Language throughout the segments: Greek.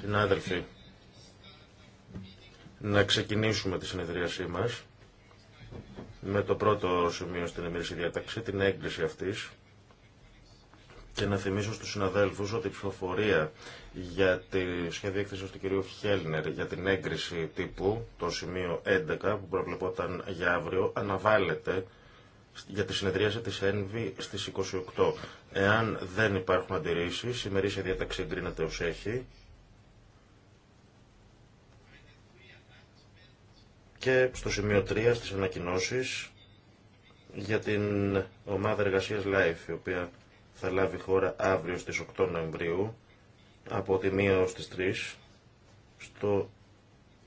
Συνάδελφοι, να ξεκινήσουμε τη συνεδρίασή μας με το πρώτο σημείο στην εμμυρική διάταξη, την έγκριση αυτής και να θυμίσω στους συναδέλφους ότι η ψηφοφορία για τη σχέδια έκθεσης του κυρίου Χέλνερ για την έγκριση τύπου, το σημείο 11 που προβλεπόταν για αύριο, αναβάλλεται για τη συνεδρίαση της ΕΝΒΗ στις 28. Εάν δεν υπάρχουν αντιρρήσεις, η μερίσια διάταξη εγκρίνεται ως έχει. Και στο σημείο 3 στις ανακοινώσεις για την ομάδα εργασίας LIFE, η οποία θα λάβει χώρα αύριο στις 8 Νοεμβρίου, από τη 1 ως τις 3, στο,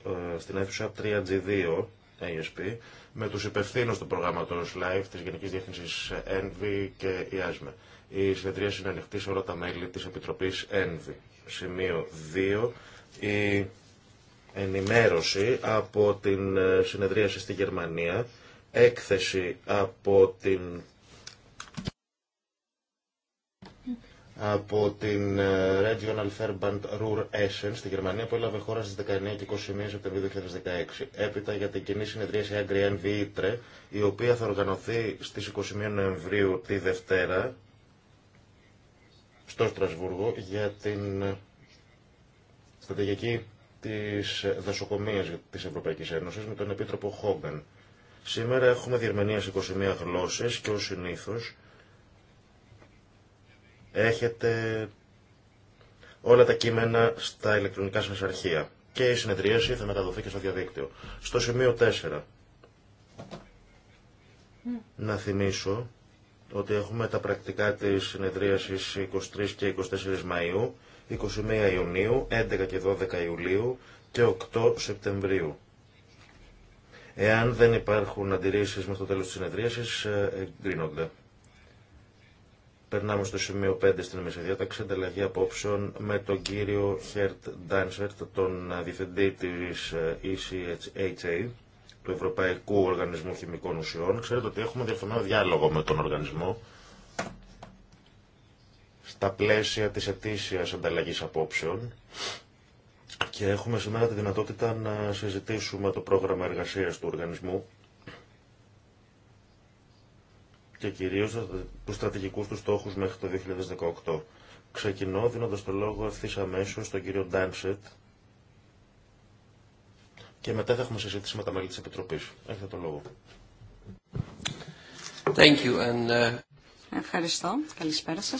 ε, στην αίθουσα 3G2 ASP, με τους υπευθύνους του προγράμματος Live της Γενικής Διεύθυνσης ΕΝΒΗ και ΙΑΣΜΕ. Η συνεδρία είναι ανοιχτή σε όλα τα μέλη της Επιτροπής ΕΝΒΗ. Σημείο 2. Η ενημέρωση από την ε, συνεδρίαση στη Γερμανία, έκθεση από την από την ε, Regional Fairband Ruhr Essen στη Γερμανία που έλαβε χώρα στις 19 και 21 Σεπτεμβρίου 2016. Έπειτα για την κοινή συνεδρίαση Agri Envy Itre, η οποία θα οργανωθεί στις 21 Νοεμβρίου τη Δευτέρα στο Στρασβούργο για την ε, στρατηγική της δασοκομείας της Ευρωπαϊκής Ένωσης με τον Επίτροπο Χόγκαν. Σήμερα έχουμε διερμενία σε 21 γλώσσες και ως συνήθως Έχετε όλα τα κείμενα στα ηλεκτρονικά σας αρχεία και η συνεδρίαση θα μεταδοθεί και στο διαδίκτυο. Στο σημείο 4. Να θυμίσω ότι έχουμε τα πρακτικά της συνεδρίασης 23 και 24 Μαΐου, 21 Ιουνίου, 11 και 12 Ιουλίου και 8 Σεπτεμβρίου. Εάν δεν υπάρχουν αντιρρήσεις με το τέλος της συνεδρίασης, ε, εγκρίνονται. Περνάμε στο σημείο 5 στην τα ανταλλαγή απόψεων με τον κύριο Χέρτ Ντάνσερτ, τον ε, διευθυντή της ε, ECHA, του Ευρωπαϊκού Οργανισμού Χημικών Ουσιών. Ξέρετε ότι έχουμε διευθυνό διάλογο με τον οργανισμό στα πλαίσια της ετήσιας ανταλλαγής απόψεων και έχουμε σήμερα τη δυνατότητα να συζητήσουμε το πρόγραμμα εργασίας του οργανισμού και κυρίω του στρατηγικού του στόχου μέχρι το 2018. Ξεκινώ δίνοντα το λόγο ευθύ αμέσω στον κύριο Ντάνσετ και μετά θα έχουμε συζήτηση με τα μέλη τη Επιτροπή. Έχετε το λόγο. Uh, Ευχαριστώ. Καλησπέρα σα.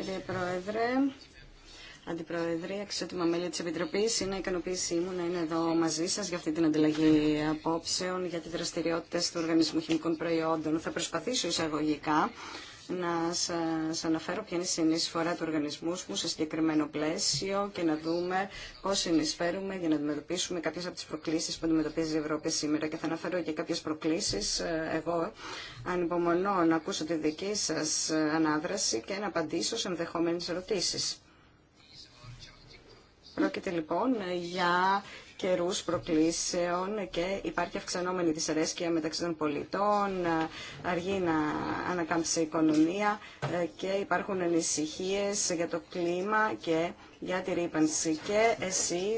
Κύριε Πρόεδρε, Αντιπροεδρία, αξιότιμα μέλη τη επιτροπή, είναι ικανοποίησή μου να είναι εδώ μαζί σα για αυτή την ανταλλαγή απόψεων για τις δραστηριότητα του Οργανισμού Χημικών Προϊόντων. Θα προσπαθήσω εισαγωγικά να σα αναφέρω ποια είναι η συνεισφορά του οργανισμού μου σε συγκεκριμένο πλαίσιο και να δούμε πώ συνεισφέρουμε για να αντιμετωπίσουμε κάποιε από τι προκλήσει που αντιμετωπίζει η Ευρώπη σήμερα και θα αναφέρω και κάποιε προκλήσει ε, εγώ ανυπομονώ να ακούσω τη δική σα ανάδραση και να απαντήσω σε ενδεχόμενε ερωτήσει. Πρόκειται λοιπόν για καιρού προκλήσεων και υπάρχει αυξανόμενη δυσαρέσκεια μεταξύ των πολιτών, αργεί να ανακάμψει η οικονομία ε, και υπάρχουν ανησυχίε για το κλίμα και για τη ρήπανση. Και εσεί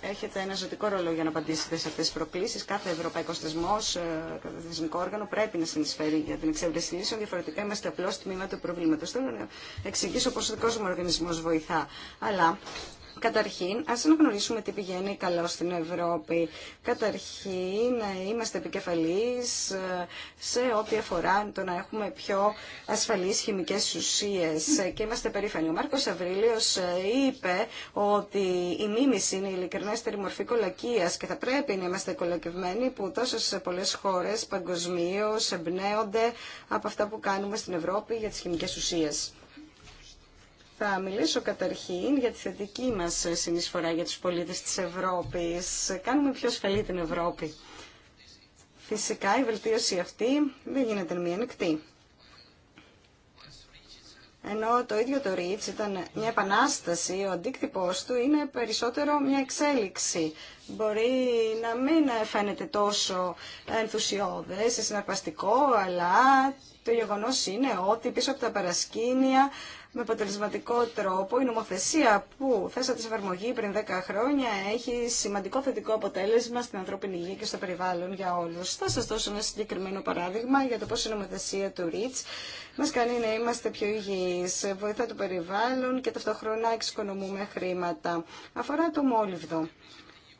ε, έχετε ένα ζωτικό ρόλο για να απαντήσετε σε αυτές τις προκλήσεις. Κάθε ευρωπαϊκό θεσμό, ε, κάθε θεσμικό όργανο πρέπει να συνεισφέρει για την εξέβρεση λύσεων. Διαφορετικά είμαστε απλώ τμήμα του προβλήματο Θέλω να εξηγήσω πώ ο δικό μου οργανισμό βοηθά. Αλλά Καταρχήν, ας αναγνωρίσουμε τι πηγαίνει καλό στην Ευρώπη. Καταρχήν, ε, είμαστε επικεφαλείς ε, σε ό,τι αφορά το να έχουμε πιο ασφαλείς χημικές ουσίες ε, και είμαστε περήφανοι. Ο Μάρκος Αβρίλιος είπε ότι η μίμηση είναι η ειλικρινέστερη μορφή κολακίας και θα πρέπει να είμαστε κολακευμένοι που τόσο σε πολλές χώρες παγκοσμίω εμπνέονται από αυτά που κάνουμε στην Ευρώπη για τις χημικές ουσίες. Θα μιλήσω καταρχήν για τη θετική μας συνεισφορά για τους πολίτες της Ευρώπης. Κάνουμε πιο ασφαλή την Ευρώπη. Φυσικά η βελτίωση αυτή δεν γίνεται μία νυχτή. Ενώ το ίδιο το είναι ήταν μια επανάσταση, ο αντίκτυπος του είναι περισσότερο μια εξέλιξη. Μπορεί να μην φαίνεται τόσο ενθουσιώδες, συναρπαστικό, αλλά το γεγονός είναι ότι πίσω από τα παρασκήνια με αποτελεσματικό τρόπο. Η νομοθεσία που θέσατε σε εφαρμογή πριν 10 χρόνια έχει σημαντικό θετικό αποτέλεσμα στην ανθρώπινη υγεία και στο περιβάλλον για όλους. Θα σας δώσω ένα συγκεκριμένο παράδειγμα για το πώς η νομοθεσία του ΡΙΤΣ μας κάνει να είμαστε πιο υγιείς, βοηθά το περιβάλλον και ταυτόχρονα εξοικονομούμε χρήματα. Αφορά το μόλιβδο.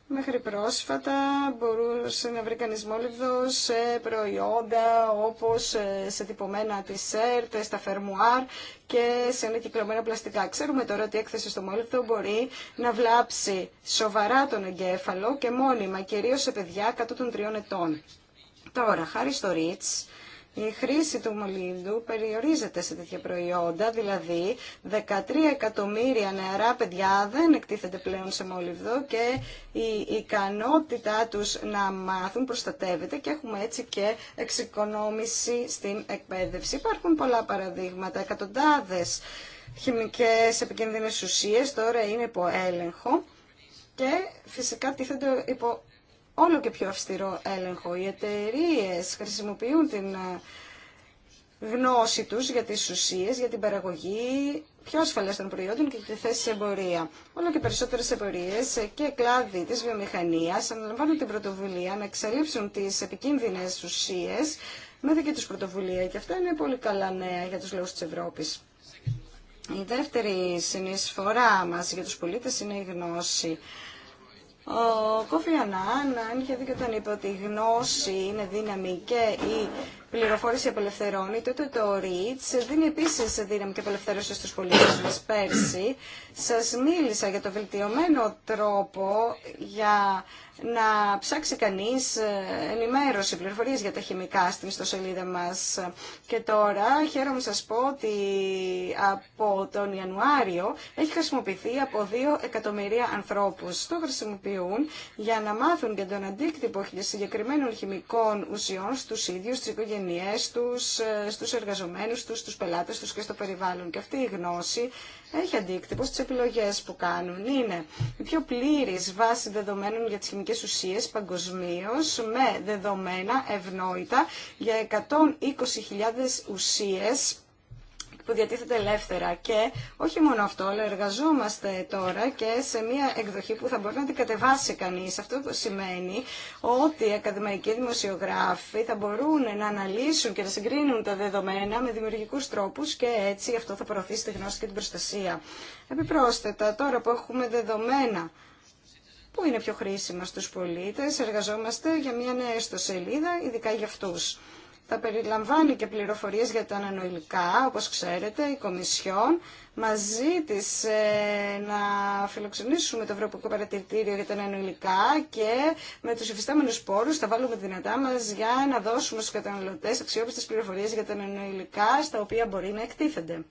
Μέχρι πρόσφατα μπορούσε να βρει κανείς μόλιβδο σε προϊόντα όπως ε, σε τυπωμένα τισέρτ, ε, στα φερμουάρ και σε ανακυκλωμένα πλαστικά. Ξέρουμε τώρα ότι η έκθεση στο μόλιβδο μπορεί να βλάψει σοβαρά τον εγκέφαλο και μόνιμα, κυρίως σε παιδιά κάτω των τριών ετών. Τώρα, χάρη στο Ρίτς, η χρήση του μολύβδου περιορίζεται σε τέτοια προϊόντα, δηλαδή 13 εκατομμύρια νεαρά παιδιά δεν εκτίθεται πλέον σε μολύβδο και η ικανότητά τους να μάθουν προστατεύεται και έχουμε έτσι και εξοικονόμηση στην εκπαίδευση. Υπάρχουν πολλά παραδείγματα, εκατοντάδες χημικές επικίνδυνες ουσίες τώρα είναι υπό έλεγχο και φυσικά τίθενται υπό όλο και πιο αυστηρό έλεγχο. Οι εταιρείε χρησιμοποιούν την ε, γνώση τους για τις ουσίες, για την παραγωγή πιο ασφαλές των προϊόντων και τη θέση σε εμπορία. Όλο και περισσότερες εμπορίες και κλάδοι της βιομηχανίας αναλαμβάνουν την πρωτοβουλία να εξαλείψουν τις επικίνδυνες ουσίες με δική τους πρωτοβουλία και αυτά είναι πολύ καλά νέα για τους λόγους της Ευρώπης. Η δεύτερη συνεισφορά μας για τους πολίτες είναι η γνώση. Ο Κόφι Ανάν αν είχε και όταν είπε ότι η γνώση είναι δύναμη και η πληροφόρηση απελευθερώνει, τότε το ΡΙΤΣ δίνει επίση δύναμη και απελευθέρωση στου πολίτε μα. Πέρσι σα μίλησα για το βελτιωμένο τρόπο για να ψάξει κανείς ε, ενημέρωση, πληροφορίες για τα χημικά στην ιστοσελίδα μας. Και τώρα χαίρομαι να σας πω ότι από τον Ιανουάριο έχει χρησιμοποιηθεί από δύο εκατομμυρία ανθρώπους. Το χρησιμοποιούν για να μάθουν και τον αντίκτυπο συγκεκριμένων χημικών ουσιών στους ίδιους, στις οικογένειές τους, ε, στους εργαζομένους τους, στους πελάτες τους και στο περιβάλλον. Και αυτή η γνώση έχει αντίκτυπο στις επιλογές που κάνουν. Είναι η πιο πλήρης βάση δεδομένων για τις χημικές χημικές ουσίε παγκοσμίω με δεδομένα ευνόητα για 120.000 ουσίε που διατίθεται ελεύθερα. Και όχι μόνο αυτό, αλλά εργαζόμαστε τώρα και σε μια εκδοχή που θα μπορεί να την κατεβάσει κανεί. Αυτό το σημαίνει ότι οι ακαδημαϊκοί δημοσιογράφοι θα μπορούν να αναλύσουν και να συγκρίνουν τα δεδομένα με δημιουργικού τρόπου και έτσι αυτό θα προωθήσει τη γνώση και την προστασία. Επιπρόσθετα, τώρα που έχουμε δεδομένα που είναι πιο χρήσιμα στους πολίτες. Εργαζόμαστε για μια νέα ιστοσελίδα, ειδικά για αυτούς. Θα περιλαμβάνει και πληροφορίες για τα ανανοηλικά, όπως ξέρετε, η Κομισιόν μαζί ζήτησε να φιλοξενήσουμε το Ευρωπαϊκό Παρατηρητήριο για τα ανανοηλικά και με τους υφιστάμενους πόρους θα βάλουμε δυνατά μας για να δώσουμε στους καταναλωτές αξιόπιστες πληροφορίες για τα ανανοηλικά στα οποία μπορεί να εκτίθενται.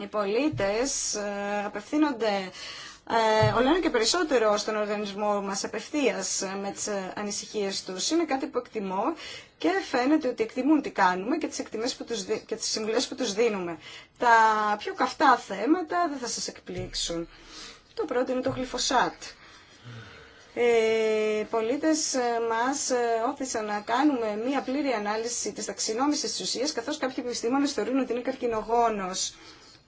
Οι πολίτες ε, απευθύνονται ε, όλο και περισσότερο στον οργανισμό μας απευθείας με τις ε, ανησυχίες τους. Είναι κάτι που εκτιμώ και φαίνεται ότι εκτιμούν τι κάνουμε και τις, εκτιμές που τους, και τις συμβουλές που τους δίνουμε. Τα πιο καυτά θέματα δεν θα σας εκπλήξουν. Το πρώτο είναι το γλυφοσάτ. Ε, οι πολίτες μας όθησαν να κάνουμε μία πλήρη ανάλυση της ταξινόμησης της ουσίας, καθώς κάποιοι επιστήμονες θεωρούν ότι είναι καρκινογόνος.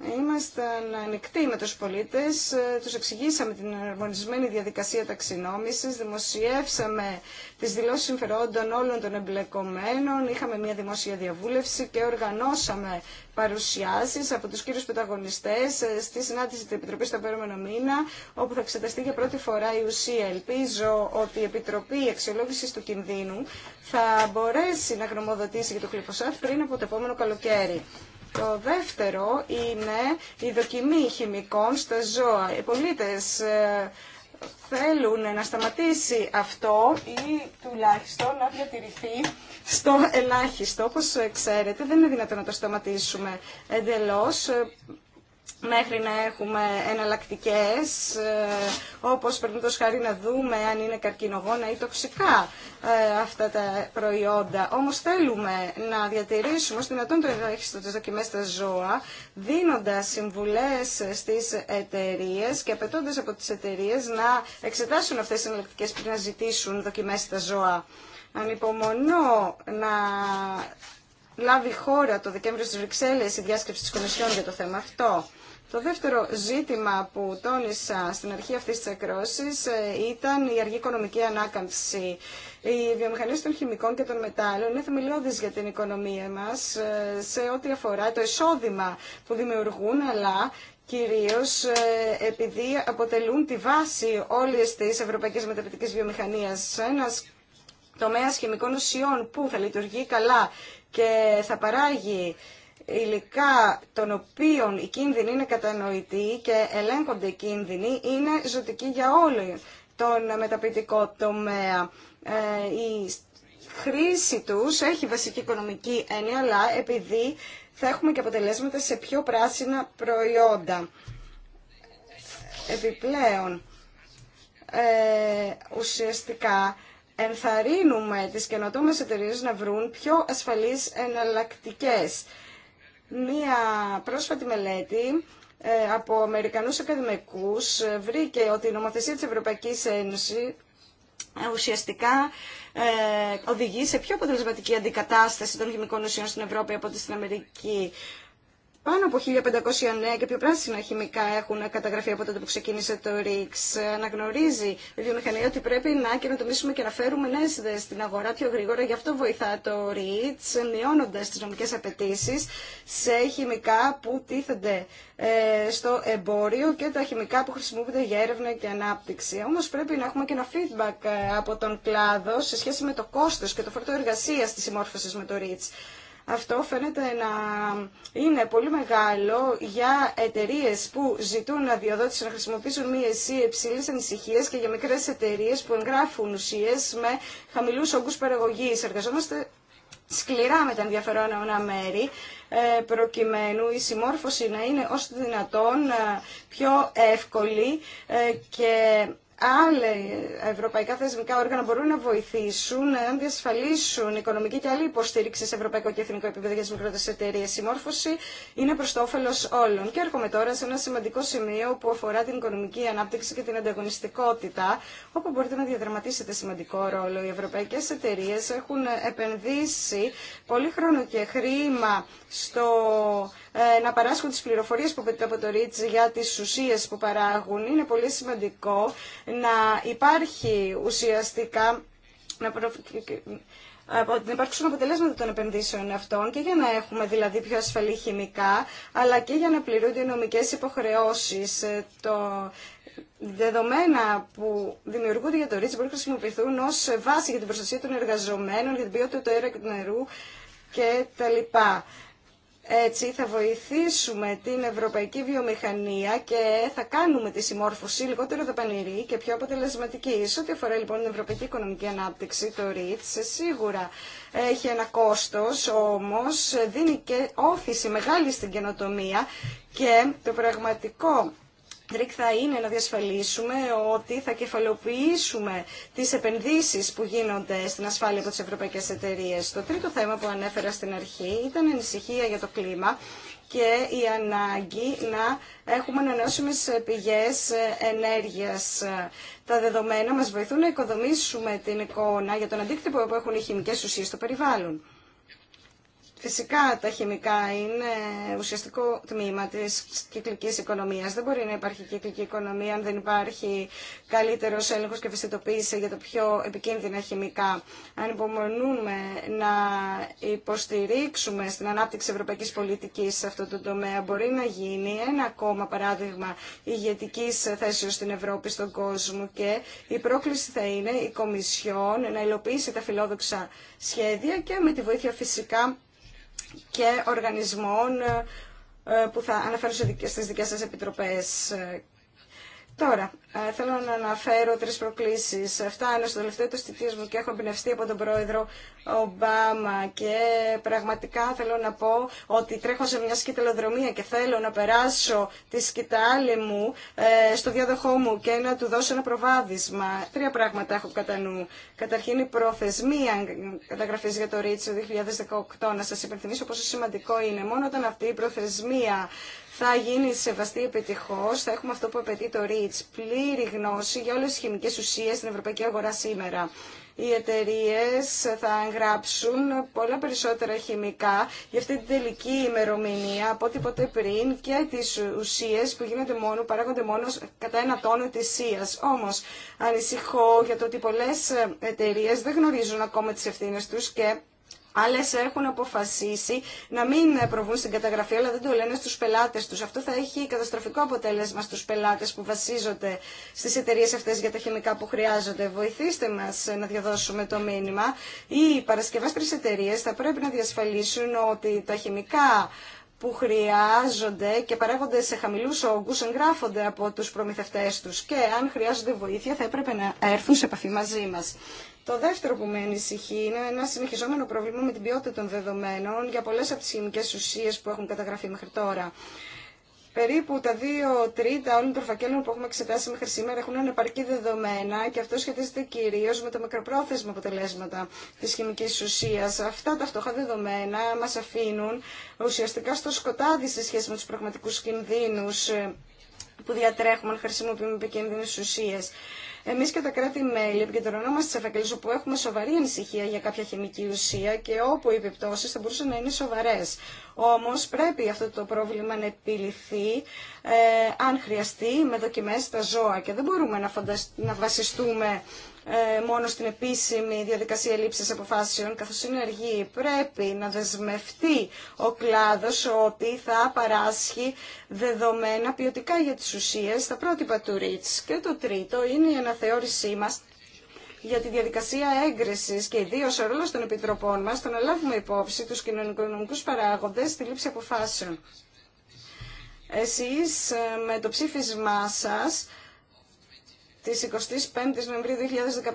Ήμασταν ανοιχτοί με τους πολίτες, ε, τους εξηγήσαμε την αρμονισμένη διαδικασία ταξινόμησης, δημοσιεύσαμε τις δηλώσεις συμφερόντων όλων των εμπλεκομένων, είχαμε μια δημόσια διαβούλευση και οργανώσαμε παρουσιάσεις από τους κύριους πρωταγωνιστές ε, στη συνάντηση της Επιτροπής στο περίμενα μήνα, όπου θα εξεταστεί για πρώτη φορά η ουσία. Ελπίζω ότι η Επιτροπή Αξιολόγησης του Κινδύνου θα μπορέσει να γνωμοδοτήσει για το κλειφωσάτ πριν από το επόμενο καλοκαίρι. Το δεύτερο είναι η δοκιμή χημικών στα ζώα. Οι πολίτες ε, θέλουν να σταματήσει αυτό ή τουλάχιστον να διατηρηθεί στο ελάχιστο. Όπως ξέρετε δεν είναι δυνατόν να το σταματήσουμε εντελώς μέχρι να έχουμε εναλλακτικέ, ε, όπως πρέπει χάρη να δούμε αν είναι καρκινογόνα ή τοξικά ε, αυτά τα προϊόντα. Όμως θέλουμε να διατηρήσουμε ως δυνατόν το ελάχιστο της δοκιμές στα ζώα, δίνοντας συμβουλές στις εταιρείε και απαιτώντα από τις εταιρείε να εξετάσουν αυτές τις εναλλακτικές πριν να ζητήσουν δοκιμές στα ζώα. Ανυπομονώ να λάβει χώρα το Δεκέμβριο στις Βρυξέλλες η διάσκεψη της Κομισιόν για το θέμα αυτό. Το δεύτερο ζήτημα που τόνισα στην αρχή αυτής της ακρόσης ε, ήταν η αργή οικονομική ανάκαμψη. Οι βιομηχανίε των χημικών και των μετάλλων είναι θεμελιώδεις για την οικονομία μας ε, σε ό,τι αφορά το εισόδημα που δημιουργούν, αλλά κυρίως ε, επειδή αποτελούν τη βάση όλης της ευρωπαϊκής μεταπητικής βιομηχανίας. Ένας τομέας χημικών ουσιών που θα λειτουργεί καλά και θα παράγει υλικά των οποίων οι κίνδυνοι είναι κατανοητοί και ελέγχονται οι κίνδυνοι είναι ζωτικοί για όλο τον μεταπητικό τομέα. Ε, η χρήση τους έχει βασική οικονομική έννοια, αλλά επειδή θα έχουμε και αποτελέσματα σε πιο πράσινα προϊόντα. Επιπλέον, ε, ουσιαστικά ενθαρρύνουμε τις καινοτόμες εταιρείες να βρουν πιο ασφαλείς εναλλακτικές Μία πρόσφατη μελέτη ε, από Αμερικανούς ακαδημαϊκούς ε, βρήκε ότι η νομοθεσία της Ευρωπαϊκής Ένωσης ε, ουσιαστικά οδηγεί σε πιο αποτελεσματική αντικατάσταση των χημικών ουσιών στην Ευρώπη από ό,τι στην Αμερική πάνω από 1500 νέα και πιο πράσινα χημικά έχουν καταγραφεί από τότε που ξεκίνησε το ΡΙΚΣ. Αναγνωρίζει η βιομηχανία ότι πρέπει να καινοτομήσουμε και να φέρουμε νέε ιδέε στην αγορά πιο γρήγορα. Γι' αυτό βοηθά το ΡΙΤΣ, μειώνοντα τι νομικέ απαιτήσει σε χημικά που τίθενται ε, στο εμπόριο και τα χημικά που χρησιμοποιούνται για έρευνα και ανάπτυξη. Όμω πρέπει να έχουμε και ένα feedback ε, από τον κλάδο σε σχέση με το κόστο και το φορτό εργασία τη συμμόρφωση με το ΡΙΤΣ. Αυτό φαίνεται να είναι πολύ μεγάλο για εταιρείε που ζητούν αδειοδότηση να χρησιμοποιήσουν μία εσύ υψηλή ανησυχία και για μικρέ εταιρείε που εγγράφουν ουσίε με χαμηλού όγκου παραγωγή. Εργαζόμαστε σκληρά με τα ενδιαφερόμενα μέρη, ε, προκειμένου η συμμόρφωση να είναι όσο δυνατόν ε, πιο εύκολη ε, και άλλα ευρωπαϊκά θεσμικά όργανα μπορούν να βοηθήσουν να διασφαλίσουν οικονομική και άλλη υποστήριξη σε ευρωπαϊκό και εθνικό επίπεδο για τι μικρότερε εταιρείε. Η μόρφωση είναι προ το όφελο όλων. Και έρχομαι τώρα σε ένα σημαντικό σημείο που αφορά την οικονομική ανάπτυξη και την ανταγωνιστικότητα, όπου μπορείτε να διαδραματίσετε σημαντικό ρόλο. Οι ευρωπαϊκέ εταιρείε έχουν επενδύσει πολύ χρόνο και χρήμα στο ε, να παράσχουν τις πληροφορίες που απαιτείται από το ΡΙΤΣ για τις ουσίες που παράγουν. Είναι πολύ σημαντικό να υπάρχει ουσιαστικά να προ υπάρξουν αποτελέσματα των επενδύσεων αυτών και για να έχουμε δηλαδή πιο ασφαλή χημικά, αλλά και για να πληρούνται οι νομικές υποχρεώσεις. Ε, το... Δεδομένα που δημιουργούνται για το ΡΙΤΣ μπορούν να χρησιμοποιηθούν ως βάση για την προστασία των εργαζομένων, για την ποιότητα του αέρα και του νερού κτλ. Έτσι θα βοηθήσουμε την ευρωπαϊκή βιομηχανία και θα κάνουμε τη συμμόρφωση λιγότερο δαπανηρή και πιο αποτελεσματική. Σε ό,τι αφορά λοιπόν την ευρωπαϊκή οικονομική ανάπτυξη, το REIT σίγουρα έχει ένα κόστος, όμως δίνει και όθηση μεγάλη στην καινοτομία και το πραγματικό τρίκ θα είναι να διασφαλίσουμε ότι θα κεφαλοποιήσουμε τις επενδύσεις που γίνονται στην ασφάλεια από τις ευρωπαϊκές εταιρείες. Το τρίτο θέμα που ανέφερα στην αρχή ήταν η ανησυχία για το κλίμα και η ανάγκη να έχουμε ανανεώσιμε πηγές ενέργειας. Τα δεδομένα μας βοηθούν να οικοδομήσουμε την εικόνα για τον αντίκτυπο που έχουν οι χημικές ουσίες στο περιβάλλον. Φυσικά τα χημικά είναι ουσιαστικό τμήμα της κυκλικής οικονομίας. Δεν μπορεί να υπάρχει κυκλική οικονομία αν δεν υπάρχει καλύτερος έλεγχος και ευαισθητοποίηση για τα πιο επικίνδυνα χημικά. Αν υπομονούμε να υποστηρίξουμε στην ανάπτυξη ευρωπαϊκής πολιτικής σε αυτό το τομέα, μπορεί να γίνει ένα ακόμα παράδειγμα ηγετική θέση στην Ευρώπη, στον κόσμο και η πρόκληση θα είναι η Κομισιόν να υλοποιήσει τα φιλόδοξα σχέδια και με τη βοήθεια φυσικά και οργανισμών ε, που θα αναφέρω στις δικές σας επιτροπές Τώρα, ε, θέλω να αναφέρω τρεις προκλήσεις. είναι στο τελευταίο του θητείας μου και έχω εμπνευστεί από τον πρόεδρο Ομπάμα και πραγματικά θέλω να πω ότι τρέχω σε μια σκητελοδρομία και θέλω να περάσω τη σκητάλη μου ε, στο διάδοχό μου και να του δώσω ένα προβάδισμα. Τρία πράγματα έχω κατά νου. Καταρχήν η προθεσμία καταγραφής για το ρίτσο 2018. Να σας υπενθυμίσω πόσο σημαντικό είναι. Μόνο όταν αυτή η προθεσμία θα γίνει σεβαστή επιτυχώ. θα έχουμε αυτό που απαιτεί το REACH, πλήρη γνώση για όλες τι χημικές ουσίες στην ευρωπαϊκή αγορά σήμερα. Οι εταιρείε θα εγγράψουν πολλά περισσότερα χημικά για αυτή την τελική ημερομηνία από ό,τι ποτέ πριν και τις ουσίες που γίνονται μόνο, παράγονται μόνο κατά ένα τόνο ετησίας. Όμω, ανησυχώ για το ότι πολλέ εταιρείε δεν γνωρίζουν ακόμα τι ευθύνε του και Άλλε έχουν αποφασίσει να μην προβούν στην καταγραφή, αλλά δεν το λένε στους πελάτες τους. Αυτό θα έχει καταστροφικό αποτέλεσμα στους πελάτες που βασίζονται στις εταιρείε αυτές για τα χημικά που χρειάζονται. Βοηθήστε μας να διαδώσουμε το μήνυμα. Οι παρασκευάστρε εταιρείε θα πρέπει να διασφαλίσουν ότι τα χημικά που χρειάζονται και παρέχονται σε χαμηλού όγκου εγγράφονται από του προμηθευτέ του και αν χρειάζονται βοήθεια θα έπρεπε να έρθουν σε επαφή μαζί μα. Το δεύτερο που με ανησυχεί είναι ένα συνεχιζόμενο πρόβλημα με την ποιότητα των δεδομένων για πολλέ από τι χημικέ ουσίε που έχουν καταγραφεί μέχρι τώρα. Περίπου τα δύο τρίτα όλων των φακέλων που έχουμε εξετάσει μέχρι σήμερα έχουν ανεπαρκή δεδομένα και αυτό σχετίζεται κυρίω με τα μακροπρόθεσμα αποτελέσματα τη χημική ουσία. Αυτά τα φτωχά δεδομένα μα αφήνουν ουσιαστικά στο σκοτάδι σε σχέση με του πραγματικού κινδύνου ε, που διατρέχουμε αν χρησιμοποιούμε επικίνδυνε ουσίε. Εμεί και τα κράτη-μέλη επικεντρωνόμαστε σε φακελού όπου έχουμε σοβαρή ανησυχία για κάποια χημική ουσία και όπου οι επιπτώσει θα μπορούσαν να είναι σοβαρέ. Όμω πρέπει αυτό το πρόβλημα να επιληθεί ε, αν χρειαστεί με δοκιμέ στα ζώα και δεν μπορούμε να, να βασιστούμε ε, μόνο στην επίσημη διαδικασία λήψη αποφάσεων, καθώ είναι αργή, πρέπει να δεσμευτεί ο κλάδος ότι θα παράσχει δεδομένα ποιοτικά για τις ουσίε, στα πρότυπα του Και το τρίτο είναι η αναθεώρησή μα για τη διαδικασία έγκριση και ιδίω ο ρόλο των επιτροπών μα, το να λάβουμε υπόψη του κοινωνικονομικού παράγοντε στη λήψη αποφάσεων. Εσείς ε, με το ψήφισμά σας της 25ης Νοεμβρίου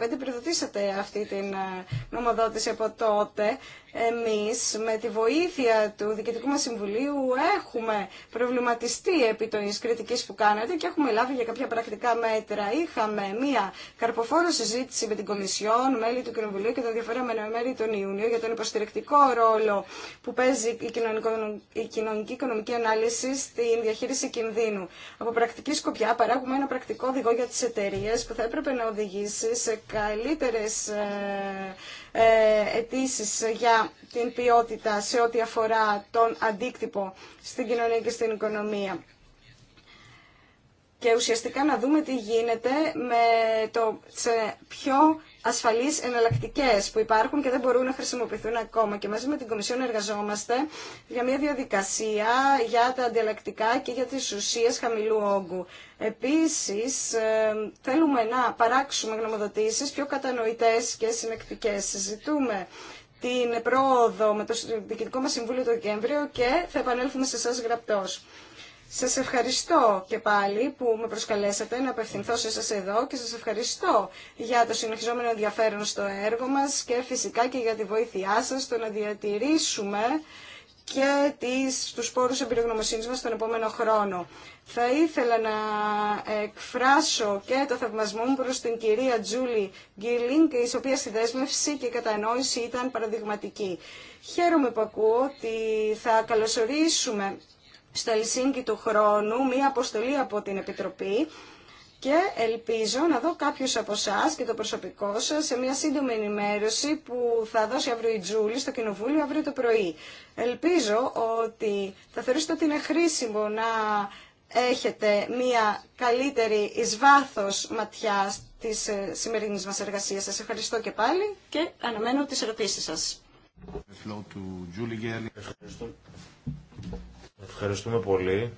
2015 προδοτήσατε αυτή την ε, νομοδότηση από τότε εμείς με τη βοήθεια του Διοικητικού μας Συμβουλίου έχουμε προβληματιστεί επί των κριτικής που κάνετε και έχουμε λάβει για κάποια πρακτικά μέτρα. Είχαμε μία καρποφόρο συζήτηση με την Κομισιόν, μέλη του Κοινοβουλίου και τα διαφορεμένα μέρη τον Ιούνιο για τον υποστηρικτικό ρόλο που παίζει η, η κοινωνική οικονομική ανάλυση στην διαχείριση κινδύνου. Από πρακτική σκοπιά παράγουμε ένα πρακτικό οδηγό για τις εταιρείε που θα έπρεπε να οδηγήσει σε καλύτερες ε, ε, αιτήσει για την ποιότητα σε ό,τι αφορά τον αντίκτυπο στην κοινωνία και στην οικονομία. Και ουσιαστικά να δούμε τι γίνεται με το σε ποιο ασφαλείς εναλλακτικέ που υπάρχουν και δεν μπορούν να χρησιμοποιηθούν ακόμα. Και μαζί με την Κομισιόν εργαζόμαστε για μια διαδικασία για τα αντιαλλακτικά και για τις ουσίε χαμηλού όγκου. Επίσης, ε, θέλουμε να παράξουμε γνωμοδοτήσεις πιο κατανοητές και συνεκτικέ. Συζητούμε την πρόοδο με το Διοικητικό μα Συμβούλιο το Δεκέμβριο και θα επανέλθουμε σε εσά γραπτός. Σας ευχαριστώ και πάλι που με προσκαλέσατε να απευθυνθώ σε σας εδώ και σας ευχαριστώ για το συνεχιζόμενο ενδιαφέρον στο έργο μας και φυσικά και για τη βοήθειά σας στο να διατηρήσουμε και τις, τους πόρους εμπειρογνωμοσύνης μας τον επόμενο χρόνο. Θα ήθελα να εκφράσω και το θαυμασμό μου προς την κυρία Τζούλη Γκίλινγκ, η οποία στη δέσμευση και η κατανόηση ήταν παραδειγματική. Χαίρομαι που ακούω ότι θα καλωσορίσουμε στο Ελσίνκι του χρόνου μία αποστολή από την Επιτροπή και ελπίζω να δω κάποιους από εσά και το προσωπικό σας σε μια σύντομη ενημέρωση που θα δώσει αύριο η Τζούλη στο Κοινοβούλιο αύριο το πρωί. Ελπίζω ότι θα θεωρήσετε ότι είναι χρήσιμο να έχετε μια καλύτερη εις βάθος ματιά της ε, σημερινής μας εργασίας. Σας ευχαριστώ και πάλι και αναμένω τις ερωτήσεις σας. Ευχαριστούμε πολύ.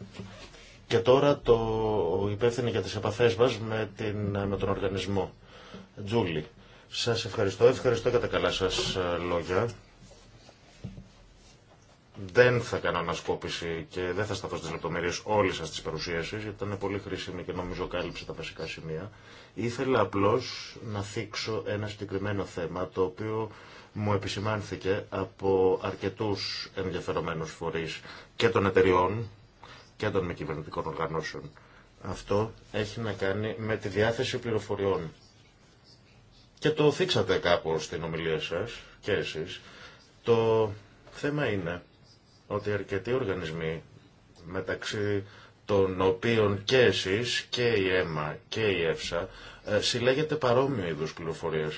Και τώρα το υπεύθυνο για τις επαφές μας με, την, τον οργανισμό. Τζούλη, σας ευχαριστώ. Ευχαριστώ για τα καλά σας ε, λόγια. Δεν θα κάνω ανασκόπηση και δεν θα σταθώ στις λεπτομέρειες όλες σας τις παρουσίασης, γιατί ήταν πολύ χρήσιμη και νομίζω κάλυψε τα βασικά σημεία. Ήθελα απλώς να θίξω ένα συγκεκριμένο θέμα, το οποίο μου επισημάνθηκε από αρκετούς ενδιαφερομένους φορείς και των εταιριών και των μη κυβερνητικών οργανώσεων. Αυτό έχει να κάνει με τη διάθεση πληροφοριών. Και το θίξατε κάπως στην ομιλία σας και εσείς. Το θέμα είναι ότι αρκετοί οργανισμοί μεταξύ των οποίων και εσείς και η ΕΜΑ και η ΕΦΣΑ ε, συλλέγεται παρόμοιο είδους πληροφορίες.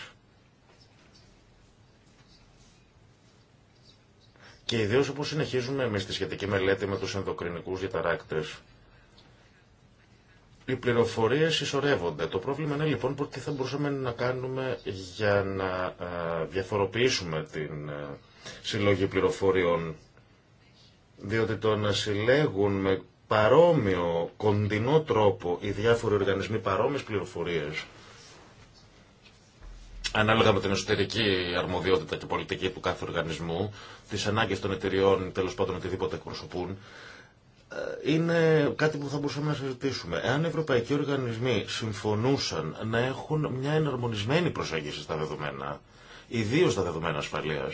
Και ιδίω όπω συνεχίζουμε εμεί τη σχετική μελέτη με του ενδοκρινικού διαταράκτε, οι πληροφορίε συσσωρεύονται. Το πρόβλημα είναι λοιπόν τι θα μπορούσαμε να κάνουμε για να διαφοροποιήσουμε την συλλογή πληροφοριών. Διότι το να συλλέγουν με παρόμοιο, κοντινό τρόπο οι διάφοροι οργανισμοί παρόμοιε πληροφορίε ανάλογα με την εσωτερική αρμοδιότητα και πολιτική του κάθε οργανισμού, τις ανάγκες των εταιριών, τέλο πάντων οτιδήποτε εκπροσωπούν, ε, είναι κάτι που θα μπορούσαμε να συζητήσουμε. Εάν οι ευρωπαϊκοί οργανισμοί συμφωνούσαν να έχουν μια εναρμονισμένη προσέγγιση στα δεδομένα, ιδίω στα δεδομένα ασφαλεία,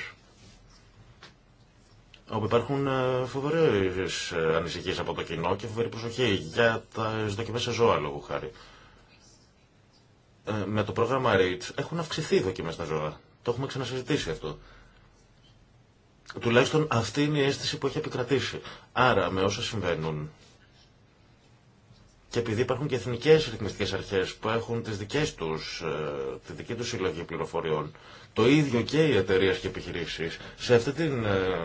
όπου υπάρχουν ε, φοβερέ ε, ανησυχίε από το κοινό και φοβερή προσοχή για τι δοκιμέ σε ζώα, λόγω χάρη. Ε, με το πρόγραμμα REACH έχουν αυξηθεί οι δοκιμέ στα ζώα. Το έχουμε ξανασυζητήσει αυτό. Τουλάχιστον αυτή είναι η αίσθηση που έχει επικρατήσει. Άρα με όσα συμβαίνουν και επειδή υπάρχουν και εθνικέ ρυθμιστικές αρχέ που έχουν τις δικές τους, ε, τη δική του συλλογή πληροφοριών, το ίδιο και οι εταιρείε και επιχειρήσει επιχειρήσεις, σε αυτή την ε,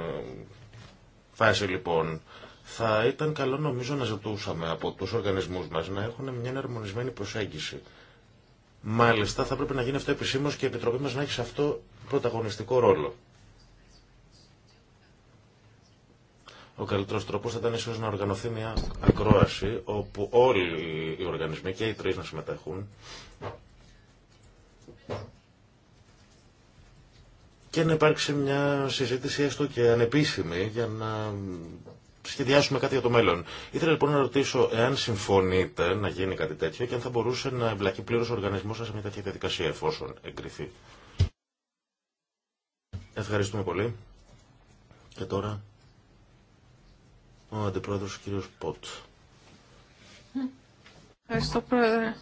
φάση λοιπόν, θα ήταν καλό νομίζω να ζητούσαμε από τους οργανισμούς μας να έχουν μια εναρμονισμένη προσέγγιση Μάλιστα, θα πρέπει να γίνει αυτό επισήμω και η Επιτροπή μα να έχει σε αυτό πρωταγωνιστικό ρόλο. Ο καλύτερο τρόπο θα ήταν ίσω να οργανωθεί μια ακρόαση όπου όλοι οι οργανισμοί και οι τρει να συμμετέχουν και να υπάρξει μια συζήτηση έστω και ανεπίσημη για να σχεδιάσουμε κάτι για το μέλλον. Ήθελα λοιπόν να ρωτήσω εάν συμφωνείτε να γίνει κάτι τέτοιο και αν θα μπορούσε να εμπλακεί πλήρω ο οργανισμό σα σε μια τέτοια διαδικασία εφόσον εγκριθεί. Ευχαριστούμε πολύ. Και τώρα ο αντιπρόεδρος κύριος Ποτ. Ευχαριστώ πρόεδρε.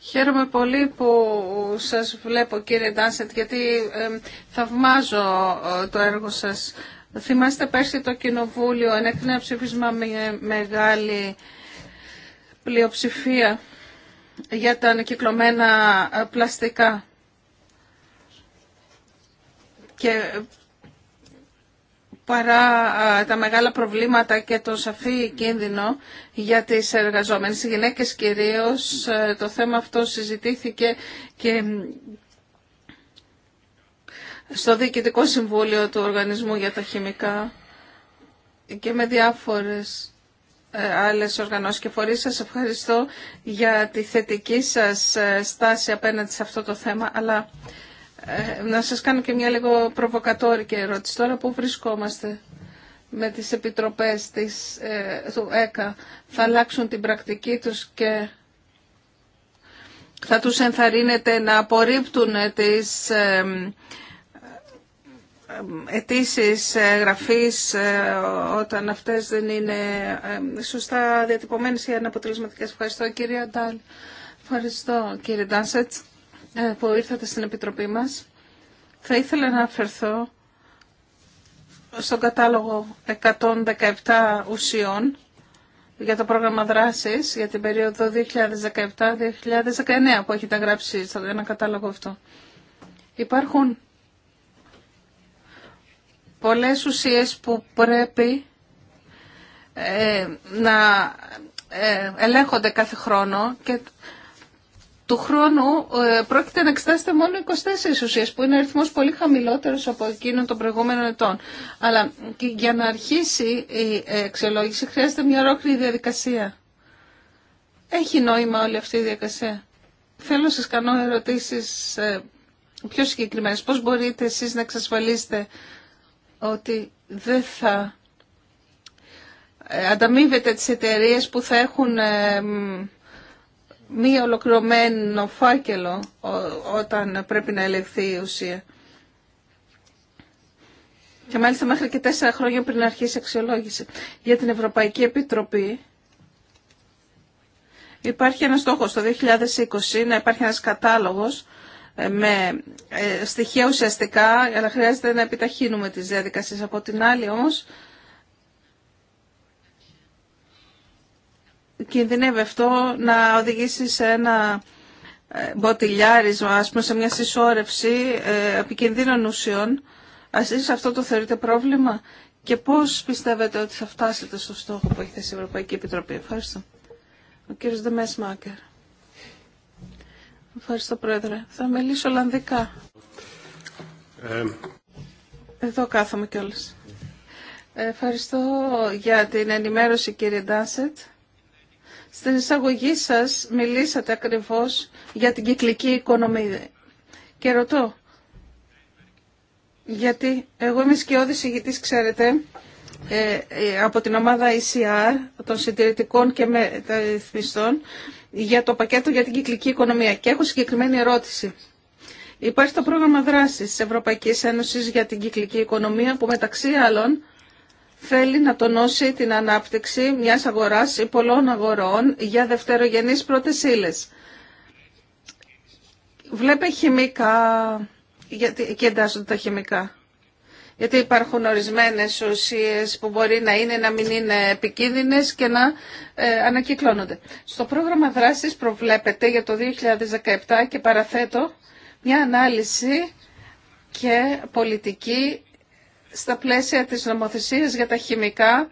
Χαίρομαι πολύ που σας βλέπω κύριε Ντάσετ γιατί θαυμάζω ε, το έργο σας Θυμάστε πέρσι το Κοινοβούλιο ανέκρινε ένα ψήφισμα με μεγάλη πλειοψηφία για τα ανακυκλωμένα ε, πλαστικά. Και παρά ε, τα μεγάλα προβλήματα και το σαφή κίνδυνο για τις εργαζόμενες οι γυναίκες κυρίως, ε, το θέμα αυτό συζητήθηκε και στο Διοικητικό Συμβούλιο του Οργανισμού για τα Χημικά και με διάφορες ε, άλλες οργανώσεις και φορείς. Σας ευχαριστώ για τη θετική σας ε, στάση απέναντι σε αυτό το θέμα, αλλά ε, να σας κάνω και μια λίγο προβοκατόρικη ερώτηση. Τώρα που βρισκόμαστε με τις επιτροπές της, του ΕΚΑ, θα αλλάξουν την πρακτική τους και θα τους ενθαρρύνεται να απορρίπτουν τις αιτήσει ε, γραφής ε, όταν αυτές δεν είναι ε, σωστά διατυπωμένες ή αναποτελεσματικές. Ευχαριστώ κύριε Ντάλ. Ευχαριστώ κύριε Ντάσετ που ήρθατε στην Επιτροπή μας. Θα ήθελα να αφαιρθώ στον κατάλογο 117 ουσιών για το πρόγραμμα δράσης για την περίοδο 2017-2019 που έχετε γράψει σε ένα κατάλογο αυτό. Υπάρχουν πολλές ουσίες που πρέπει ε, να ε, ελέγχονται κάθε χρόνο και του χρόνου ε, πρόκειται να εξετάσετε μόνο 24 ουσίες που είναι αριθμός πολύ χαμηλότερος από εκείνον των προηγούμενων ετών. Αλλά για να αρχίσει η εξελόγηση χρειάζεται μια ολόκληρη διαδικασία. Έχει νόημα όλη αυτή η διαδικασία. Θέλω να σας κάνω ερωτήσεις πιο συγκεκριμένες. Πώς μπορείτε εσείς να εξασφαλίσετε ότι δεν θα ε, ανταμείβεται τις εταιρείε που θα έχουν ε, μη ολοκληρωμένο φάκελο όταν πρέπει να ελεγχθεί η ουσία. Και μάλιστα μέχρι και τέσσερα χρόνια πριν αρχίσει η αξιολόγηση. Για την Ευρωπαϊκή Επιτροπή υπάρχει ένα στόχο το 2020 να υπάρχει ένας κατάλογος με ε, στοιχεία ουσιαστικά, αλλά χρειάζεται να επιταχύνουμε τις διαδικασίες. Από την άλλη όμως, κινδυνεύει αυτό να οδηγήσει σε ένα ε, μποτιλιάρισμα, ας πούμε σε μια συσσόρευση ε, επικινδύνων ουσιών. Ας εσείς αυτό το θεωρείτε πρόβλημα και πώς πιστεύετε ότι θα φτάσετε στο στόχο που έχει θέσει η Ευρωπαϊκή Επιτροπή. Ευχαριστώ. Ο κύριος Δεμέσμακερ Μάκερ. Ευχαριστώ, Πρόεδρε. Θα μιλήσω Ολλανδικά. Ε... Εδώ κάθομαι κιόλας. Ευχαριστώ για την ενημέρωση, κύριε Ντάσετ. Στην εισαγωγή σας μιλήσατε ακριβώς για την κυκλική οικονομία. Και ρωτώ, γιατί εγώ είμαι σκιώδης ηγητής, ξέρετε, ε, ε, από την ομάδα ICR e των συντηρητικών και μεταρρυθμιστών για το πακέτο για την κυκλική οικονομία. Και έχω συγκεκριμένη ερώτηση. Υπάρχει το πρόγραμμα δράσης της Ευρωπαϊκής Ένωσης για την κυκλική οικονομία που μεταξύ άλλων θέλει να τονώσει την ανάπτυξη μιας αγοράς ή πολλών αγορών για δευτερογενείς πρώτες ύλες. Βλέπε χημικά, γιατί εκεί εντάσσονται τα χημικά γιατί υπάρχουν ορισμένες ουσίες που μπορεί να είναι, να μην είναι επικίνδυνες και να ε, ανακυκλώνονται. Στο πρόγραμμα δράσης προβλέπεται για το 2017 και παραθέτω μια ανάλυση και πολιτική στα πλαίσια της νομοθεσίας για τα χημικά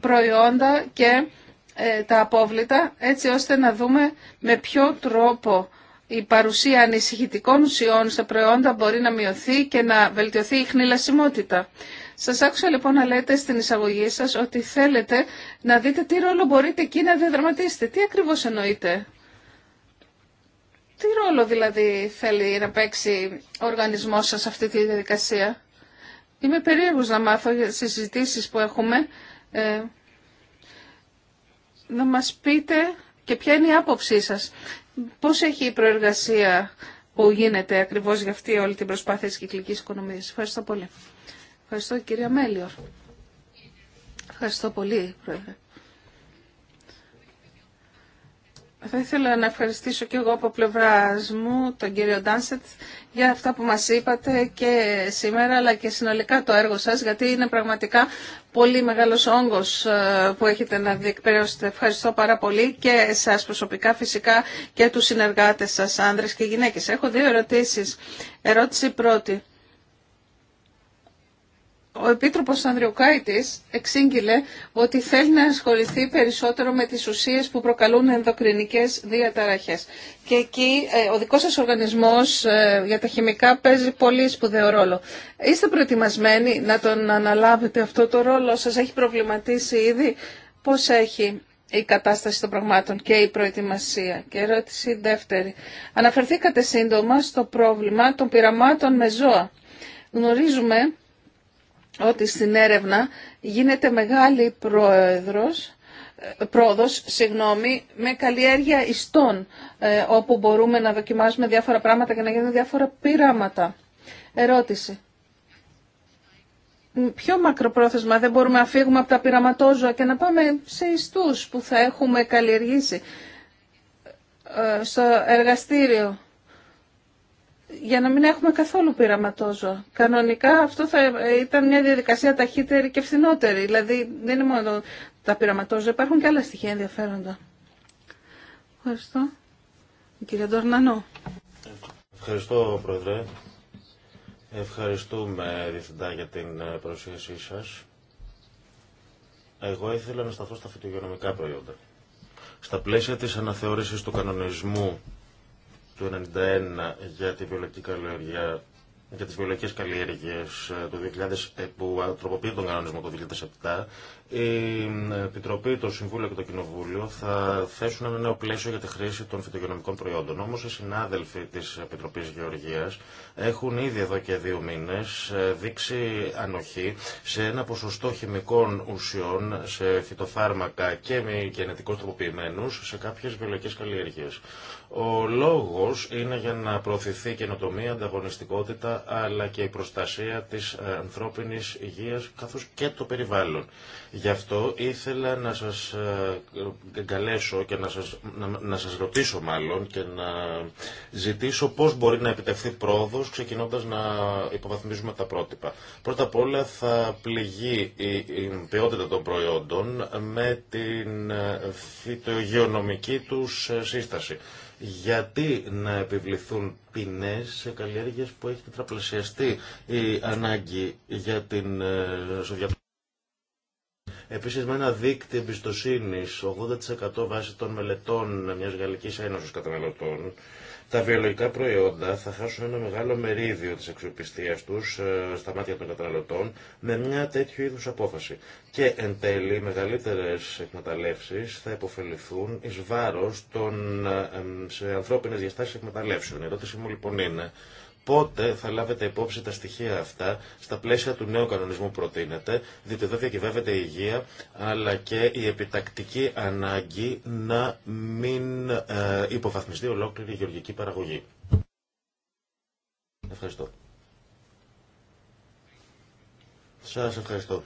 προϊόντα και ε, τα απόβλητα, έτσι ώστε να δούμε με ποιο τρόπο η παρουσία ανησυχητικών ουσιών στα προϊόντα μπορεί να μειωθεί και να βελτιωθεί η χνηλασιμότητα. Σας άκουσα λοιπόν να λέτε στην εισαγωγή σας ότι θέλετε να δείτε τι ρόλο μπορείτε εκεί να διαδραματίσετε. Τι ακριβώς εννοείτε. Τι ρόλο δηλαδή θέλει να παίξει ο οργανισμός σας αυτή τη διαδικασία. Είμαι περίεργος να μάθω τις συζητήσεις που έχουμε. Ε, να μας πείτε και ποια είναι η άποψή σας. Πώς έχει η προεργασία που γίνεται ακριβώς για αυτή όλη την προσπάθεια της κυκλικής οικονομίας. Ευχαριστώ πολύ. Ευχαριστώ κυρία Μέλιορ. Ευχαριστώ πολύ, Πρόεδρε. Θα ήθελα να ευχαριστήσω και εγώ από πλευρά μου τον κύριο Ντάνσετ για αυτά που μας είπατε και σήμερα αλλά και συνολικά το έργο σας γιατί είναι πραγματικά πολύ μεγάλος όγκος ε, που έχετε να διεκπαιρεώσετε. Ευχαριστώ πάρα πολύ και σας προσωπικά φυσικά και τους συνεργάτες σας άνδρες και γυναίκες. Έχω δύο ερωτήσεις. Ερώτηση πρώτη ο Επίτροπος Ανδριοκάητης εξήγηλε ότι θέλει να ασχοληθεί περισσότερο με τις ουσίες που προκαλούν ενδοκρινικές διαταραχές. Και εκεί ε, ο δικός σας οργανισμός ε, για τα χημικά παίζει πολύ σπουδαίο ρόλο. Είστε προετοιμασμένοι να τον αναλάβετε αυτό το ρόλο, σας έχει προβληματίσει ήδη πώς έχει η κατάσταση των πραγμάτων και η προετοιμασία. Και ερώτηση δεύτερη. Αναφερθήκατε σύντομα στο πρόβλημα των πειραμάτων με ζώα. Γνωρίζουμε ότι στην έρευνα γίνεται μεγάλη πρόεδρος, πρόοδος συγγνώμη, με καλλιέργεια ιστών, ε, όπου μπορούμε να δοκιμάζουμε διάφορα πράγματα και να γίνουν διάφορα πειράματα. Ερώτηση. Ποιο μακροπρόθεσμα δεν μπορούμε να φύγουμε από τα πειραματόζωα και να πάμε σε ιστούς που θα έχουμε καλλιεργήσει ε, στο εργαστήριο για να μην έχουμε καθόλου πειραματόζω. Κανονικά αυτό θα ήταν μια διαδικασία ταχύτερη και φθηνότερη. Δηλαδή δεν είναι μόνο τα πειραματόζω, υπάρχουν και άλλα στοιχεία ενδιαφέροντα. Ευχαριστώ. Κύριε Ντορνανό. Ευχαριστώ, Πρόεδρε. Ευχαριστούμε, Διευθυντά, για την ε, προσοχή σας. Εγώ ήθελα να σταθώ στα φυτογειονομικά προϊόντα. Στα πλαίσια της αναθεώρησης του κανονισμού του 1991 για τη βιολογική καλλιέργεια για τις βιολογικές καλλιέργειες ε, του 2000, ε, που τροποποιεί τον κανονισμό του η Επιτροπή, το Συμβούλιο και το Κοινοβούλιο θα θέσουν ένα νέο πλαίσιο για τη χρήση των φυτογενομικών προϊόντων. Όμω οι συνάδελφοι τη Επιτροπή Γεωργία έχουν ήδη εδώ και δύο μήνε ε, δείξει ανοχή σε ένα ποσοστό χημικών ουσιών σε φυτοφάρμακα και μη γενετικώ τροποποιημένου σε κάποιε βιολογικέ καλλιέργειε. Ο λόγο είναι για να προωθηθεί καινοτομία, ανταγωνιστικότητα αλλά και η προστασία τη ε, ανθρώπινη υγεία καθώ και το περιβάλλον. Γι' αυτό ήθελα να σας ε, καλέσω και να σας, να, σας ρωτήσω μάλλον και να ζητήσω πώς μπορεί να επιτευχθεί πρόοδος ξεκινώντας να υποβαθμίζουμε τα πρότυπα. Πρώτα απ' όλα θα πληγεί η, ποιότητα των προϊόντων με την ε, φυτογεωνομική τους ε, σύσταση. Γιατί να επιβληθούν ποινές σε καλλιέργειες που έχει τετραπλασιαστεί η ανάγκη για την Επίσης με ένα δίκτυο εμπιστοσύνη 80% βάσει των μελετών μιας Γαλλικής Ένωση Καταναλωτών, τα βιολογικά προϊόντα θα χάσουν ένα μεγάλο μερίδιο της του τους ε, στα μάτια των καταναλωτών με μια τέτοιου είδους απόφαση. Και εν τέλει οι μεγαλύτερες εκμεταλλεύσεις θα υποφεληθούν ει βάρο των ε, ε, σε ανθρώπινε διαστάσει εκμεταλλεύσεων. Η ερώτηση μου λοιπόν είναι Πότε θα λάβετε υπόψη τα στοιχεία αυτά στα πλαίσια του νέου κανονισμού που προτείνεται, διότι εδώ διακυβεύεται η υγεία, αλλά και η επιτακτική ανάγκη να μην ε, υποβαθμιστεί ολόκληρη η γεωργική παραγωγή. Ευχαριστώ. Σας ευχαριστώ.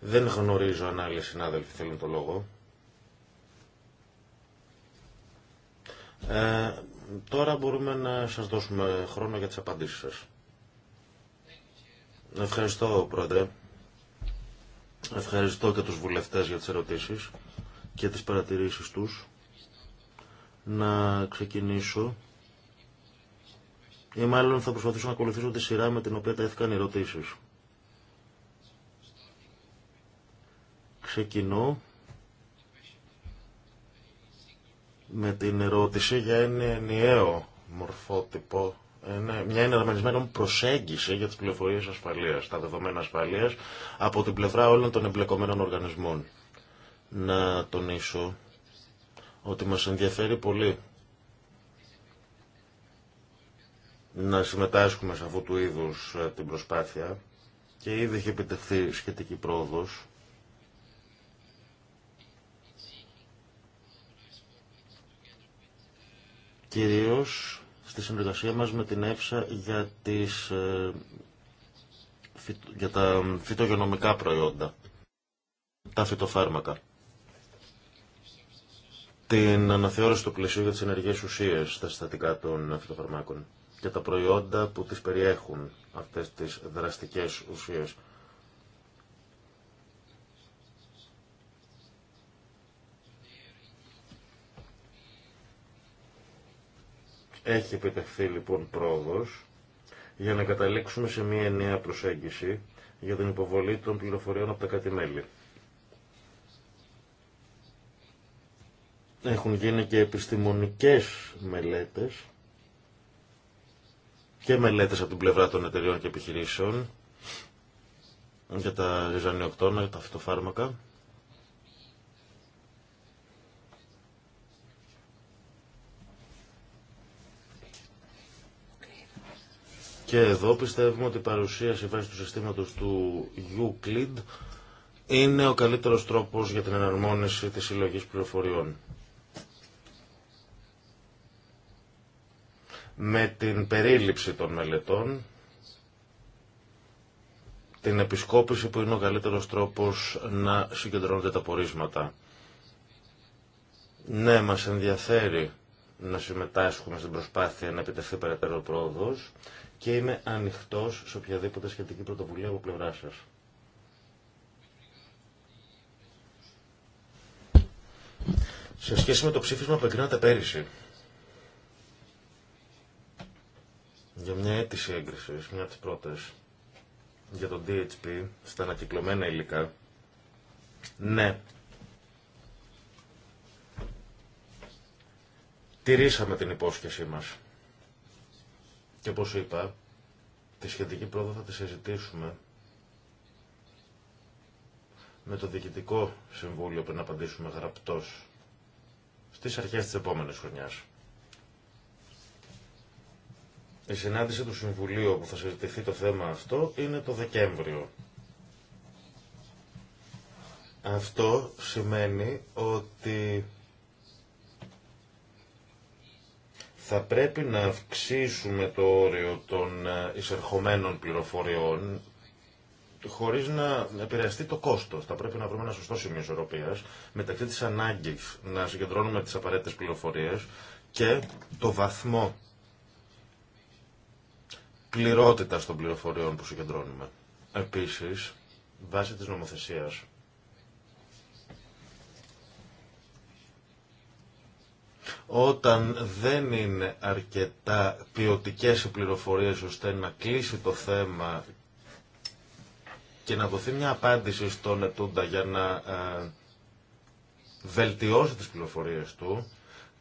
Δεν γνωρίζω αν άλλοι συνάδελφοι θέλουν το λόγο. Ε, Τώρα μπορούμε να σας δώσουμε χρόνο για τις απαντήσεις σας. Ευχαριστώ, Πρόεδρε. Ευχαριστώ και τους βουλευτές για τις ερωτήσεις και τις παρατηρήσεις τους. Να ξεκινήσω ή μάλλον θα προσπαθήσω να ακολουθήσω τη σειρά με την οποία τα έθηκαν οι ερωτήσεις. Ξεκινώ με την ερώτηση για ένα ενιαίο μορφότυπο, μια εναρμονισμένη προσέγγιση για τις πληροφορίες ασφαλείας, τα δεδομένα ασφαλείας, από την πλευρά όλων των εμπλεκομένων οργανισμών. Να τονίσω ότι μας ενδιαφέρει πολύ να συμμετάσχουμε σε αυτού του είδους ε, την προσπάθεια και ήδη έχει επιτευχθεί σχετική πρόοδος κυρίως στη συνεργασία μας με την ΕΦΣΑ για, τις, ε, για τα φυτογενομικά προϊόντα, τα φυτοφάρμακα. Την αναθεώρηση του πλαισίου για τις ενεργές ουσίες στα συστατικά των φυτοφαρμάκων και τα προϊόντα που τις περιέχουν αυτές τις δραστικές ουσίες. Έχει επιτευχθεί λοιπόν πρόοδος για να καταλήξουμε σε μια νέα προσέγγιση για την υποβολή των πληροφοριών από τα κάτι μέλη. Έχουν γίνει και επιστημονικές μελέτες και μελέτες από την πλευρά των εταιριών και επιχειρήσεων για τα ζυζανιοκτώνα, τα φυτοφάρμακα. Και εδώ πιστεύουμε ότι η παρουσίαση βάσει του συστήματος του Euclid είναι ο καλύτερος τρόπος για την εναρμόνιση της συλλογή πληροφοριών. Με την περίληψη των μελετών, την επισκόπηση που είναι ο καλύτερος τρόπος να συγκεντρώνονται τα πορίσματα. Ναι, μας ενδιαφέρει να συμμετάσχουμε στην προσπάθεια να επιτευχθεί περαιτέρω πρόοδος και είμαι ανοιχτός σε οποιαδήποτε σχετική πρωτοβουλία από πλευρά σα. Σε σχέση με το ψήφισμα που εγκρίνατε πέρυσι, για μια αίτηση έγκριση, μια από τι πρώτε, για το DHP στα ανακυκλωμένα υλικά, ναι, τηρήσαμε την υπόσχεσή μας. Και όπως είπα, τη σχετική πρόοδο θα τη συζητήσουμε με το Διοικητικό Συμβούλιο να απαντήσουμε γραπτός στις αρχές της επόμενης χρονιάς. Η συνάντηση του Συμβουλίου που θα συζητηθεί το θέμα αυτό είναι το Δεκέμβριο. Αυτό σημαίνει ότι θα πρέπει να αυξήσουμε το όριο των ε, εισερχομένων πληροφοριών χωρίς να επηρεαστεί το κόστος. Θα πρέπει να βρούμε ένα σωστό σημείο ισορροπίας μεταξύ της ανάγκης να συγκεντρώνουμε τις απαραίτητες πληροφορίες και το βαθμό πληρότητα των πληροφοριών που συγκεντρώνουμε. Επίσης, βάσει της νομοθεσίας, όταν δεν είναι αρκετά ποιοτικέ οι πληροφορίες ώστε να κλείσει το θέμα και να δοθεί μια απάντηση στον Ετούντα για να ε, βελτιώσει τις πληροφορίες του,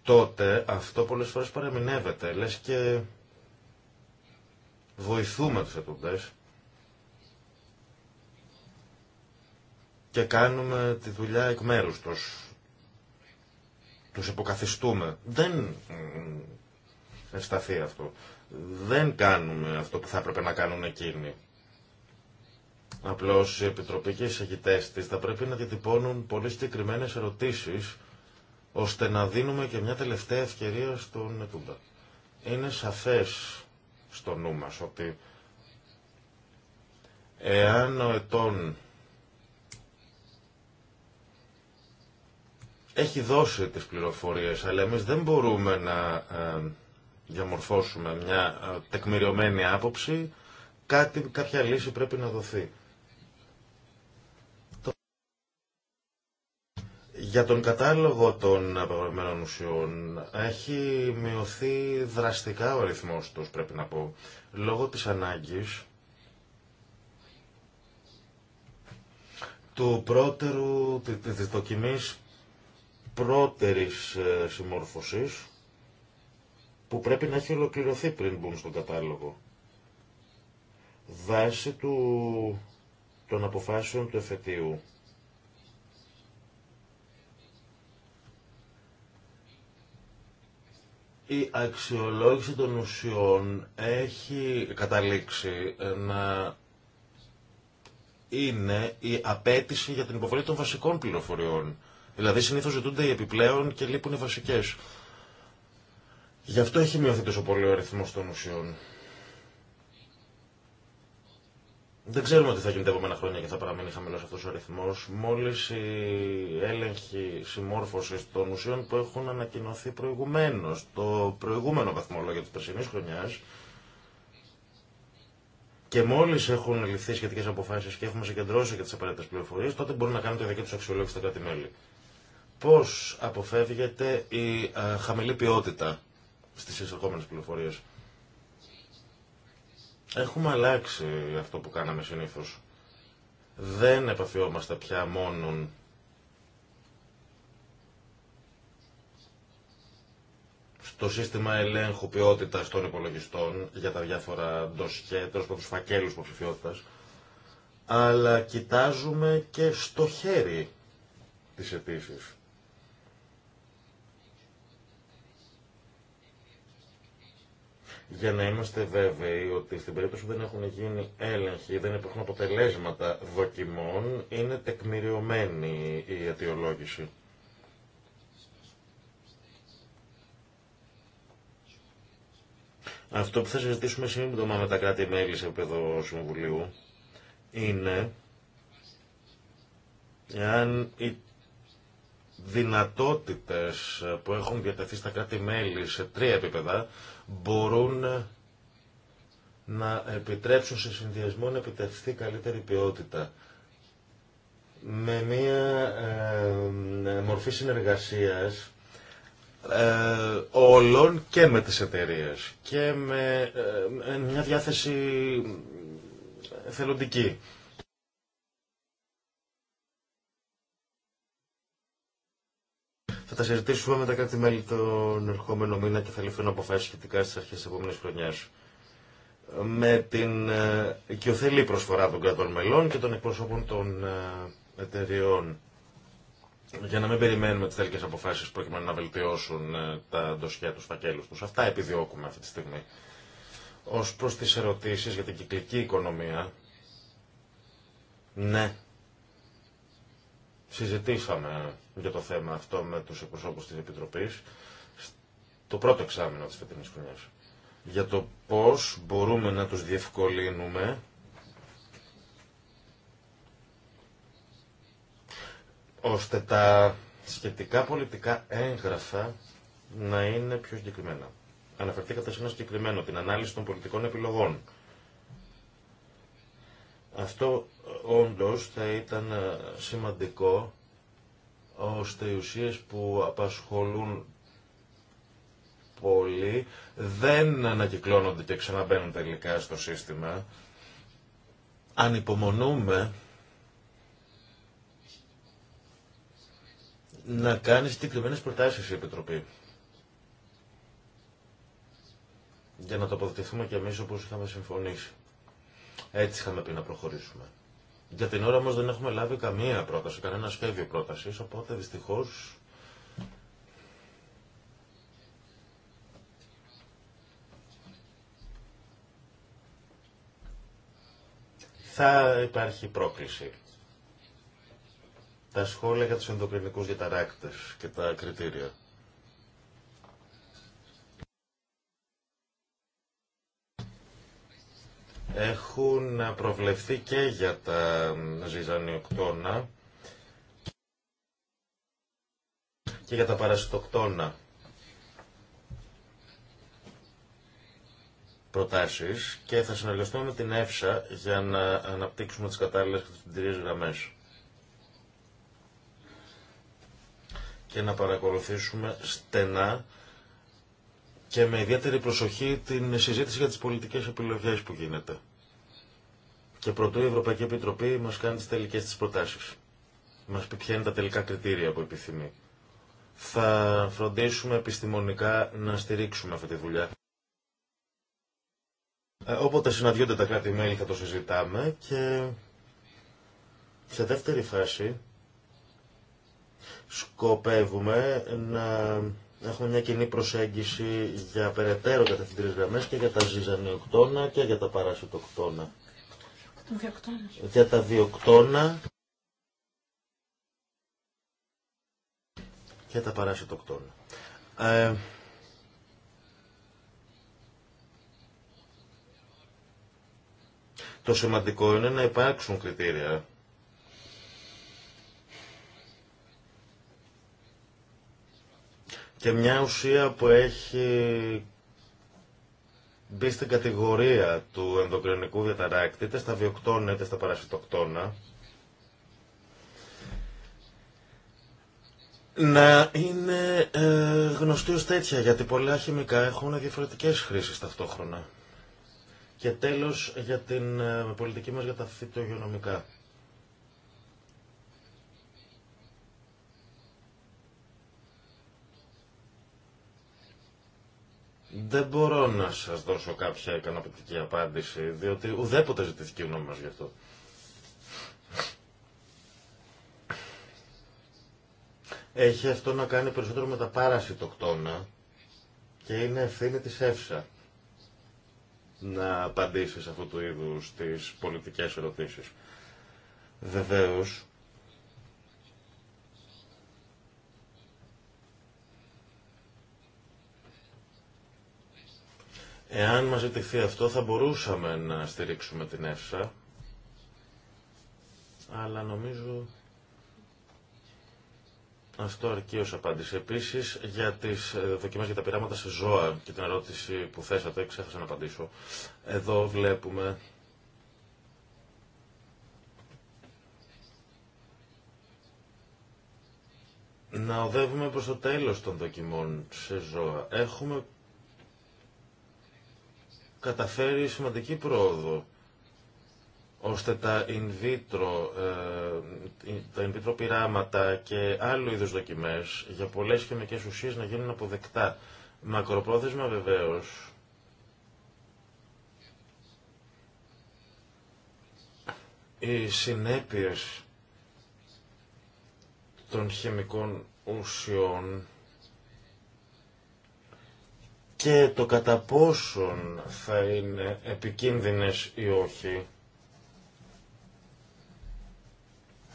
τότε αυτό πολλές φορές παραμεινεύεται. Λες και βοηθούμε τους Ετούντες και κάνουμε τη δουλειά εκ μέρους τους. Τους υποκαθιστούμε. Δεν ευσταθεί αυτό. Δεν κάνουμε αυτό που θα έπρεπε να κάνουν εκείνοι. Απλώς οι επιτροπικοί και εισαγητές της θα πρέπει να διατυπώνουν πολύ συγκεκριμένε ερωτήσεις ώστε να δίνουμε και μια τελευταία ευκαιρία στον Ετούντα. Είναι σαφές στο νου μας ότι εάν ο ετών έχει δώσει τις πληροφορίες, αλλά εμείς δεν μπορούμε να ε, διαμορφώσουμε μια ε, τεκμηριωμένη άποψη, κάτι, κάποια λύση πρέπει να δοθεί. Για τον κατάλογο των απαγορευμένων ουσιών έχει μειωθεί δραστικά ο αριθμός τους, πρέπει να πω, λόγω της ανάγκης του πρώτερου, της δοκιμής πρώτερης ε, συμμόρφωσης που πρέπει να έχει ολοκληρωθεί πριν μπουν στον κατάλογο. Βάσει του, των αποφάσεων του εφετείου. Η αξιολόγηση των ουσιών έχει καταλήξει να είναι η απέτηση για την υποβολή των βασικών πληροφοριών Δηλαδή συνήθω ζητούνται οι επιπλέον και λείπουν οι βασικέ. Γι' αυτό έχει μειωθεί τόσο πολύ ο αριθμό των ουσιών. Δεν ξέρουμε τι θα γίνει τα επόμενα χρόνια και θα παραμείνει χαμηλό αυτό ο αριθμό. Μόλι η έλεγχη συμμόρφωση των ουσιών που έχουν ανακοινωθεί προηγουμένω, το προηγούμενο βαθμολόγιο τη περσινή χρονιά, και μόλι έχουν ληφθεί σχετικέ αποφάσει και έχουμε συγκεντρώσει και τι απαραίτητε πληροφορίε, τότε μπορούν να κάνουν το του αξιολόγηση στα κράτη-μέλη πώς αποφεύγεται η χαμηλή ποιότητα στις εισερχόμενες πληροφορίες. Έχουμε αλλάξει αυτό που κάναμε συνήθως. Δεν επαφιόμαστε πια μόνον στο σύστημα ελέγχου ποιότητα των υπολογιστών για τα διάφορα ντοσχέ, τους φακέλους υποψηφιότητας, αλλά κοιτάζουμε και στο χέρι της αιτήσει. για να είμαστε βέβαιοι ότι στην περίπτωση που δεν έχουν γίνει έλεγχοι, δεν υπάρχουν αποτελέσματα δοκιμών, είναι τεκμηριωμένη η αιτιολόγηση. Αυτό που θα συζητήσουμε σύμπτωμα με τα κράτη-μέλη σε επίπεδο Συμβουλίου είναι εάν η δυνατότητες που έχουν διατεθεί στα κράτη-μέλη σε τρία επίπεδα μπορούν να επιτρέψουν σε συνδυασμό να επιτευχθεί καλύτερη ποιότητα με μία ε, μορφή συνεργασίας ε, όλων και με τις εταιρείες και με ε, μια διάθεση θελοντική. Θα τα συζητήσουμε με τα κάτι μέλη τον ερχόμενο μήνα και θα ληφθούν αποφάσει σχετικά στι αρχέ τη επόμενη χρονιά. Με την ε, οικειοθελή προσφορά των κρατών μελών και των εκπροσώπων των ε, εταιριών. Για να μην περιμένουμε τι τελικέ αποφάσει προκειμένου να βελτιώσουν ε, τα ντοσιά του φακέλου του. Αυτά επιδιώκουμε αυτή τη στιγμή. Ω προ τι ερωτήσει για την κυκλική οικονομία. Ναι, Συζητήσαμε για το θέμα αυτό με τους εκπροσώπους της Επιτροπής το πρώτο εξάμεινο της φετινής χρονιάς. Για το πώς μπορούμε να τους διευκολύνουμε ώστε τα σχετικά πολιτικά έγγραφα να είναι πιο συγκεκριμένα. Αναφερθήκατε σε ένα συγκεκριμένο, την ανάλυση των πολιτικών επιλογών. Αυτό όντως θα ήταν ε, σημαντικό ώστε οι ουσίες που απασχολούν πολύ δεν ανακυκλώνονται και ξαναμπαίνουν τελικά στο σύστημα. αν υπομονούμε να κάνει συγκεκριμένε προτάσεις η Επιτροπή. Για να τοποθετηθούμε κι εμείς όπως είχαμε συμφωνήσει. Έτσι είχαμε πει να προχωρήσουμε. Για την ώρα όμω δεν έχουμε λάβει καμία πρόταση, κανένα σχέδιο πρόταση, οπότε δυστυχώ. Θα υπάρχει πρόκληση. Τα σχόλια για τους ενδοκρινικούς διαταράκτες και τα κριτήρια. έχουν προβλεφθεί και για τα ζυζανιοκτώνα και για τα παρασυτοκτώνα προτάσεις και θα συνεργαστούμε με την ΕΦΣΑ για να αναπτύξουμε τις κατάλληλες κατευθυντηρίες γραμμές. και να παρακολουθήσουμε στενά και με ιδιαίτερη προσοχή την συζήτηση για τις πολιτικές επιλογές που γίνεται. Και πρωτού η Ευρωπαϊκή Επιτροπή μας κάνει τις τελικές της προτάσεις. Μας πει ποια είναι τα τελικά κριτήρια που επιθυμεί. Θα φροντίσουμε επιστημονικά να στηρίξουμε αυτή τη δουλειά. Ε, όποτε συναντιόνται τα κράτη-μέλη θα το συζητάμε και σε δεύτερη φάση σκοπεύουμε να Έχουμε μια κοινή προσέγγιση για περαιτέρω κατευθυντήρες γραμμέ και για τα ζυζανιοκτώνα και για τα παρασιτοκτώνα. Για τα διοκτώνα και τα παρασιτοκτώνα. Ε, το σημαντικό είναι να υπάρξουν κριτήρια και μια ουσία που έχει μπει στην κατηγορία του ενδοκρινικού διαταράκτη, είτε στα βιοκτώνα είτε στα παρασιτοκτώνα, να είναι ε, γνωστή ως τέτοια, γιατί πολλά χημικά έχουν διαφορετικές χρήσεις ταυτόχρονα. Και τέλος για την ε, πολιτική μας για τα φυτογειονομικά. Δεν μπορώ να σα δώσω κάποια ικανοποιητική απάντηση, διότι ουδέποτε ζητήθηκε η γνώμη μα γι' αυτό. Έχει αυτό να κάνει περισσότερο με τα παρασιτοκτόνα και είναι ευθύνη της ΕΦΣΑ να απαντήσει σε αυτού του είδους τις πολιτικές ερωτήσεις. Βεβαίως, Εάν μας ζητηθεί αυτό θα μπορούσαμε να στηρίξουμε την ΕΦΣΑ, αλλά νομίζω αυτό αρκεί ως απάντηση. Επίσης, για τις ε, δοκιμές για τα πειράματα σε ζώα και την ερώτηση που θέσατε, ξέχασα να απαντήσω. Εδώ βλέπουμε να οδεύουμε προς το τέλος των δοκιμών σε ζώα. Έχουμε καταφέρει σημαντική πρόοδο ώστε τα in vitro, ε, τα in vitro πειράματα και άλλου είδους δοκιμές για πολλές χημικές ουσίες να γίνουν αποδεκτά. Μακροπρόθεσμα βεβαίως. Οι συνέπειες των χημικών ουσιών και το κατά πόσον θα είναι επικίνδυνες ή όχι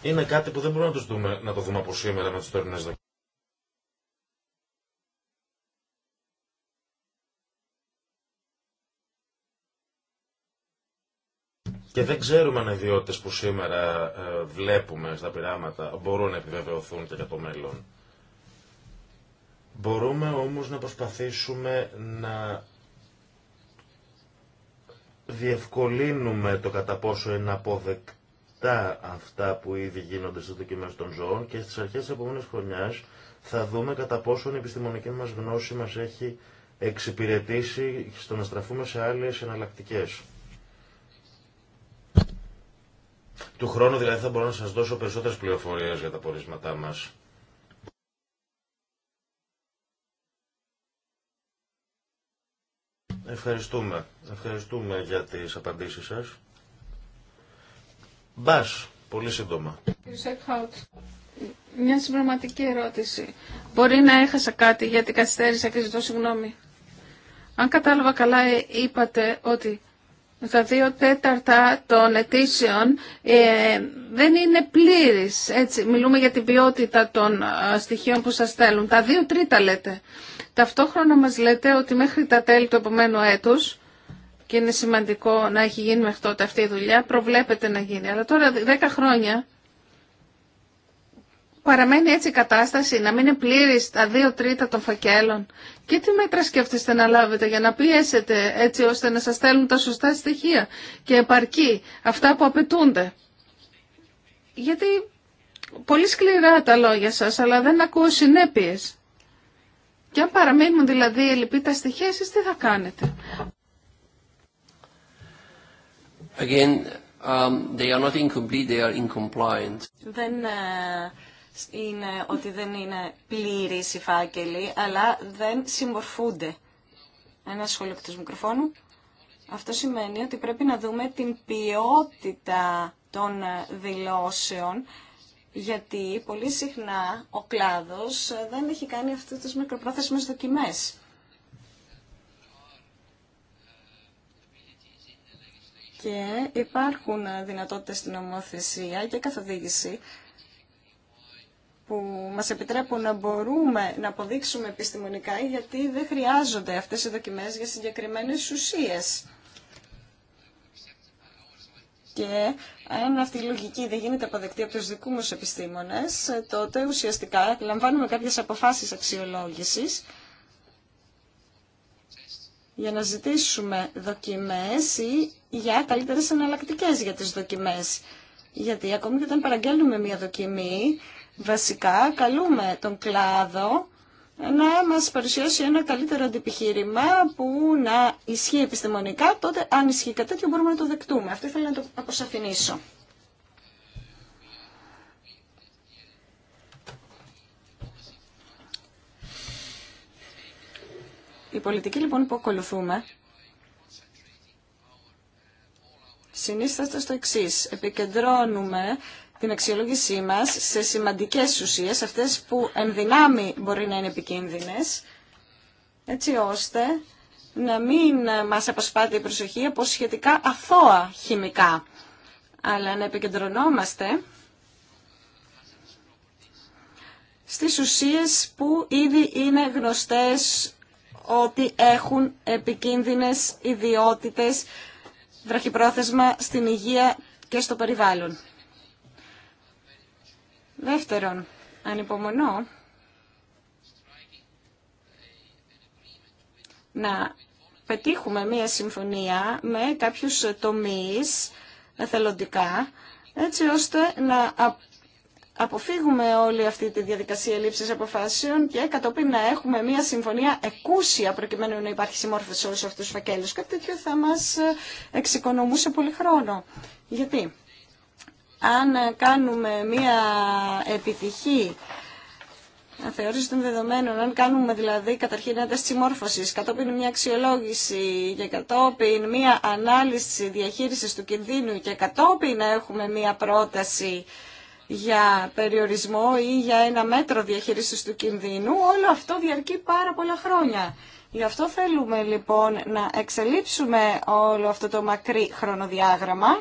είναι κάτι που δεν μπορούμε να, το δούμε, να το δούμε από σήμερα με τις τωρινές Και δεν ξέρουμε αν ιδιότητε που σήμερα ε, βλέπουμε στα πειράματα μπορούν να επιβεβαιωθούν και για το μέλλον. Μπορούμε όμως να προσπαθήσουμε να διευκολύνουμε το κατά πόσο είναι αποδεκτά αυτά που ήδη γίνονται στις δοκιμές των ζώων και στις αρχές της επόμενης χρονιάς θα δούμε κατά πόσο η επιστημονική μας γνώση μας έχει εξυπηρετήσει στο να στραφούμε σε άλλες εναλλακτικέ. Του χρόνου δηλαδή θα μπορώ να σας δώσω περισσότερες πληροφορίες για τα πορίσματά μας. Ευχαριστούμε. Ευχαριστούμε για τις απαντήσεις σας. Μπάς, πολύ σύντομα. Μια συμπληρωματική ερώτηση. Μπορεί να έχασα κάτι γιατί καθυστέρησα και ζητώ συγγνώμη. Αν κατάλαβα καλά, είπατε ότι τα δύο τέταρτα των αιτήσεων ε, δεν είναι πλήρης. Έτσι, μιλούμε για την ποιότητα των ε, στοιχείων που σας στέλνουν. Τα δύο τρίτα λέτε. Ταυτόχρονα μας λέτε ότι μέχρι τα τέλη του επομένου έτους, και είναι σημαντικό να έχει γίνει μέχρι τότε αυτή η δουλειά, προβλέπεται να γίνει. Αλλά τώρα δέκα χρόνια παραμένει έτσι η κατάσταση, να μην είναι πλήρη τα δύο τρίτα των φακέλων. Και τι μέτρα σκέφτεστε να λάβετε για να πιέσετε έτσι ώστε να σα στέλνουν τα σωστά στοιχεία και επαρκή αυτά που απαιτούνται. Γιατί πολύ σκληρά τα λόγια σα, αλλά δεν ακούω συνέπειε. Και αν παραμείνουν δηλαδή ελλειπή τα στοιχεία, εσεί τι θα κάνετε είναι ότι δεν είναι πλήρη η φάκελοι, αλλά δεν συμμορφούνται. Ένα σχόλιο του μικροφώνου. Αυτό σημαίνει ότι πρέπει να δούμε την ποιότητα των δηλώσεων, γιατί πολύ συχνά ο κλάδος δεν έχει κάνει αυτές τις μικροπρόθεσμες δοκιμές. Και υπάρχουν δυνατότητες στην νομοθεσία και καθοδήγηση που μας επιτρέπουν να μπορούμε να αποδείξουμε επιστημονικά γιατί δεν χρειάζονται αυτές οι δοκιμές για συγκεκριμένες ουσίες. Και αν αυτή η λογική δεν γίνεται αποδεκτή από τους δικούς μας επιστήμονες, τότε ουσιαστικά λαμβάνουμε κάποιες αποφάσεις αξιολόγησης για να ζητήσουμε δοκιμές ή για καλύτερες εναλλακτικέ για τις δοκιμές. Γιατί ακόμη και όταν παραγγέλνουμε μια δοκιμή, Βασικά, καλούμε τον κλάδο να μας παρουσιάσει ένα καλύτερο αντιπιχείρημα που να ισχύει επιστημονικά, τότε αν ισχύει κάτι τέτοιο μπορούμε να το δεκτούμε. Αυτό ήθελα να το αποσαφηνίσω. Η πολιτική λοιπόν που ακολουθούμε συνίσταται στο εξής. Επικεντρώνουμε την αξιολόγησή μας σε σημαντικές ουσίες, αυτές που ενδυνάμει μπορεί να είναι επικίνδυνες, έτσι ώστε να μην μας απασπάται η προσοχή από σχετικά αθώα χημικά, αλλά να επικεντρωνόμαστε στις ουσίες που ήδη είναι γνωστές ότι έχουν επικίνδυνες ιδιότητες βραχυπρόθεσμα στην υγεία και στο περιβάλλον. Δεύτερον, ανυπομονώ να πετύχουμε μία συμφωνία με κάποιους τομείς εθελοντικά, έτσι ώστε να αποφύγουμε όλη αυτή τη διαδικασία λήψης αποφάσεων και κατόπιν να έχουμε μία συμφωνία εκούσια προκειμένου να υπάρχει συμμόρφωση σε όλους αυτούς τους φακέλους. Κάτι τέτοιο θα μας εξοικονομούσε πολύ χρόνο. Γιατί αν κάνουμε μία επιτυχή Θεώρηση των δεδομένων, αν κάνουμε δηλαδή καταρχήν ένα τεστ συμμόρφωση, κατόπιν μια επιτυχη θεωρηση τον δεδομενων και κατόπιν μια ανάλυση διαχείριση του κινδύνου και κατόπιν να έχουμε μια πρόταση για περιορισμό ή για ένα μέτρο διαχείρισης του κινδύνου, όλο αυτό διαρκεί πάρα πολλά χρόνια. Γι' αυτό θέλουμε λοιπόν να εξελίψουμε όλο αυτό το μακρύ χρονοδιάγραμμα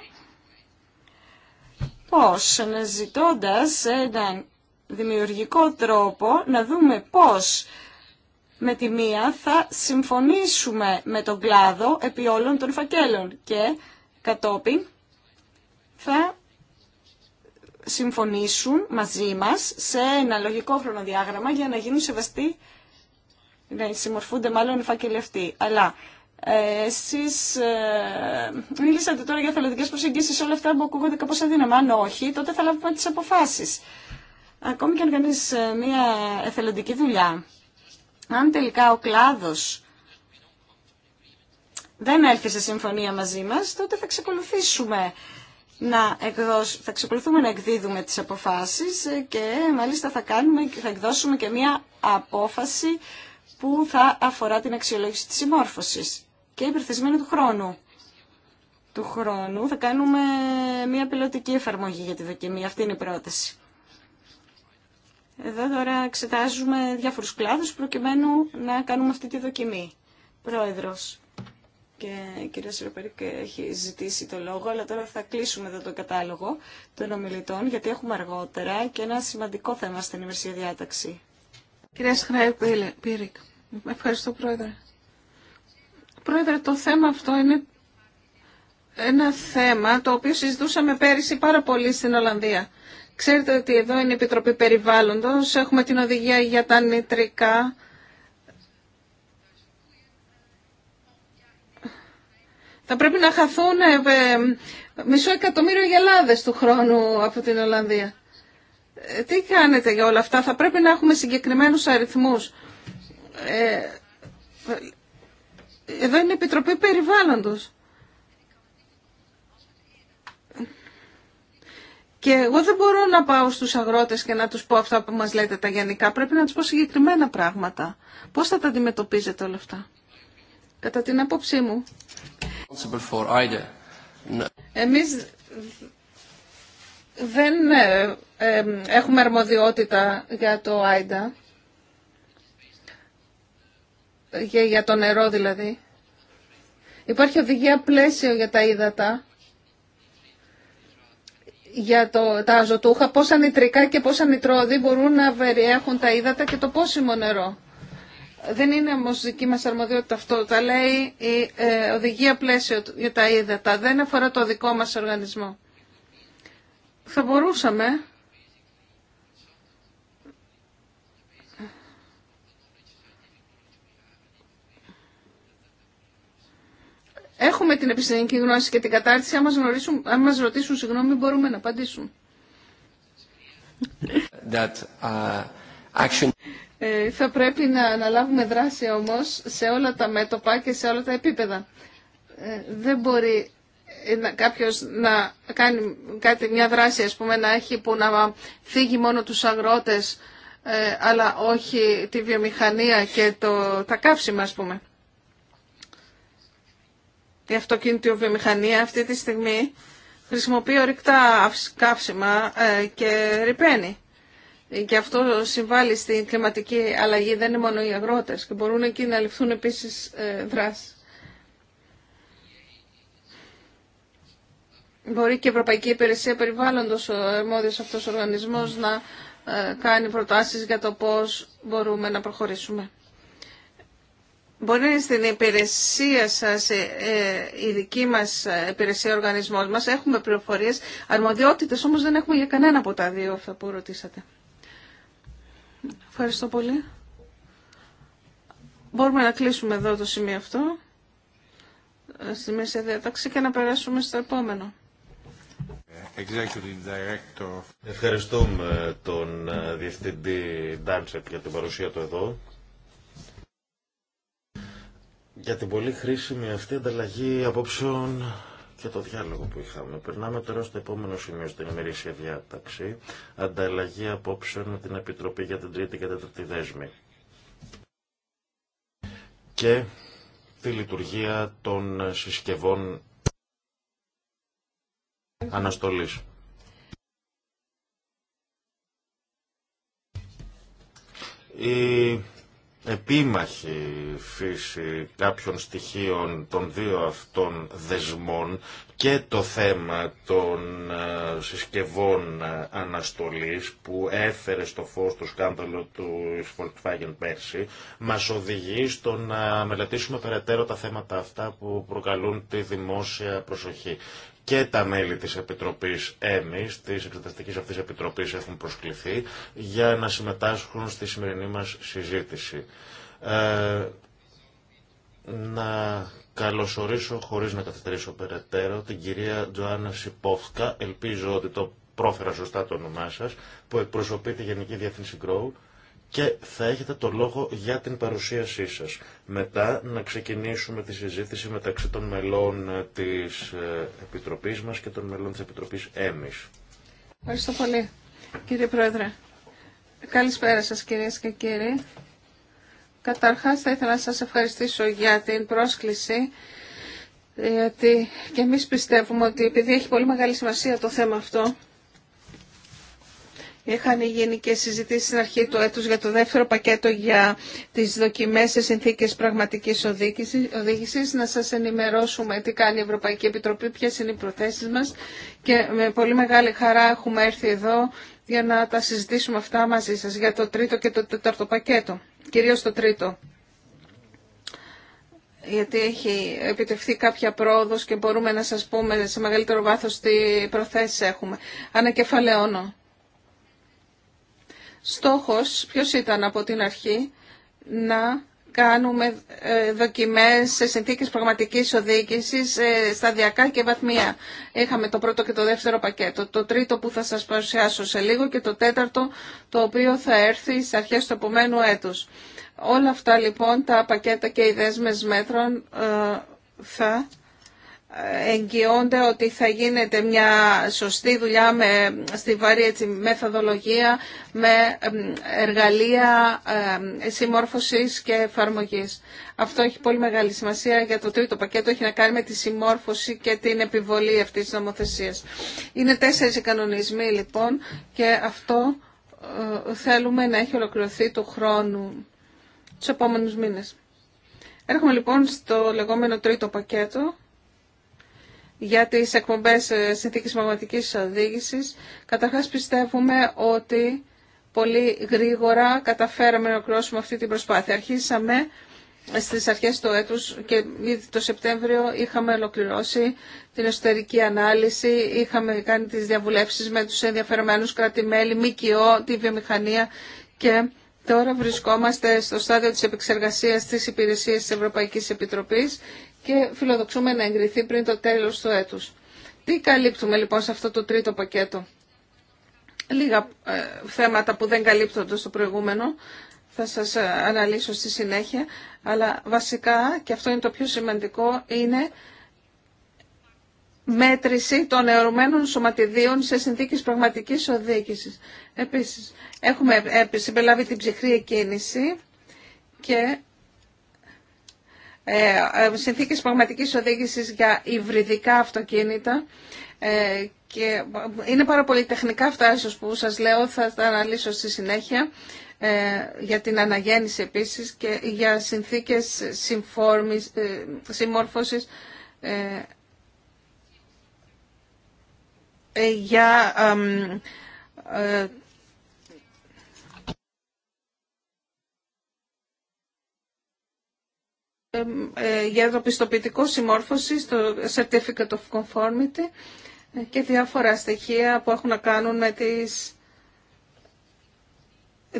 Πώς, αναζητώντας έναν δημιουργικό τρόπο να δούμε πώς με τη μία θα συμφωνήσουμε με τον κλάδο επί όλων των φακέλων και κατόπιν θα συμφωνήσουν μαζί μας σε ένα λογικό χρονοδιάγραμμα για να γίνουν σεβαστοί, να συμμορφούνται μάλλον οι Αλλά ε, εσείς ε, μίλησατε τώρα για θελοντικέ προσεγγίσεις, όλα αυτά που ακούγονται κάπω αδύναμα. Αν όχι, τότε θα λάβουμε τι αποφάσει. Ακόμη και αν κάνεις ε, μια εθελοντική δουλειά, αν τελικά ο κλάδο δεν έρθει σε συμφωνία μαζί μα, τότε θα ξεκολουθήσουμε να θα ξεκολουθούμε να εκδίδουμε τις αποφάσεις και μάλιστα θα, κάνουμε... θα εκδώσουμε και μία απόφαση που θα αφορά την αξιολόγηση της συμμόρφωσης και η του χρόνου. Του χρόνου θα κάνουμε μια πιλωτική εφαρμογή για τη δοκιμή. Αυτή είναι η πρόταση. Εδώ τώρα εξετάζουμε διάφορους κλάδους προκειμένου να κάνουμε αυτή τη δοκιμή. Πρόεδρος και η κυρία Σιροπερίκ έχει ζητήσει το λόγο, αλλά τώρα θα κλείσουμε εδώ το κατάλογο των ομιλητών, γιατί έχουμε αργότερα και ένα σημαντικό θέμα στην ημερησία διάταξη. Κυρία Σιροπερίκ, ευχαριστώ πρόεδρε. Πρόεδρε, το θέμα αυτό είναι ένα θέμα το οποίο συζητούσαμε πέρυσι πάρα πολύ στην Ολλανδία. Ξέρετε ότι εδώ είναι η Επιτροπή Περιβάλλοντος, έχουμε την οδηγία για τα νητρικά. Θα πρέπει να χαθούν ε, ε, μισό εκατομμύριο γελάδες του χρόνου από την Ολλανδία. Ε, τι κάνετε για όλα αυτά, θα πρέπει να έχουμε συγκεκριμένους αριθμούς. Εδώ είναι η Επιτροπή Περιβάλλοντος. Και εγώ δεν μπορώ να πάω στους αγρότες και να τους πω αυτά που μας λέτε τα γενικά. Πρέπει να τους πω συγκεκριμένα πράγματα. Πώς θα τα αντιμετωπίζετε όλα αυτά. Κατά την άποψή μου. Εμείς δεν ε, ε, έχουμε αρμοδιότητα για το ΆΙΔΑ. Ε, για το νερό δηλαδή. Υπάρχει οδηγία πλαίσιο για τα ύδατα, για το, τα αζωτούχα, πόσα νητρικά και πόσα νητρόδι μπορούν να περιέχουν τα ύδατα και το πόσιμο νερό. Δεν είναι όμω δική μας αρμοδιότητα αυτό. Τα λέει η ε, οδηγία πλαίσιο για τα ύδατα. Δεν αφορά το δικό μας οργανισμό. Θα μπορούσαμε Έχουμε την επιστημονική γνώση και την κατάρτιση. Αν μα ρωτήσουν, συγγνώμη, μπορούμε να απαντήσουν. That, uh, action... Ε, θα πρέπει να αναλάβουμε δράση όμως σε όλα τα μέτωπα και σε όλα τα επίπεδα. Ε, δεν μπορεί ε, κάποιος να κάνει κάτι, μια δράση ας πούμε, να έχει που να φύγει μόνο τους αγρότες ε, αλλά όχι τη βιομηχανία και το, τα καύσιμα ας πούμε η βιομηχανία αυτή τη στιγμή χρησιμοποιεί ορυκτά καύσιμα ε, και ρηπαίνει. Και αυτό συμβάλλει στην κλιματική αλλαγή, δεν είναι μόνο οι αγρότες και μπορούν εκεί να ληφθούν επίσης ε, δράσεις. Μπορεί και η Ευρωπαϊκή Υπηρεσία Περιβάλλοντος, ο αρμόδιος αυτός ο οργανισμός, να ε, κάνει προτάσεις για το πώς μπορούμε να προχωρήσουμε. Μπορεί να είναι στην υπηρεσία σας, ε, ε, η δική μας ε, υπηρεσία, ο οργανισμός μας. Έχουμε πληροφορίες, αρμοδιότητες, όμως δεν έχουμε για κανένα από τα δύο αυτά που ρωτήσατε. Ευχαριστώ πολύ. Μπορούμε να κλείσουμε εδώ το σημείο αυτό, στη μέση διάταξη και να περάσουμε στο επόμενο. Ευχαριστούμε τον Διευθυντή Ντάνσετ για την παρουσία του εδώ για την πολύ χρήσιμη αυτή ανταλλαγή απόψεων και το διάλογο που είχαμε. Περνάμε τώρα στο επόμενο σημείο στην ημερήσια διάταξη. Ανταλλαγή απόψεων με την Επιτροπή για την Τρίτη και Τέταρτη Δέσμη. Και τη λειτουργία των συσκευών αναστολής. Η επίμαχη φύση κάποιων στοιχείων των δύο αυτών δεσμών και το θέμα των ε, συσκευών ε, αναστολής που έφερε στο φως το σκάνδαλο του Volkswagen πέρσι μας οδηγεί στο να μελετήσουμε περαιτέρω τα θέματα αυτά που προκαλούν τη δημόσια προσοχή και τα μέλη της Επιτροπής εμείς, της Εξεταστικής αυτής Επιτροπής έχουν προσκληθεί για να συμμετάσχουν στη σημερινή μας συζήτηση. Ε, να καλωσορίσω, χωρίς να καθυστερήσω περαιτέρω, την κυρία Τζοάννα Σιπόφκα, ελπίζω ότι το πρόφερα σωστά το όνομά σας, που εκπροσωπεί τη Γενική Διεθνή Συγκρόου, και θα έχετε το λόγο για την παρουσίασή σας. Μετά να ξεκινήσουμε τη συζήτηση μεταξύ των μελών της ε, Επιτροπής μας και των μελών της Επιτροπής εμείς. Ευχαριστώ πολύ, κύριε Πρόεδρε. Καλησπέρα σας κυρίες και κύριοι. Καταρχάς θα ήθελα να σας ευχαριστήσω για την πρόσκληση γιατί και εμείς πιστεύουμε ότι επειδή έχει πολύ μεγάλη σημασία το θέμα αυτό Είχαν γίνει και συζητήσει στην αρχή του έτου για το δεύτερο πακέτο για τι δοκιμέ σε συνθήκε πραγματική οδήγηση. Να σα ενημερώσουμε τι κάνει η Ευρωπαϊκή Επιτροπή, ποιε είναι οι προθέσει μα. και με πολύ μεγάλη χαρά έχουμε έρθει εδώ για να τα συζητήσουμε αυτά μαζί σα για το τρίτο και το τέταρτο πακέτο, Κυρίω το τρίτο γιατί έχει επιτευχθεί κάποια πρόοδος και μπορούμε να σας πούμε σε μεγαλύτερο βάθος τι προθέσεις έχουμε. Ανακεφαλαιώνω. Στόχος ποιος ήταν από την αρχή να κάνουμε ε, δοκιμές σε συνθήκες πραγματικής οδήγησης ε, σταδιακά και βαθμία. Είχαμε το πρώτο και το δεύτερο πακέτο, το τρίτο που θα σας παρουσιάσω σε λίγο και το τέταρτο το οποίο θα έρθει στις αρχές του επομένου έτους. Όλα αυτά λοιπόν τα πακέτα και οι δέσμες μέτρων ε, θα εγγυώνται ότι θα γίνεται μια σωστή δουλειά με στιβαρή έτσι, μεθοδολογία, με εργαλεία συμμόρφωσης και εφαρμογής. Αυτό έχει πολύ μεγάλη σημασία για το τρίτο πακέτο, έχει να κάνει με τη συμμόρφωση και την επιβολή αυτής της νομοθεσίας. Είναι τέσσερις κανονισμοί λοιπόν και αυτό ε, θέλουμε να έχει ολοκληρωθεί του χρόνου, του επόμενους μήνες. Έρχομαι λοιπόν στο λεγόμενο τρίτο πακέτο για τις εκπομπές ε, συνθήκης μαγματικής οδήγησης. Καταρχάς πιστεύουμε ότι πολύ γρήγορα καταφέραμε να ολοκληρώσουμε αυτή την προσπάθεια. Αρχίσαμε στις αρχές του έτους και ήδη το Σεπτέμβριο είχαμε ολοκληρώσει την εσωτερική ανάλυση, είχαμε κάνει τις διαβουλεύσεις με τους ενδιαφερομένους κράτη-μέλη, ΜΚΟ, τη βιομηχανία και τώρα βρισκόμαστε στο στάδιο της επεξεργασίας της υπηρεσίας της Ευρωπαϊκής Επιτροπής και φιλοδοξούμε να εγκριθεί πριν το τέλος του έτους. Τι καλύπτουμε λοιπόν σε αυτό το τρίτο πακέτο. Λίγα ε, θέματα που δεν καλύπτονται στο προηγούμενο θα σας ε, αναλύσω στη συνέχεια, αλλά βασικά, και αυτό είναι το πιο σημαντικό, είναι μέτρηση των αιωρουμένων σωματιδίων σε συνθήκες πραγματικής οδήγησης. Επίσης, έχουμε ε, συμπελάβει την ψυχρή εκκίνηση και ε, ε, συνθήκες πραγματικής οδήγησης για υβριδικά αυτοκίνητα ε, και είναι πάρα πολύ τεχνικά αυτά ίσως που σας λέω, θα τα αναλύσω στη συνέχεια για την αναγέννηση επίσης και για συνθήκες συμμόρφωσης για Ε, για το πιστοποιητικό συμμόρφωση, το Certificate of Conformity ε, και διάφορα στοιχεία που έχουν να κάνουν με τις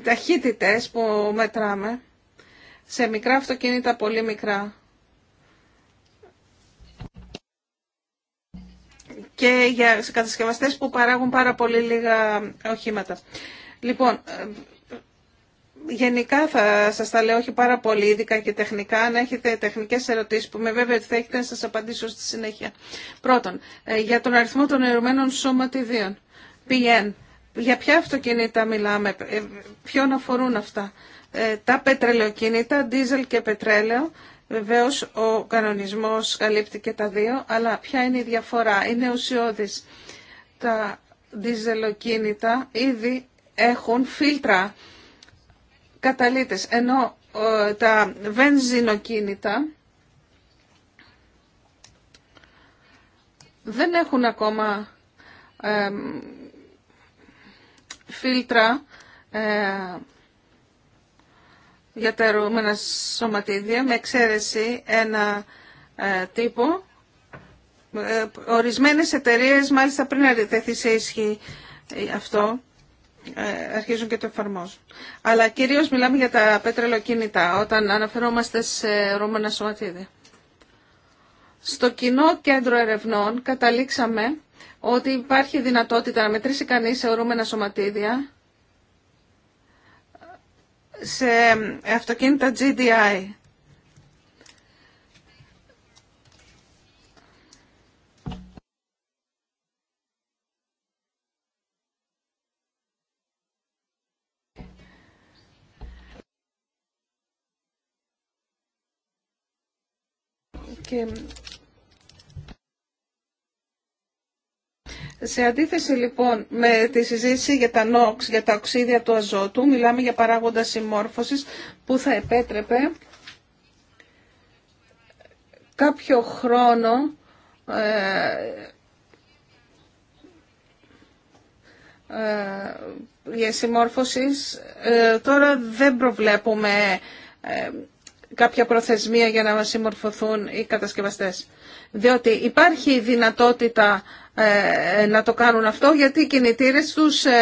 ταχύτητες που μετράμε σε μικρά αυτοκίνητα, πολύ μικρά. Και για κατασκευαστές που παράγουν πάρα πολύ λίγα οχήματα. Λοιπόν, ε, γενικά θα σας τα λέω όχι πάρα πολύ ειδικά και τεχνικά, αν έχετε τεχνικές ερωτήσεις που με βέβαια ότι θα έχετε να σας απαντήσω στη συνέχεια. Πρώτον, ε, για τον αριθμό των ερωμένων σωματιδίων, PN, για ποια αυτοκίνητα μιλάμε, ε, ε, ποιον αφορούν αυτά, τα πετρελαιοκίνητα, δίζελ και πετρέλαιο, Βεβαίω, ο κανονισμό καλύπτει και τα δύο, αλλά ποια είναι η διαφορά, είναι ουσιώδης. Τα διζελοκίνητα ήδη έχουν φίλτρα καταλύτες ενώ ε, τα βενζινοκίνητα δεν έχουν ακόμα φίλτρα ε, για τα ερωμένα σωματίδια, με εξαίρεση ένα ε, τύπο. Ε, ορισμένες εταιρείες, μάλιστα πριν να σε ισχύ αυτό, ε, αρχίζουν και το εφαρμόζουν. Αλλά κυρίως μιλάμε για τα πετρελοκίνητα όταν αναφερόμαστε σε ρούμενα σωματίδια. Στο κοινό κέντρο ερευνών καταλήξαμε ότι υπάρχει δυνατότητα να μετρήσει κανείς σε ορούμενα σωματίδια σε αυτοκίνητα GDI Και σε αντίθεση λοιπόν με τη συζήτηση για τα νόξ, για τα οξύδια του αζότου, μιλάμε για παράγοντα συμμόρφωσης που θα επέτρεπε κάποιο χρόνο ε, ε, για συμμόρφωσης. Ε, τώρα δεν προβλέπουμε ε, κάποια προθεσμία για να συμμορφωθούν οι κατασκευαστές. Διότι υπάρχει η δυνατότητα ε, να το κάνουν αυτό γιατί οι κινητήρες τους ε,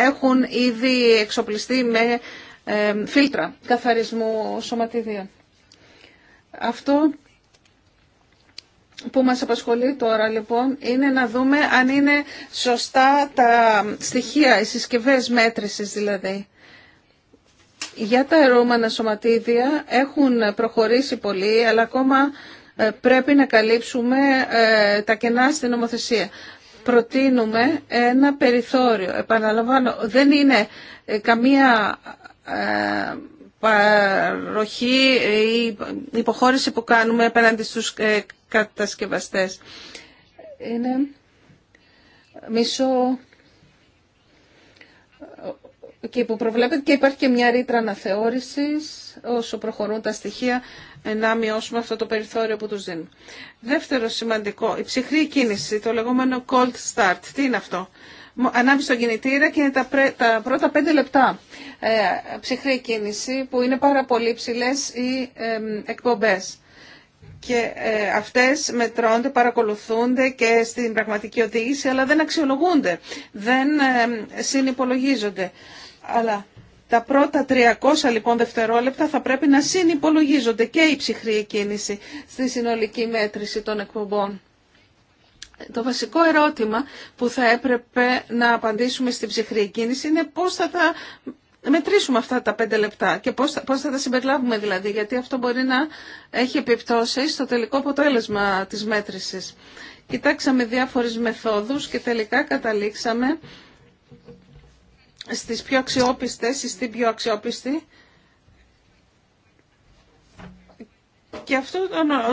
έχουν ήδη εξοπλιστεί με ε, φίλτρα καθαρισμού σωματιδίων. Αυτό που μας απασχολεί τώρα λοιπόν είναι να δούμε αν είναι σωστά τα στοιχεία, οι συσκευές μέτρησης δηλαδή για τα ερώμενα σωματίδια έχουν προχωρήσει πολύ, αλλά ακόμα ε, πρέπει να καλύψουμε ε, τα κενά στην νομοθεσία. Προτείνουμε ένα περιθώριο. Επαναλαμβάνω, δεν είναι ε, καμία παροχή ή υποχώρηση που κάνουμε απέναντι στους κατασκευαστές. Είναι μισό και που προβλέπεται και υπάρχει και μια ρήτρα αναθεώρησης όσο προχωρούν τα στοιχεία να μειώσουμε αυτό το περιθώριο που του δίνουν. Δεύτερο σημαντικό, η ψυχρή κίνηση, το λεγόμενο cold start. Τι είναι αυτό? Ανάβει στον κινητήρα και είναι τα, πρώτα πέντε λεπτά ε, ψυχρή κίνηση που είναι πάρα πολύ ψηλέ οι ε, εκπομπές. Και ε, αυτές μετρώνται, παρακολουθούνται και στην πραγματική οδήγηση αλλά δεν αξιολογούνται, δεν συνυπολογίζονται. Αλλά τα πρώτα 300 λοιπόν δευτερόλεπτα θα πρέπει να συνυπολογίζονται και η ψυχρή κίνηση στη συνολική μέτρηση των εκπομπών. Το βασικό ερώτημα που θα έπρεπε να απαντήσουμε στην ψυχρή κίνηση είναι πώς θα τα μετρήσουμε αυτά τα πέντε λεπτά και πώς, πώς θα τα συμπεριλάβουμε δηλαδή, γιατί αυτό μπορεί να έχει επιπτώσεις στο τελικό αποτέλεσμα της μέτρησης. Κοιτάξαμε διάφορες μεθόδους και τελικά καταλήξαμε στις πιο αξιόπιστες ή στην πιο αξιόπιστη. Και αυτό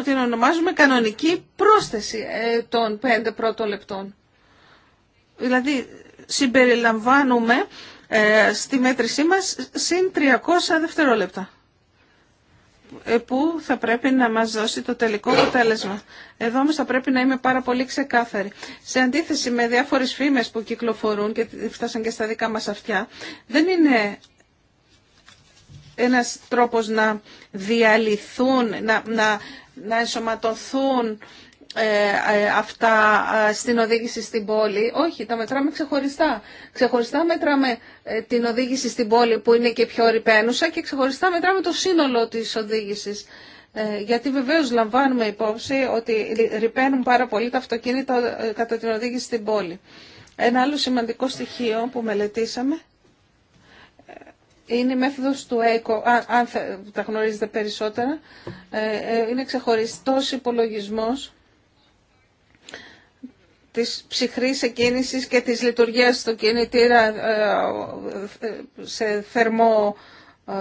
την ονομάζουμε κανονική πρόσθεση ε, των πέντε πρώτων λεπτών. Δηλαδή συμπεριλαμβάνουμε ε, στη μέτρησή μας συν 300 δευτερόλεπτα. Ε, που θα πρέπει να μας δώσει το τελικό αποτέλεσμα. Εδώ όμως θα πρέπει να είμαι πάρα πολύ ξεκάθαρη. Σε αντίθεση με διάφορες φήμες που κυκλοφορούν και φτάσαν και στα δικά μας αυτιά, δεν είναι ένας τρόπος να διαλυθούν, να, να, να ενσωματωθούν ε, ε, αυτά στην οδήγηση στην πόλη. Όχι, τα μετράμε ξεχωριστά. Ξεχωριστά μετράμε ε, την οδήγηση στην πόλη που είναι και πιο ρηπαίνουσα και ξεχωριστά μετράμε το σύνολο της οδήγησης. Γιατί βεβαίως λαμβάνουμε υπόψη ότι ρηπαίνουν πάρα πολύ τα αυτοκίνητα κατά την οδήγηση στην πόλη. Ένα άλλο σημαντικό στοιχείο που μελετήσαμε είναι η μέθοδος του ΕΚΟ, αν τα γνωρίζετε περισσότερα. Είναι ξεχωριστός υπολογισμός της ψυχρής εκκίνησης και της λειτουργίας του κινητήρα ε, ε, σε θερμό, ε,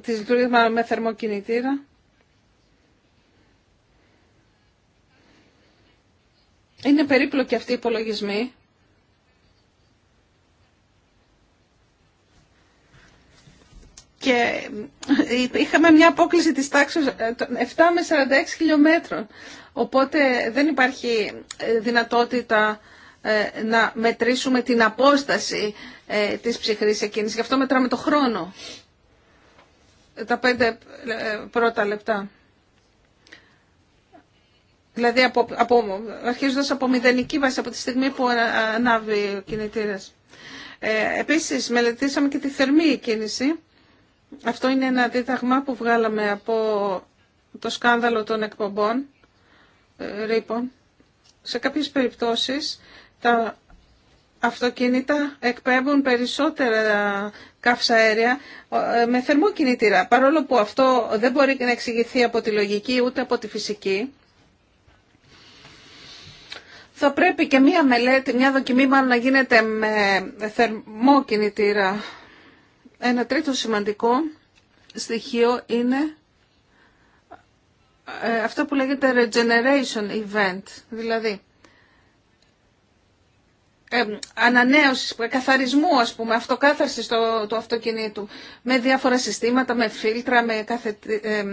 της λειτουργίας με θερμό κινητήρα Είναι περίπλοκοι αυτοί οι υπολογισμοί. Και είχαμε μια απόκληση της τάξης 7 με 46 χιλιόμετρων. Οπότε δεν υπάρχει ε, δυνατότητα ε, να μετρήσουμε την απόσταση ε, της ψυχρής εκείνης. Γι' αυτό μετράμε το χρόνο. Τα πέντε πρώτα λεπτά. Δηλαδή από, από, αρχίζοντας από μηδενική βάση, από τη στιγμή που ανάβει ο κινητήρας. Ε, επίσης μελετήσαμε και τη θερμή κίνηση. Αυτό είναι ένα δίδαγμα που βγάλαμε από το σκάνδαλο των εκπομπών. Ε, λοιπόν, σε κάποιες περιπτώσεις τα αυτοκίνητα εκπέμπουν περισσότερα καύσα αέρια ε, με θερμό κινητήρα. Παρόλο που αυτό δεν μπορεί να εξηγηθεί από τη λογική ούτε από τη φυσική, θα πρέπει και μία μελέτη, μία δοκιμή μάλλον να γίνεται με θερμό κινητήρα. Ένα τρίτο σημαντικό στοιχείο είναι ε, αυτό που λέγεται regeneration event, δηλαδή ε, ανανέωση, καθαρισμού ας πούμε, αυτοκάθαρσης του, του αυτοκινήτου με διάφορα συστήματα, με φίλτρα, με ε, ε,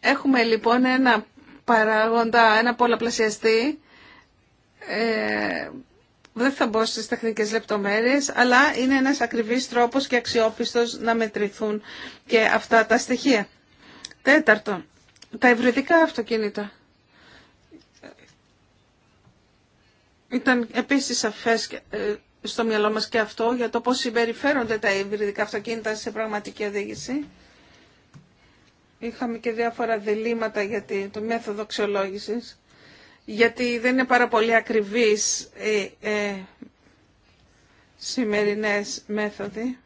Έχουμε λοιπόν ένα παράγοντα, ένα πολλαπλασιαστή δεν θα μπω στις τεχνικές λεπτομέρειες, αλλά είναι ένας ακριβής τρόπος και αξιόπιστος να μετρηθούν και αυτά τα στοιχεία. Τέταρτον, τα ευρυδικά αυτοκίνητα. Ήταν επίσης σαφές ε, στο μυαλό μας και αυτό για το πώς συμπεριφέρονται τα υβριδικά αυτοκίνητα σε πραγματική οδήγηση. Είχαμε και διάφορα διλήμματα για το μέθοδο αξιολόγησης γιατί δεν είναι πάρα πολύ ακριβείς οι ε, σημερινές μέθοδοι.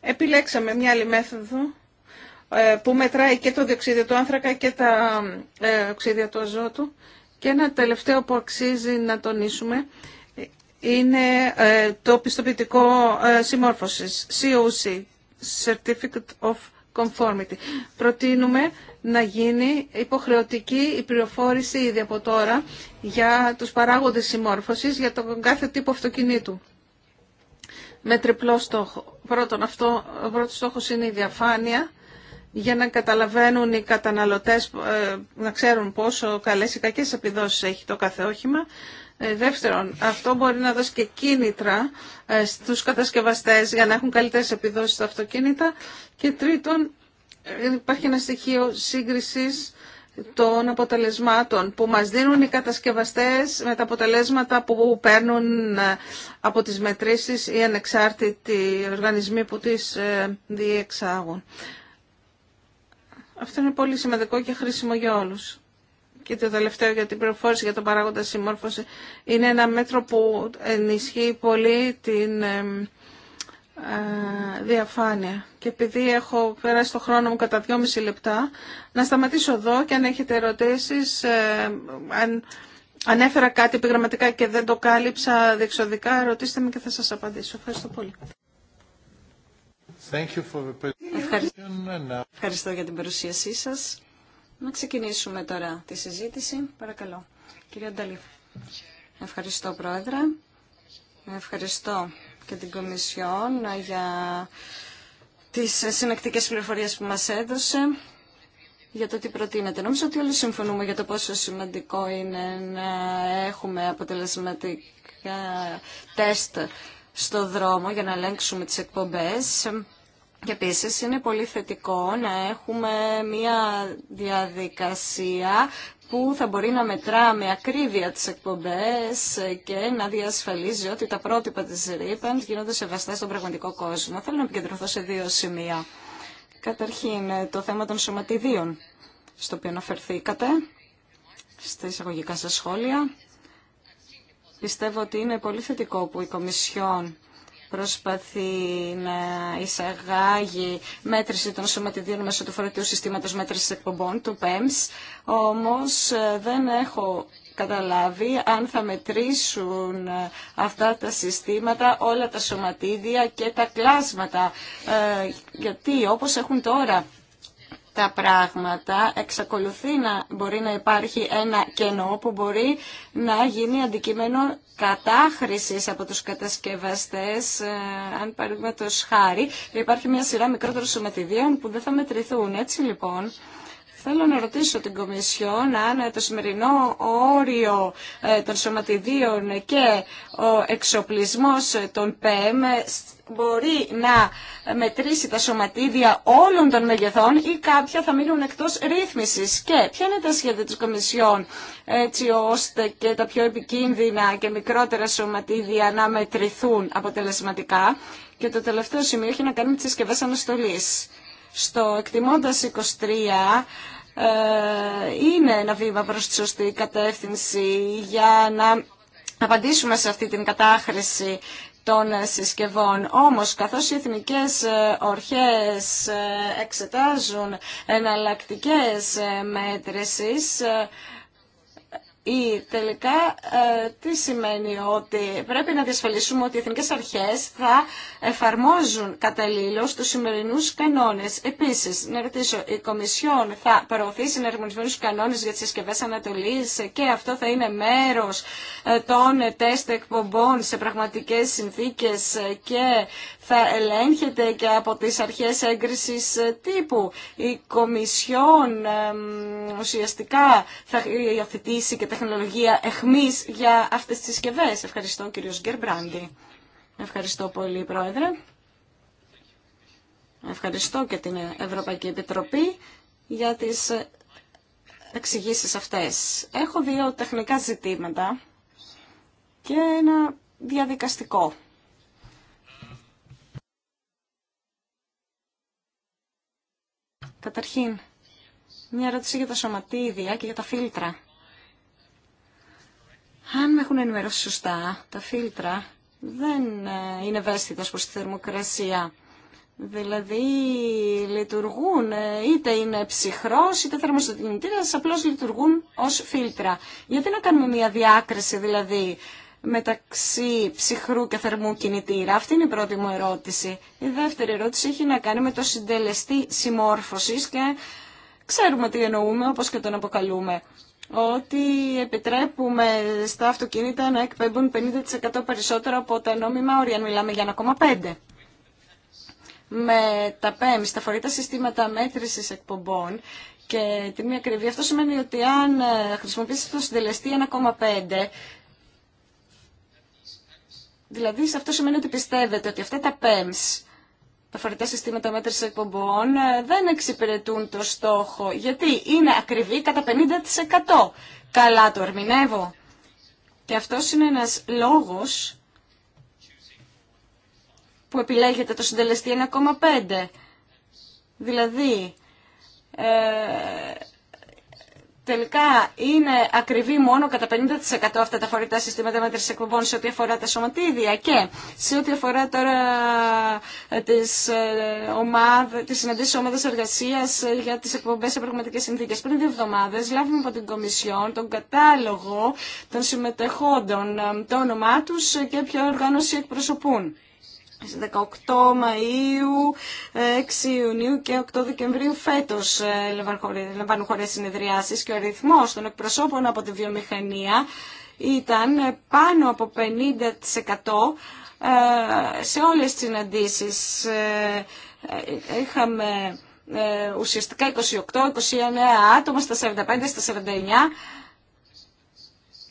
Επιλέξαμε μια άλλη μέθοδο ε, που μετράει και το διοξίδιο του άνθρακα και τα ε, οξύδια του αζότου. Και ένα τελευταίο που αξίζει να τονίσουμε είναι το πιστοποιητικό συμμόρφωσης, COC, Certificate of conformity. Προτείνουμε να γίνει υποχρεωτική η πληροφόρηση ήδη από τώρα για τους παράγοντες συμμόρφωσης για τον κάθε τύπο αυτοκινήτου. Με τριπλό στόχο. Πρώτον, αυτό, ο πρώτος στόχος είναι η διαφάνεια για να καταλαβαίνουν οι καταναλωτές, ε, να ξέρουν πόσο καλές ή κακές επιδόσεις έχει το κάθε όχημα. Ε, δεύτερον, αυτό μπορεί να δώσει και κίνητρα ε, στους κατασκευαστές για να έχουν καλύτερες επιδόσεις στα αυτοκίνητα. Και τρίτον, ε, υπάρχει ένα στοιχείο σύγκρισης των αποτελεσμάτων που μας δίνουν οι κατασκευαστές με τα αποτελέσματα που παίρνουν από τις μετρήσεις ή ανεξάρτητοι οργανισμοί που τις διεξάγουν. Αυτό είναι πολύ σημαντικό και χρήσιμο για όλους και το τελευταίο για την προφόρηση για τον παράγοντα συμμόρφωση είναι ένα μέτρο που ενισχύει πολύ την ε, διαφάνεια. Και επειδή έχω περάσει το χρόνο μου κατά δυόμιση λεπτά, να σταματήσω εδώ και αν έχετε ερωτήσεις, αν ανέφερα κάτι επιγραμματικά και δεν το κάλυψα διεξοδικά, ρωτήστε με και θα σας απαντήσω. Ευχαριστώ πολύ. Ευχαριστώ για την παρουσίασή σας. Να ξεκινήσουμε τώρα τη συζήτηση. Παρακαλώ. Κυρία Ανταλή, Ευχαριστώ, Πρόεδρε. Ευχαριστώ και την Κομισιόν για τις συνεκτικές πληροφορίες που μας έδωσε για το τι προτείνεται. Νομίζω ότι όλοι συμφωνούμε για το πόσο σημαντικό είναι να έχουμε αποτελεσματικά τεστ στο δρόμο για να ελέγξουμε τις εκπομπές και επίση είναι πολύ θετικό να έχουμε μια διαδικασία που θα μπορεί να μετρά με ακρίβεια τις εκπομπές και να διασφαλίζει ότι τα πρότυπα της ρήπαν γίνονται σεβαστά στον πραγματικό κόσμο. Θέλω να επικεντρωθώ σε δύο σημεία. Καταρχήν το θέμα των σωματιδίων, στο οποίο αναφερθήκατε στα εισαγωγικά σας σχόλια. Πιστεύω ότι είναι πολύ θετικό που η Κομισιόν προσπαθεί να εισαγάγει μέτρηση των σωματιδίων μέσω του φορετιού συστήματος μέτρησης εκπομπών, του ΠΕΜΣ, όμως ε, δεν έχω καταλάβει αν θα μετρήσουν ε, αυτά τα συστήματα όλα τα σωματίδια και τα κλάσματα. Ε, γιατί όπως έχουν τώρα τα πράγματα, εξακολουθεί να μπορεί να υπάρχει ένα κενό που μπορεί να γίνει αντικείμενο κατάχρησης από τους κατασκευαστές, ε, αν παραδείγματος χάρη, υπάρχει μια σειρά μικρότερων σωματιδίων που δεν θα μετρηθούν. Έτσι λοιπόν, Θέλω να ρωτήσω την Κομισιόν αν ε, το σημερινό όριο ε, των σωματιδίων και ο εξοπλισμός ε, των ΠΕΜ μπορεί να μετρήσει τα σωματίδια όλων των μεγεθών ή κάποια θα μείνουν εκτός ρύθμισης. Και ποια είναι τα σχέδια της Κομισιόν έτσι ώστε και τα πιο επικίνδυνα και μικρότερα σωματίδια να μετρηθούν αποτελεσματικά. Και το τελευταίο σημείο έχει να κάνει με τις συσκευές αναστολής. Στο εκτιμώντας 23 ε, είναι ένα βήμα προς τη σωστή κατεύθυνση για να απαντήσουμε σε αυτή την κατάχρηση των συσκευών. Όμως, καθώς οι εθνικές ε, ορχές ε, εξετάζουν εναλλακτικές μέτρησης, ή τελικά ε, τι σημαίνει ότι πρέπει να διασφαλίσουμε ότι οι εθνικές αρχές θα εφαρμόζουν καταλήλως τους σημερινούς κανόνες. Επίσης, να ρωτήσω, η Κομισιόν θα εφαρμοζουν καταληλως του σημερινους κανονες εναρμονισμένους κανόνες για τις συσκευέ Ανατολής και αυτό θα είναι μέρος ε, των τεστ εκπομπών σε πραγματικές συνθήκες και θα ελέγχεται και από τις αρχές έγκρισης ε, τύπου. Η Κομισιόν ουσιαστικά θα υιοθετήσει και τεχνολογία εχμής για αυτές τις συσκευέ. Ευχαριστώ κύριος Γκερμπράντι. Ευχαριστώ πολύ Πρόεδρε. Ευχαριστώ και την Ευρωπαϊκή Επιτροπή για τις ε, εξηγήσεις αυτές. Έχω δύο τεχνικά ζητήματα και ένα διαδικαστικό. Καταρχήν, μια ερώτηση για τα σωματίδια και για τα φίλτρα. Αν με έχουν ενημερώσει σωστά, τα φίλτρα δεν ε, είναι ευαίσθητα προς τη θερμοκρασία. Δηλαδή λειτουργούν, ε, είτε είναι ψυχρός είτε θερμοστατινητήρας, απλώς λειτουργούν ως φίλτρα. Γιατί να κάνουμε μια διάκριση δηλαδή μεταξύ ψυχρού και θερμού κινητήρα. Αυτή είναι η πρώτη μου ερώτηση. Η δεύτερη ερώτηση έχει να κάνει με το συντελεστή συμμόρφωσης και ξέρουμε τι εννοούμε όπως και τον αποκαλούμε ότι επιτρέπουμε στα αυτοκίνητα να εκπέμπουν 50% περισσότερο από τα νόμιμα όρια, αν μιλάμε για 1,5. Με τα πέμ τα συστήματα μέτρησης εκπομπών και την μία ακριβή, αυτό σημαίνει ότι αν ε, χρησιμοποιήσεις το συντελεστή 1,5, Δηλαδή, σε αυτό σημαίνει ότι πιστεύετε ότι αυτά τα PEMS, τα φορητά συστήματα μέτρηση εκπομπών, ε, δεν εξυπηρετούν το στόχο, γιατί είναι ακριβή κατά 50%. Καλά το ερμηνεύω. Και αυτό είναι ένας λόγος που επιλέγεται το συντελεστή 1,5. Δηλαδή, ε, τελικά είναι ακριβή μόνο κατά 50% αυτά τα φορητά συστήματα μέτρηση εκπομπών σε ό,τι αφορά τα σωματίδια και σε ό,τι αφορά τώρα ε, τις, ε, ομάδες, τις συναντήσεις ομάδας εργασίας ε, για τις εκπομπές σε πραγματικές συνθήκες. Πριν δύο εβδομάδες λάβουμε από την Κομισιόν τον κατάλογο των συμμετεχόντων, το όνομά τους και ποια οργάνωση εκπροσωπούν. 18 Μαΐου, 6 Ιουνίου και 8 Δεκεμβρίου φέτος ε, λαμβάνουν χωρές συνεδριάσεις και ο αριθμός των εκπροσώπων από τη βιομηχανία ήταν πάνω από 50% ε, σε όλες τις συναντήσεις. Ε, είχαμε ουσιαστικά 28-29 άτομα στα 45, στα 49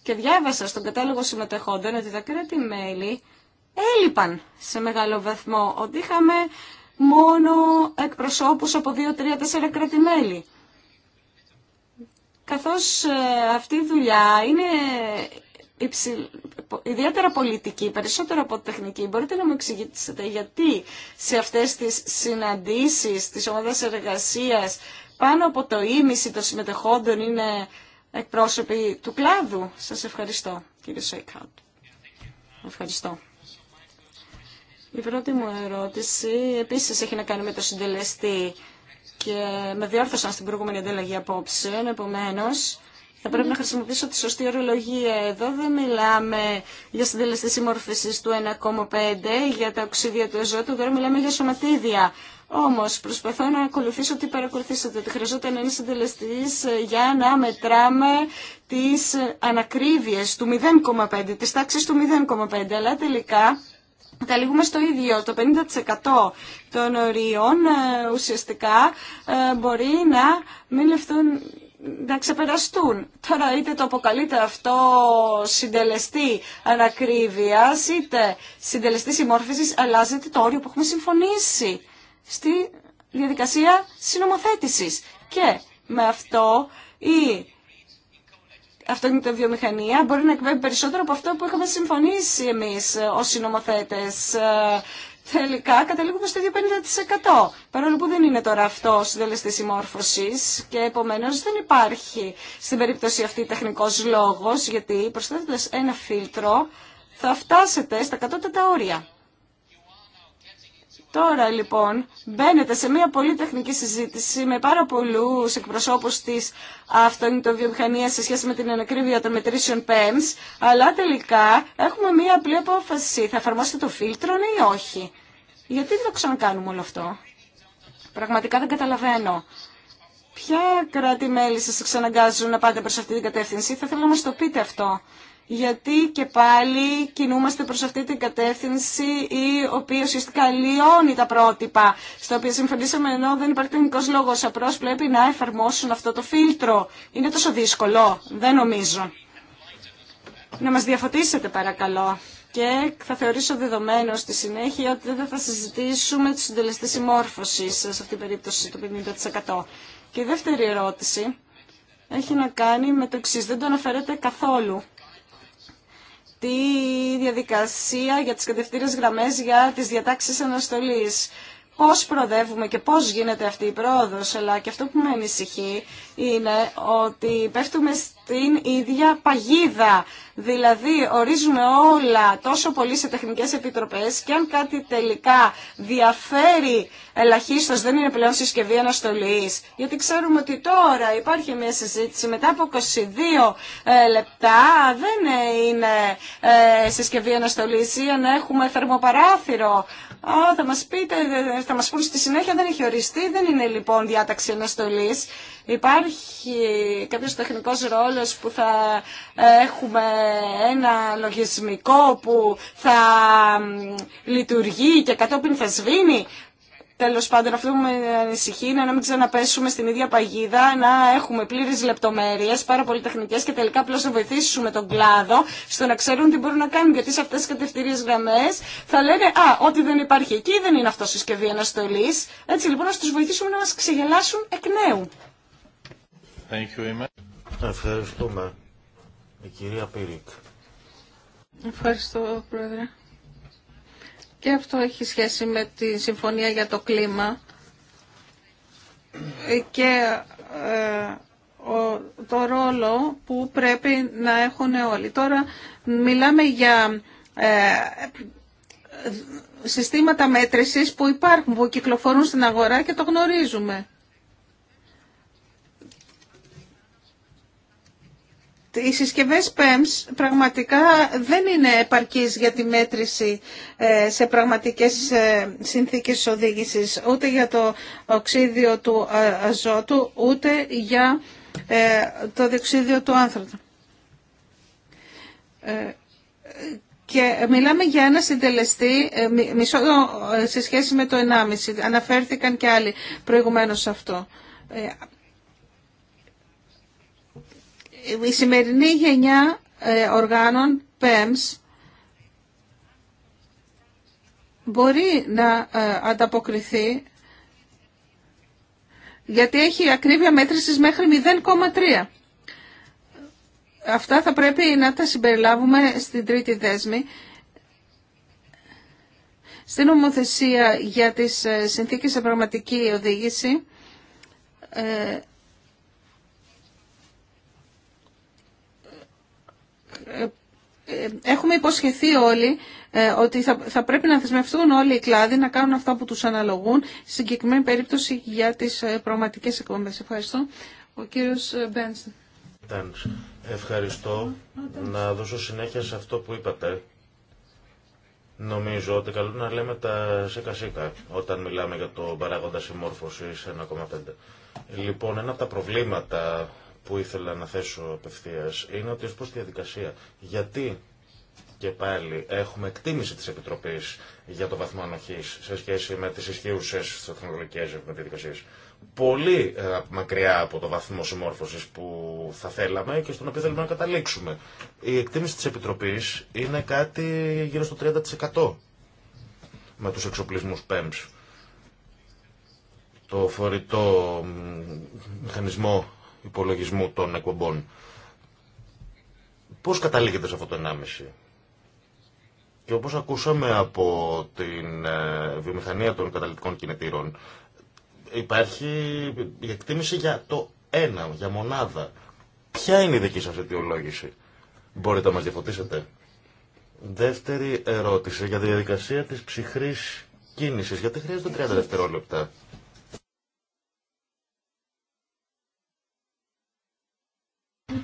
και διάβασα στον κατάλογο συμμετεχόντων ότι τα κράτη-μέλη έλειπαν σε μεγάλο βαθμό, ότι είχαμε μόνο εκπροσώπους από 2-3-4 κρατημέλη. Καθώς ε, αυτή η δουλειά είναι ιδιαίτερα πολιτική, περισσότερο από τεχνική. Μπορείτε να μου εξηγήσετε γιατί σε αυτές τις συναντήσεις της ομάδας εργασίας πάνω από το ίμιση των συμμετεχόντων είναι εκπρόσωποι του κλάδου. Σας ευχαριστώ, κύριε Σέικχαουτ. Ευχαριστώ. Η πρώτη μου ερώτηση επίσης έχει να κάνει με το συντελεστή και με διόρθωσαν στην προηγούμενη ανταλλαγή απόψεων, Επομένω, Θα πρέπει να χρησιμοποιήσω τη σωστή ορολογία. Εδώ δεν μιλάμε για συντελεστή συμμόρφωση του 1,5 για τα οξύδια του εζώτου, τώρα μιλάμε για σωματίδια. Όμω προσπαθώ να ακολουθήσω ότι παρακολουθήσατε, ότι χρειαζόταν ένα συντελεστή για να μετράμε τι ανακρίβειε του 0,5, τη τάξη του 0,5. Αλλά τελικά Καταλήγουμε στο ίδιο, το 50% των ορίων ε, ουσιαστικά ε, μπορεί να μην λευθούν, να ξεπεραστούν. Τώρα είτε το αποκαλείται αυτό συντελεστή ανακρίβειας, είτε συντελεστή συμμόρφωση, αλλάζεται το όριο που έχουμε συμφωνήσει στη διαδικασία συνομοθέτησης. Και με αυτό η βιομηχανία. μπορεί να εκπέμπει περισσότερο από αυτό που είχαμε συμφωνήσει εμείς ως συνομοθέτες. Ε, τελικά καταλήγουμε στο 2,50% παρόλο που δεν είναι τώρα αυτό συντελεστή συμμόρφωση και επομένω δεν υπάρχει στην περίπτωση αυτή τεχνικό λόγο γιατί προσθέτοντα ένα φίλτρο θα φτάσετε στα κατώτατα όρια. Τώρα λοιπόν μπαίνετε σε μια πολύ τεχνική συζήτηση με πάρα πολλού εκπροσώπου τη αυτοκινητοβιομηχανία σε σχέση με την ανακρίβεια των μετρήσεων PEMS, αλλά τελικά έχουμε μια απλή απόφαση. Θα εφαρμόσετε το φίλτρο, ναι ή όχι. Γιατί δεν το ξανακάνουμε όλο αυτό. Πραγματικά δεν καταλαβαίνω. Ποια κράτη-μέλη σα εξαναγκάζουν να πάτε προ αυτή την κατεύθυνση, θα ήθελα να μα το πείτε αυτό γιατί και πάλι κινούμαστε προς αυτή την κατεύθυνση η οποία ουσιαστικά λιώνει τα πρότυπα στα οποία συμφωνήσαμε ενώ δεν υπάρχει τεχνικός λόγος απλώς πρέπει να εφαρμόσουν αυτό το φίλτρο είναι τόσο δύσκολο, δεν νομίζω να μας διαφωτίσετε παρακαλώ και θα θεωρήσω δεδομένο στη συνέχεια ότι δεν θα συζητήσουμε τη συντελεστή συμμόρφωση σε αυτή την περίπτωση του 50%. Και η δεύτερη ερώτηση έχει να κάνει με το εξή. Δεν το αναφέρεται καθόλου τη διαδικασία για τις κατευθύνες γραμμές για τις διατάξεις αναστολής. Πώς προοδεύουμε και πώς γίνεται αυτή η πρόοδος, αλλά και αυτό που με ανησυχεί είναι ότι πέφτουμε στην ίδια παγίδα. Δηλαδή ορίζουμε όλα τόσο πολύ σε τεχνικές επιτροπές και αν κάτι τελικά διαφέρει ελαχίστως δεν είναι πλέον συσκευή αναστολής. Γιατί ξέρουμε ότι τώρα υπάρχει μια συζήτηση μετά από 22 ε, λεπτά δεν είναι ε, συσκευή αναστολής ή αν έχουμε θερμοπαράθυρο. θα μας πείτε, θα μας πούν στη συνέχεια δεν έχει οριστεί, δεν είναι λοιπόν διάταξη αναστολής. Υπάρχει κάποιος τεχνικός ρόλος που θα ε, έχουμε ένα λογισμικό που θα λειτουργεί και κατόπιν θα σβήνει. Τέλο πάντων, αυτό που με ανησυχεί είναι να μην ξαναπέσουμε στην ίδια παγίδα, να έχουμε πλήρε λεπτομέρειες, πάρα πολύ τεχνικές και τελικά απλώ να βοηθήσουμε τον κλάδο στο να ξέρουν τι μπορούν να κάνουν. Γιατί σε αυτές τι κατευθυρίες γραμμέ θα λένε Α, ό,τι δεν υπάρχει εκεί δεν είναι αυτό συσκευή αναστολής». Έτσι λοιπόν, να του βοηθήσουμε να μας ξεγελάσουν εκ νέου. Ευχαριστούμε. Η κυρία Ευχαριστώ, Πρόεδρε. Και αυτό έχει σχέση με τη Συμφωνία για το Κλίμα και ε, το ρόλο που πρέπει να έχουν όλοι. Τώρα μιλάμε για ε, συστήματα μέτρησης που υπάρχουν, που κυκλοφορούν στην αγορά και το γνωρίζουμε. οι συσκευές PEMS πραγματικά δεν είναι επαρκείς για τη μέτρηση ε, σε πραγματικές ε, συνθήκες οδήγησης, ούτε για το οξύδιο του ε, αζότου, ούτε για το διοξίδιο του άνθρωπου. Και μιλάμε για ένα συντελεστή μισό, σε σχέση με το 1,5. Αναφέρθηκαν και άλλοι προηγουμένως σε αυτό η σημερινή γενιά ε, οργάνων PEMS μπορεί να ε, ανταποκριθεί γιατί έχει ακρίβεια μέτρησης μέχρι 0,3. Αυτά θα πρέπει να τα συμπεριλάβουμε στην τρίτη δέσμη. Στην ομοθεσία για τις ε, συνθήκες σε πραγματική οδήγηση Ε, έχουμε υποσχεθεί όλοι ε, ότι θα, θα πρέπει να θεσμευτούν όλοι οι κλάδοι να κάνουν αυτά που τους αναλογούν, συγκεκριμένη περίπτωση για τις ε, πραγματικές εκπομπές. Ευχαριστώ. Ο κύριος ε, Μπένστον. Ευχαριστώ. Να δώσω συνέχεια σε αυτό που είπατε. Νομίζω ότι καλό να λέμε τα σίκα σίκα όταν μιλάμε για το παράγοντα συμμόρφωση 1,5. Λοιπόν, ένα από τα προβλήματα που ήθελα να θέσω απευθεία είναι ότι ω προ τη διαδικασία. Γιατί και πάλι έχουμε εκτίμηση τη Επιτροπή για το βαθμό ανοχή σε σχέση με τι ισχύουσε τεχνολογικέ διαδικασίε. Πολύ ε, μακριά από το βαθμό συμμόρφωση που θα θέλαμε και στον οποίο θέλουμε να καταλήξουμε. Η εκτίμηση τη Επιτροπή είναι κάτι γύρω στο 30% με του εξοπλισμού PEMS. Το φορητό μηχανισμό υπολογισμού των εκπομπών. Πώς καταλήγεται σε αυτό το 1,5%. Και όπως ακούσαμε από την ε, βιομηχανία των καταλυτικών κινητήρων, υπάρχει η εκτίμηση για το ένα, για μονάδα. Ποια είναι η δική σας αιτιολόγηση. Μπορείτε να μας διαφωτίσετε. Δεύτερη ερώτηση για τη διαδικασία της ψυχρής κίνησης. Γιατί χρειάζεται 30 δευτερόλεπτα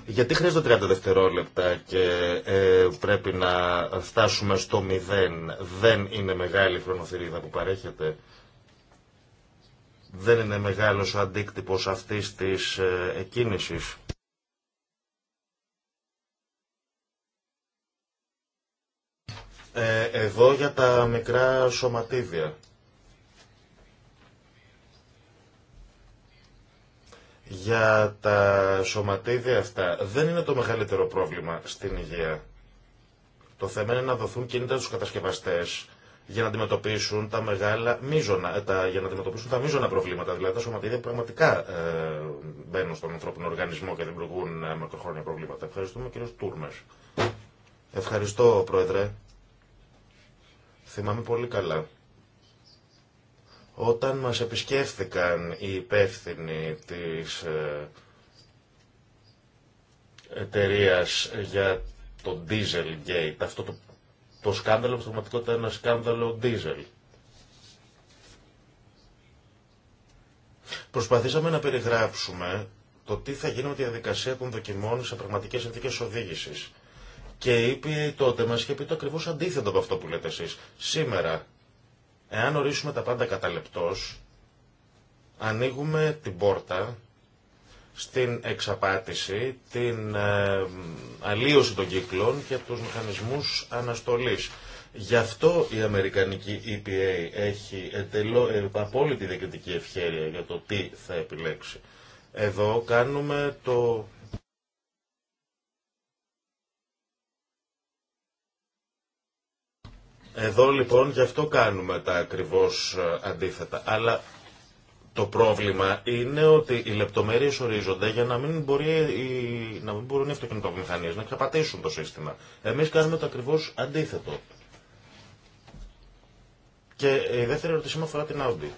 Γιατί χρειάζεται 30 δευτερόλεπτα και ε, πρέπει να φτάσουμε στο μηδέν. Δεν είναι μεγάλη η χρονοθυρίδα που παρέχεται. Δεν είναι μεγάλος ο αντίκτυπος αυτής της ε, εκκίνησης. Ε, εδώ για τα μικρά σωματίδια. για τα σωματίδια αυτά δεν είναι το μεγαλύτερο πρόβλημα στην υγεία. Το θέμα είναι να δοθούν κινήτα στους κατασκευαστές για να αντιμετωπίσουν τα μεγάλα μίζωνα, ε, τα, για να αντιμετωπίσουν τα μείζωνα προβλήματα, δηλαδή τα σωματίδια που πραγματικά ε, μπαίνουν στον ανθρώπινο οργανισμό και δημιουργούν ε, μακροχρόνια προβλήματα. Ευχαριστούμε κύριο Τούρμες. Ευχαριστώ πρόεδρε. Θυμάμαι πολύ καλά όταν μας επισκέφθηκαν οι υπεύθυνοι της ε, εταιρεία για το gate. αυτό το, το σκάνδαλο που πραγματικότητα ένα σκάνδαλο diesel. Προσπαθήσαμε να περιγράψουμε το τι θα γίνει με τη διαδικασία των δοκιμών σε πραγματικέ συνθήκε οδήγηση. Και η EPA τότε μα είχε πει το ακριβώ αντίθετο από αυτό που λέτε εσεί. Σήμερα Εάν ορίσουμε τα πάντα καταλεπτός, ανοίγουμε την πόρτα στην εξαπάτηση, την ε, αλλίωση των κύκλων και τους μηχανισμούς αναστολής. Γι' αυτό η Αμερικανική EPA έχει εντελώ, ε, απόλυτη διακριτική ευχέρεια για το τι θα επιλέξει. Εδώ κάνουμε το Εδώ λοιπόν γι' αυτό κάνουμε τα ακριβώς ε, αντίθετα. Αλλά το πρόβλημα είναι ότι οι λεπτομέρειες ορίζονται για να μην, μπορεί, να μην μπορούν οι αυτοκινητοβιμηχανίες να ξαπατήσουν το σύστημα. Εμείς κάνουμε το ακριβώς αντίθετο. Και η δεύτερη ερώτησή μου αφορά την Audi.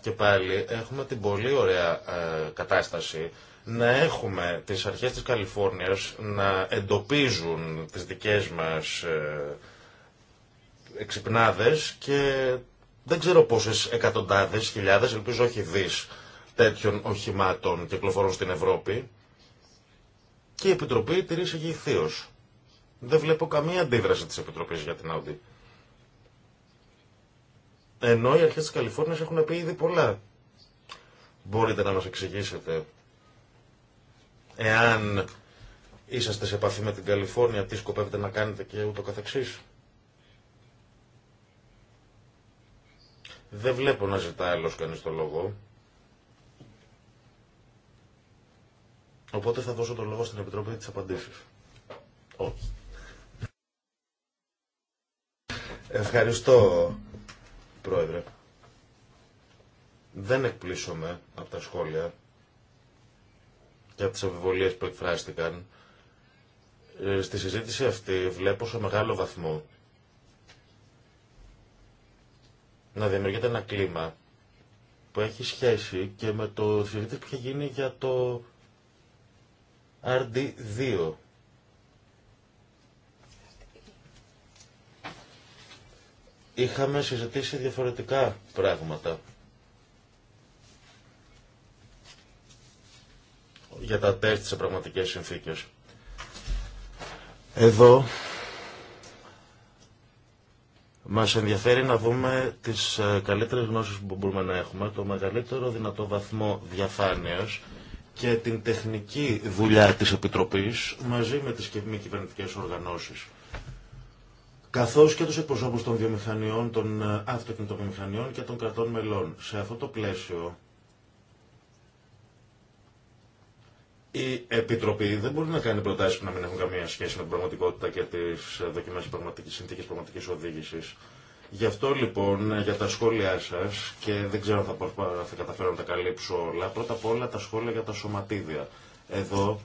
Και πάλι έχουμε την πολύ ωραία ε, κατάσταση να έχουμε τις αρχές της Καλιφόρνιας να εντοπίζουν τις δικές μας ε, εξυπνάδες και δεν ξέρω πόσες εκατοντάδες, χιλιάδες, ελπίζω όχι δις τέτοιων οχημάτων κυκλοφορούν στην Ευρώπη και η Επιτροπή τηρήσε γηχθείως. Δεν βλέπω καμία αντίδραση της Επιτροπής για την Audi. Ενώ οι αρχές της Καλιφόρνιας έχουν πει ήδη πολλά. Μπορείτε να μας εξηγήσετε εάν είσαστε σε επαφή με την Καλιφόρνια, τι σκοπεύετε να κάνετε και ούτω καθεξής. Δεν βλέπω να ζητάει άλλος κανείς το λόγο. Οπότε θα δώσω το λόγο στην Επιτροπή της Απαντήσεως. Όχι. Ευχαριστώ, Πρόεδρε. Δεν εκπλήσωμαι από τα σχόλια και από τις αμφιβολίες που εκφράστηκαν. Ε, στη συζήτηση αυτή βλέπω σε μεγάλο βαθμό να δημιουργείται ένα κλίμα που έχει σχέση και με το συζήτηση που είχε γίνει για το RD2. Είχαμε συζητήσει διαφορετικά πράγματα. για τα τεστ σε πραγματικές συνθήκες. Εδώ μας ενδιαφέρει να δούμε τις ε, καλύτερες γνώσεις που μπορούμε να έχουμε, το μεγαλύτερο δυνατό βαθμό διαφάνειας και την τεχνική δουλειά της Επιτροπής μαζί με τις μη κυβερνητικές οργανώσεις. Καθώς και τους εκπροσώπους των βιομηχανιών, των ε, αυτοκινητοβιομηχανιών και των κρατών μελών. Σε αυτό το πλαίσιο η Επιτροπή δεν μπορεί να κάνει προτάσει που να μην έχουν καμία σχέση με την πραγματικότητα και τι δοκιμέ συνθήκη πραγματική οδήγηση. Γι' αυτό λοιπόν για τα σχόλιά σα και δεν ξέρω αν θα, καταφέρω να τα καλύψω όλα. Πρώτα απ' όλα τα σχόλια για τα σωματίδια. Εδώ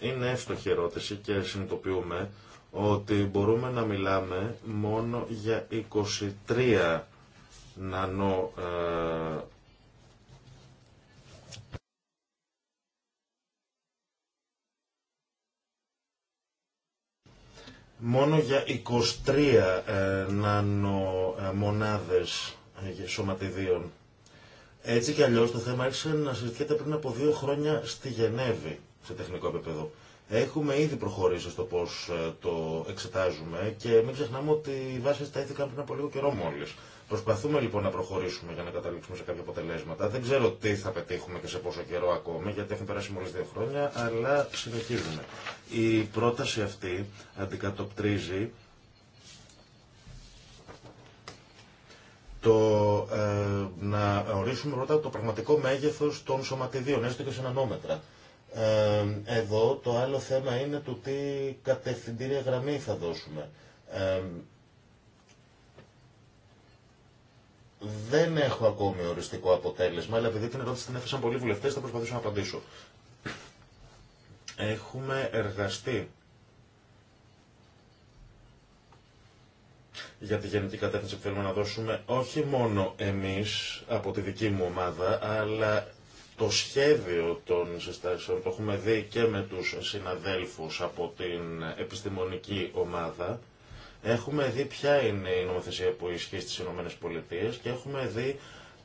είναι εύστοχη ερώτηση και συνειδητοποιούμε ότι μπορούμε να μιλάμε μόνο για 23 νανό ε, μόνο για 23 ε, νανομονάδες ε, σωματιδίων. Έτσι κι αλλιώς το θέμα άρχισε να συζητιέται πριν από δύο χρόνια στη Γενέβη, σε τεχνικό επίπεδο. Έχουμε ήδη προχωρήσει στο πώς ε, το εξετάζουμε και μην ξεχνάμε ότι οι βάσεις τα ήδη πριν από λίγο καιρό μόλις. Προσπαθούμε λοιπόν να προχωρήσουμε για να καταλήξουμε σε κάποια αποτελέσματα. Δεν ξέρω τι θα πετύχουμε και σε πόσο καιρό ακόμη, γιατί έχουν περάσει μόλι δύο χρόνια, αλλά συνεχίζουμε. Η πρόταση αυτή αντικατοπτρίζει το ε, να ορίσουμε πρώτα το πραγματικό μέγεθος των σωματιδίων, έστω και σε νανόμετρα. Ε, εδώ το άλλο θέμα είναι το τι κατευθυντήρια γραμμή θα δώσουμε. Ε, Δεν έχω ακόμη οριστικό αποτέλεσμα, αλλά επειδή την ερώτηση την έφεσαν πολλοί βουλευτές θα προσπαθήσω να απαντήσω. Έχουμε εργαστεί για τη γενική κατεύθυνση που θέλουμε να δώσουμε όχι μόνο εμείς από τη δική μου ομάδα, αλλά το σχέδιο των συστάσεων το έχουμε δει και με τους συναδέλφους από την επιστημονική ομάδα Έχουμε δει ποια είναι η νομοθεσία που ισχύει στι ΗΠΑ και έχουμε δει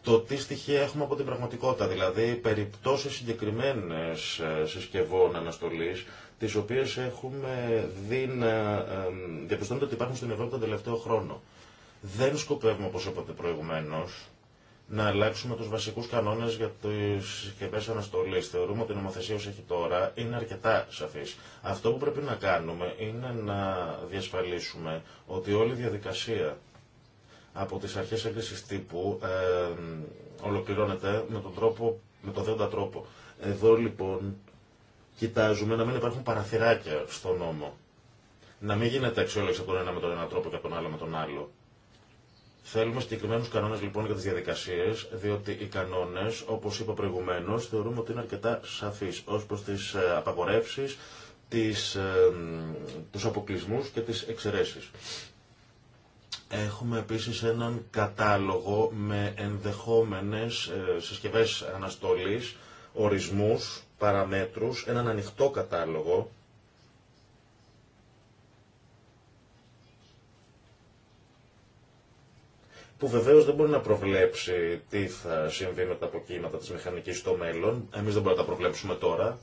το τι στοιχεία έχουμε από την πραγματικότητα. Δηλαδή περιπτώσει συγκεκριμένε ε, συσκευών αναστολή, τι οποίε έχουμε δει να διαπιστώνεται ότι υπάρχουν στην Ευρώπη τον τελευταίο χρόνο. Δεν σκοπεύουμε, όπω είπατε προηγουμένω, να αλλάξουμε του βασικού κανόνε για τι συσκευέ αναστολή. Θεωρούμε ότι η νομοθεσία όσο έχει τώρα είναι αρκετά σαφή. Αυτό που πρέπει να κάνουμε είναι να διασφαλίσουμε ότι όλη η διαδικασία από τις αρχές έγκρισης τύπου ολοκληρώνεται με τον τρόπο, με τον δέοντα τρόπο. Εδώ λοιπόν κοιτάζουμε να μην υπάρχουν παραθυράκια στο νόμο. Να μην γίνεται αξιόλογηση από τον ένα με τον ένα τρόπο και από τον άλλο με τον άλλο. Θέλουμε συγκεκριμένου κανόνε λοιπόν για τι διαδικασίε, διότι οι κανόνε, όπω είπα προηγουμένω, θεωρούμε ότι είναι αρκετά σαφεί ω προ τι απαγορεύσει, τις, ε, ε, τους αποκλεισμούς και τις εξαιρεσει. Έχουμε επίσης έναν κατάλογο με ενδεχόμενες ε, συσκευές αναστολής, ορισμούς, παραμέτρους, έναν ανοιχτό κατάλογο που βεβαίω δεν μπορεί να προβλέψει τι θα συμβεί με τα αποκύματα τη μηχανική στο μέλλον. Εμεί δεν μπορούμε να τα προβλέψουμε τώρα.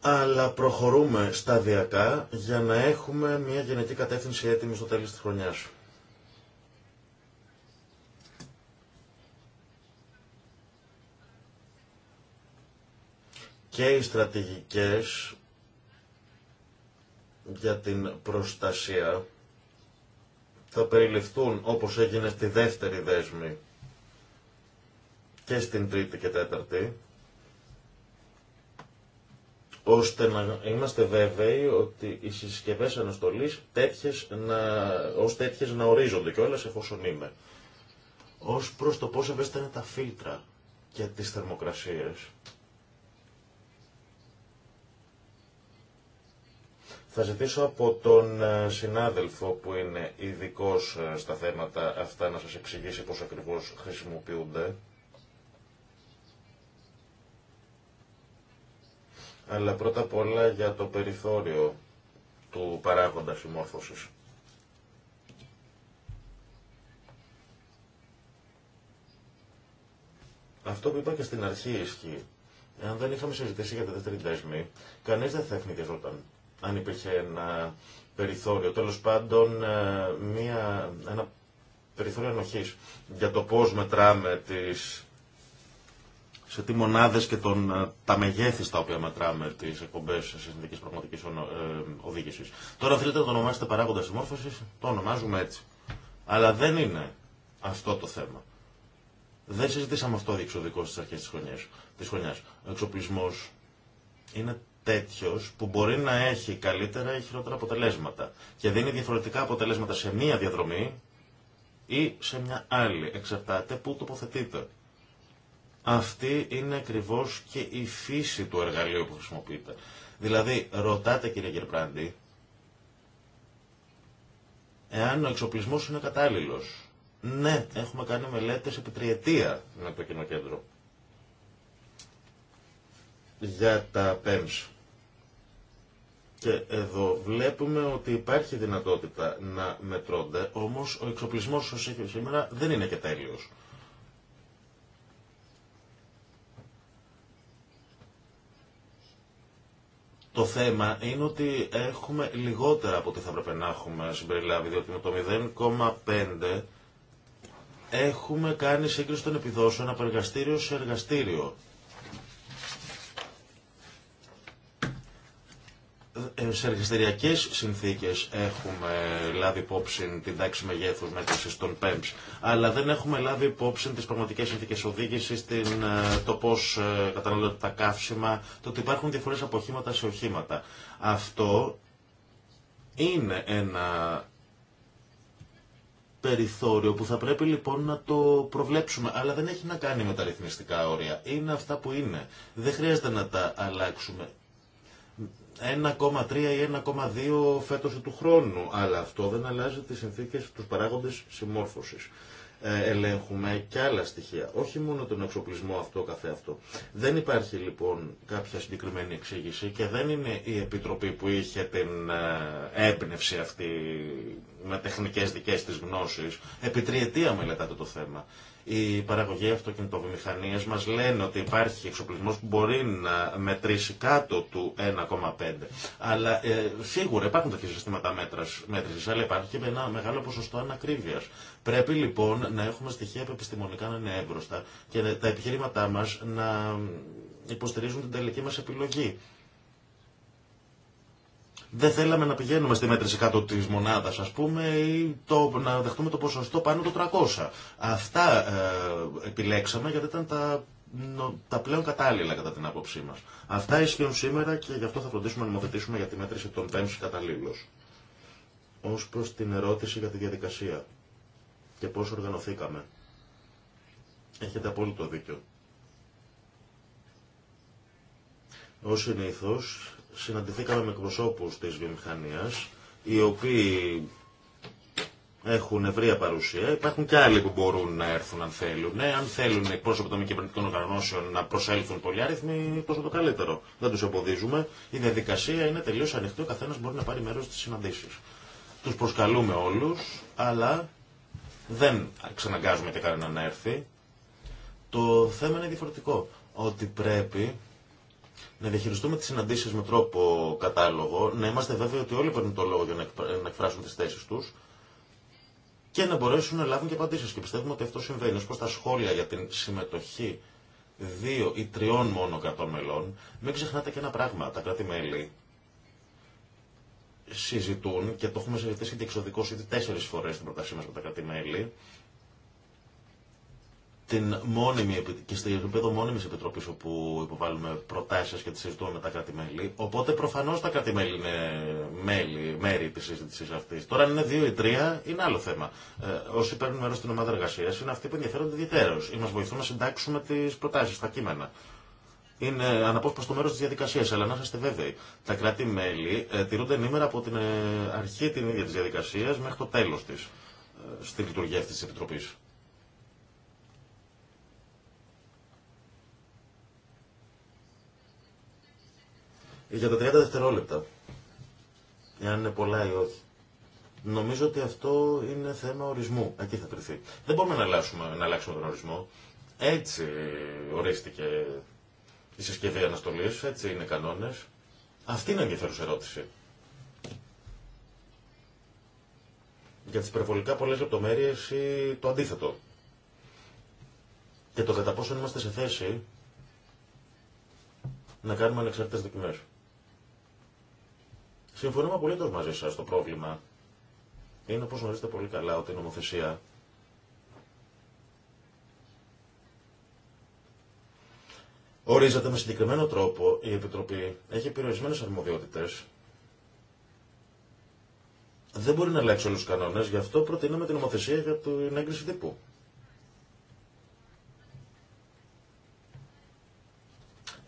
Αλλά προχωρούμε σταδιακά για να έχουμε μια γενική κατεύθυνση έτοιμη στο τέλος της χρονιάς. Και οι στρατηγικές για την προστασία θα περιληφθούν όπως έγινε στη δεύτερη δέσμη και στην τρίτη και τέταρτη, ώστε να είμαστε βέβαιοι ότι οι συσκευέ αναστολή να, ως τέτοιες να ορίζονται και όλες εφόσον είμαι. Ως προς το πόσο ευαίσθητα είναι τα φίλτρα και τις θερμοκρασίες, Θα ζητήσω από τον ε, συνάδελφο που είναι ειδικό ε, στα θέματα αυτά να σας εξηγήσει πώς ακριβώς χρησιμοποιούνται. Αλλά πρώτα απ' όλα για το περιθώριο του παράγοντα συμμόρφωσης. Αυτό που είπα και στην αρχή ισχύει. Αν δεν είχαμε συζητήσει για τα δεύτερη δέσμη, κανείς δεν θα ευνηδιαζόταν αν υπήρχε ένα περιθώριο, τέλος πάντων ε, μια, ένα περιθώριο ενοχής για το πώς μετράμε τις σε τι μονάδες και τον, ε, τα μεγέθη στα οποία μετράμε τις εκπομπές συνθήκης πραγματικής ε, οδήγησης. Τώρα θέλετε να το ονομάσετε παράγοντα συμμόρφωσης, το ονομάζουμε έτσι. Αλλά δεν είναι αυτό το θέμα. Δεν συζητήσαμε αυτό διεξοδικό στις αρχές τη Ο εξοπλισμός είναι τέτοιο που μπορεί να έχει καλύτερα ή χειρότερα αποτελέσματα και δίνει διαφορετικά αποτελέσματα σε μία διαδρομή ή σε μια άλλη. Εξαρτάται πού τοποθετείτε. Αυτή είναι ακριβώ και η φύση του εργαλείου που χρησιμοποιείτε. Δηλαδή, ρωτάτε κύριε Γερμπράντη εάν ο εξοπλισμό είναι κατάλληλος. Ναι, έχουμε κάνει μελέτες επί τριετία με το κοινοκέντρο για τα PEMS. Και εδώ βλέπουμε ότι υπάρχει δυνατότητα να μετρώνται, όμως ο εξοπλισμός όσο έχει σήμερα δεν είναι και τέλειος. Το θέμα είναι ότι έχουμε λιγότερα από ό,τι θα έπρεπε να έχουμε συμπεριλάβει, διότι με το 0,5 έχουμε κάνει σύγκριση των επιδόσεων από εργαστήριο σε εργαστήριο Ε, σε εργαστηριακέ συνθήκε έχουμε λάβει υπόψη την τάξη μεγέθου μέτρηση των ΠΕΜΣ, αλλά δεν έχουμε λάβει υπόψη τι πραγματικέ συνθήκε οδήγηση, ε, το πώ ε, καταναλώνεται τα καύσιμα, το ότι υπάρχουν διαφορέ από οχήματα σε οχήματα. Αυτό είναι ένα περιθώριο που θα πρέπει λοιπόν να το προβλέψουμε, αλλά δεν έχει να κάνει με τα ρυθμιστικά όρια. Είναι αυτά που είναι. Δεν χρειάζεται να τα αλλάξουμε 1,3 ή 1,2 φέτος του χρόνου. Αλλά αυτό δεν αλλάζει τις συνθήκες, τους παράγοντες συμμόρφωσης. Ε, ελέγχουμε και άλλα στοιχεία, όχι μόνο τον εξοπλισμό αυτό καθεαυτό. Δεν υπάρχει λοιπόν κάποια συγκεκριμένη εξήγηση και δεν είναι η Επιτροπή που είχε την ε, έμπνευση αυτή με τεχνικές δικές της γνώσεις. Επί τριετία μελετάτε το θέμα. Οι παραγωγοί αυτοκινητοβιομηχανίες μας λένε ότι υπάρχει εξοπλισμός που μπορεί να μετρήσει κάτω του 1,5. Αλλά ε, σίγουρα υπάρχουν τέτοια συστήματα μέτρησης, αλλά υπάρχει και ένα μεγάλο ποσοστό ανακρίβειας. Πρέπει λοιπόν να έχουμε στοιχεία που επιστημονικά να είναι εύρωστα και τα επιχείρηματά μας να υποστηρίζουν την τελική μας επιλογή. Δεν θέλαμε να πηγαίνουμε στη μέτρηση κάτω τη μονάδα, α πούμε, ή το, να δεχτούμε το ποσοστό πάνω το 300. Αυτά ε, επιλέξαμε γιατί ήταν τα, τα πλέον κατάλληλα κατά την άποψή μα. Αυτά ισχύουν σήμερα και γι' αυτό θα φροντίσουμε να νομοθετήσουμε για τη μέτρηση των πέμψη καταλήλω. Ω προ την ερώτηση για τη διαδικασία και πώ οργανωθήκαμε. Έχετε απόλυτο δίκιο. Ως συνήθως, συναντηθήκαμε με εκπροσώπους της βιομηχανίας, οι οποίοι έχουν ευρεία παρουσία. Υπάρχουν και άλλοι που μπορούν να έρθουν αν θέλουν. Ναι, αν θέλουν οι πρόσωποι των κυβερνητικών οργανώσεων να προσέλθουν πολλοί άριθμοι, τόσο το καλύτερο. Δεν τους εμποδίζουμε. Η διαδικασία είναι τελείως ανοιχτή. Ο καθένα μπορεί να πάρει μέρος στις συναντήσει. Τους προσκαλούμε όλους αλλά δεν ξαναγκάζουμε και κανέναν να έρθει. Το θέμα είναι διαφορετικό. Ότι πρέπει να διαχειριστούμε τι συναντήσει με τρόπο κατάλογο, να είμαστε βέβαιοι ότι όλοι παίρνουν το λόγο για να εκφράσουν τι θέσει του και να μπορέσουν να λάβουν και απαντήσει. Και πιστεύουμε ότι αυτό συμβαίνει. Ω προ τα σχόλια για την συμμετοχή δύο ή τριών μόνο κρατών μελών, μην ξεχνάτε και ένα πράγμα. Τα κράτη-μέλη συζητούν και το έχουμε συζητήσει και εξωδικώ ήδη τέσσερι φορέ στην πρότασή μα με τα κράτη-μέλη την μόνιμη, και στο επίπεδο μόνιμη επιτροπή όπου υποβάλλουμε προτάσει και τι συζητούμε με τα κράτη-μέλη. Οπότε προφανώ τα κράτη-μέλη είναι μέλη, μέρη τη συζήτηση αυτή. Τώρα αν είναι δύο ή τρία είναι άλλο θέμα. Ε, όσοι παίρνουν μέρο στην ομάδα εργασία είναι αυτοί που ενδιαφέρονται ιδιαίτερω ή μα βοηθούν να συντάξουμε τι προτάσει, τα κείμενα. Είναι αναπόσπαστο μέρο τη διαδικασία. Αλλά να είστε βέβαιοι, τα κράτη-μέλη ε, τηρούνται ενήμερα από την ε, αρχή την ίδια τη διαδικασία μέχρι το τέλο τη ε, στη λειτουργία αυτή τη Επιτροπή. για τα 30 δευτερόλεπτα. Εάν είναι πολλά ή όχι. Νομίζω ότι αυτό είναι θέμα ορισμού. Εκεί θα κρυθεί. Δεν μπορούμε να αλλάξουμε, να αλλάξουμε τον ορισμό. Έτσι ορίστηκε η συσκευή αναστολή, έτσι είναι οι κανόνε. Αυτή είναι η ενδιαφέρουσα ερώτηση. Για τι υπερβολικά πολλέ λεπτομέρειε ή το αντίθετο. Και το κατά πόσο είμαστε σε θέση να κάνουμε ανεξάρτητε δοκιμέ. Συμφωνούμε απολύτω μαζί σα. Το πρόβλημα είναι, όπω γνωρίζετε πολύ καλά, ότι η νομοθεσία ορίζεται με συγκεκριμένο τρόπο. Η Επιτροπή έχει περιορισμένε αρμοδιότητε. Δεν μπορεί να αλλάξει όλου του κανόνε, γι' αυτό προτείνουμε την νομοθεσία για την έγκριση τύπου.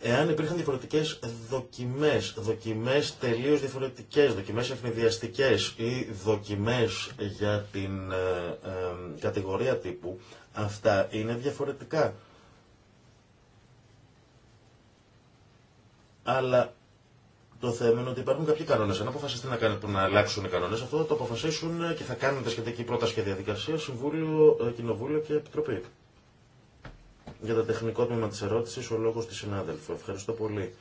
Εάν υπήρχαν διαφορετικέ δοκιμέ, δοκιμέ τελείω διαφορετικέ, δοκιμέ ευνηδιαστικέ ή δοκιμέ για την ε, ε, κατηγορία τύπου, αυτά είναι διαφορετικά. Αλλά το θέμα είναι ότι υπάρχουν κάποιοι κανόνε. Αν αποφασιστεί να, κάνετε, να αλλάξουν οι κανόνε, αυτό θα το αποφασίσουν και θα κάνουν τα σχετική πρόταση και διαδικασία Συμβούλιο, ε, Κοινοβούλιο και Επιτροπή. Για το τεχνικό τμήμα τη ερώτηση ο λόγο της συνάδελφου. Ευχαριστώ πολύ.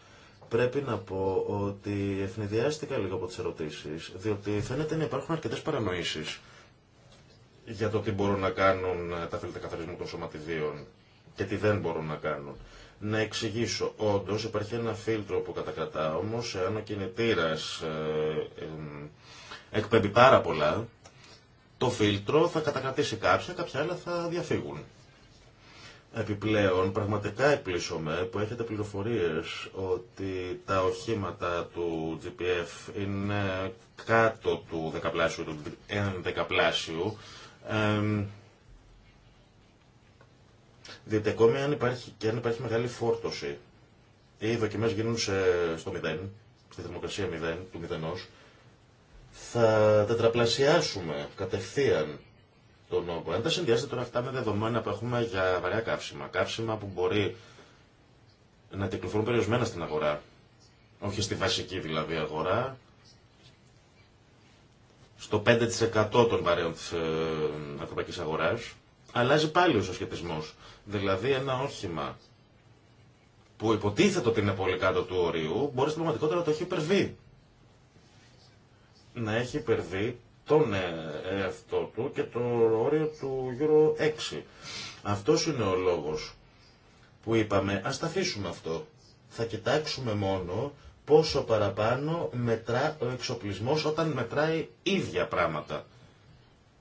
Πρέπει να πω ότι ευνηδιάστηκα λίγο από τι ερωτήσει, διότι φαίνεται να υπάρχουν αρκετέ παρανοήσει για το τι μπορούν να κάνουν τα φίλτρα καθαρισμού των σωματιδίων και τι δεν μπορούν να κάνουν. Να εξηγήσω, όντω υπάρχει ένα φίλτρο που κατακρατά, όμω εάν ο κινητήρα ε, εκπέμπει πάρα πολλά, το φίλτρο θα κατακρατήσει κάποια, κάποια άλλα θα διαφύγουν. Επιπλέον, πραγματικά εκπλήσωμαι που έχετε πληροφορίες ότι τα οχήματα του GPF είναι κάτω του δεκαπλάσιου, του ενδεκαπλάσιου. Ε, διότι ακόμη υπάρχει, και αν υπάρχει μεγάλη φόρτωση ή οι δοκιμές γίνουν σε, στο 0, στη θερμοκρασία μηδέν του μηδενός θα τετραπλασιάσουμε κατευθείαν τον όγκο. Αν τα συνδυάζετε τώρα αυτά με δεδομένα που έχουμε για βαριά καύσιμα, καύσιμα που μπορεί να κυκλοφορούν περιορισμένα στην αγορά, όχι στη βασική δηλαδή αγορά, στο 5% των βαρέων της ε, ευρωπαϊκής αγοράς, αλλάζει πάλι ο συσχετισμός. Δηλαδή ένα όχημα που υποτίθεται ότι είναι πολύ κάτω του ορίου, μπορεί στην πραγματικότητα να το έχει υπερβεί. Να έχει υπερβεί τον ε, εαυτό του και το όριο του γύρω 6. Αυτός είναι ο λόγος που είπαμε ας τα αφήσουμε αυτό. Θα κοιτάξουμε μόνο πόσο παραπάνω μετρά ο εξοπλισμός όταν μετράει ίδια πράγματα.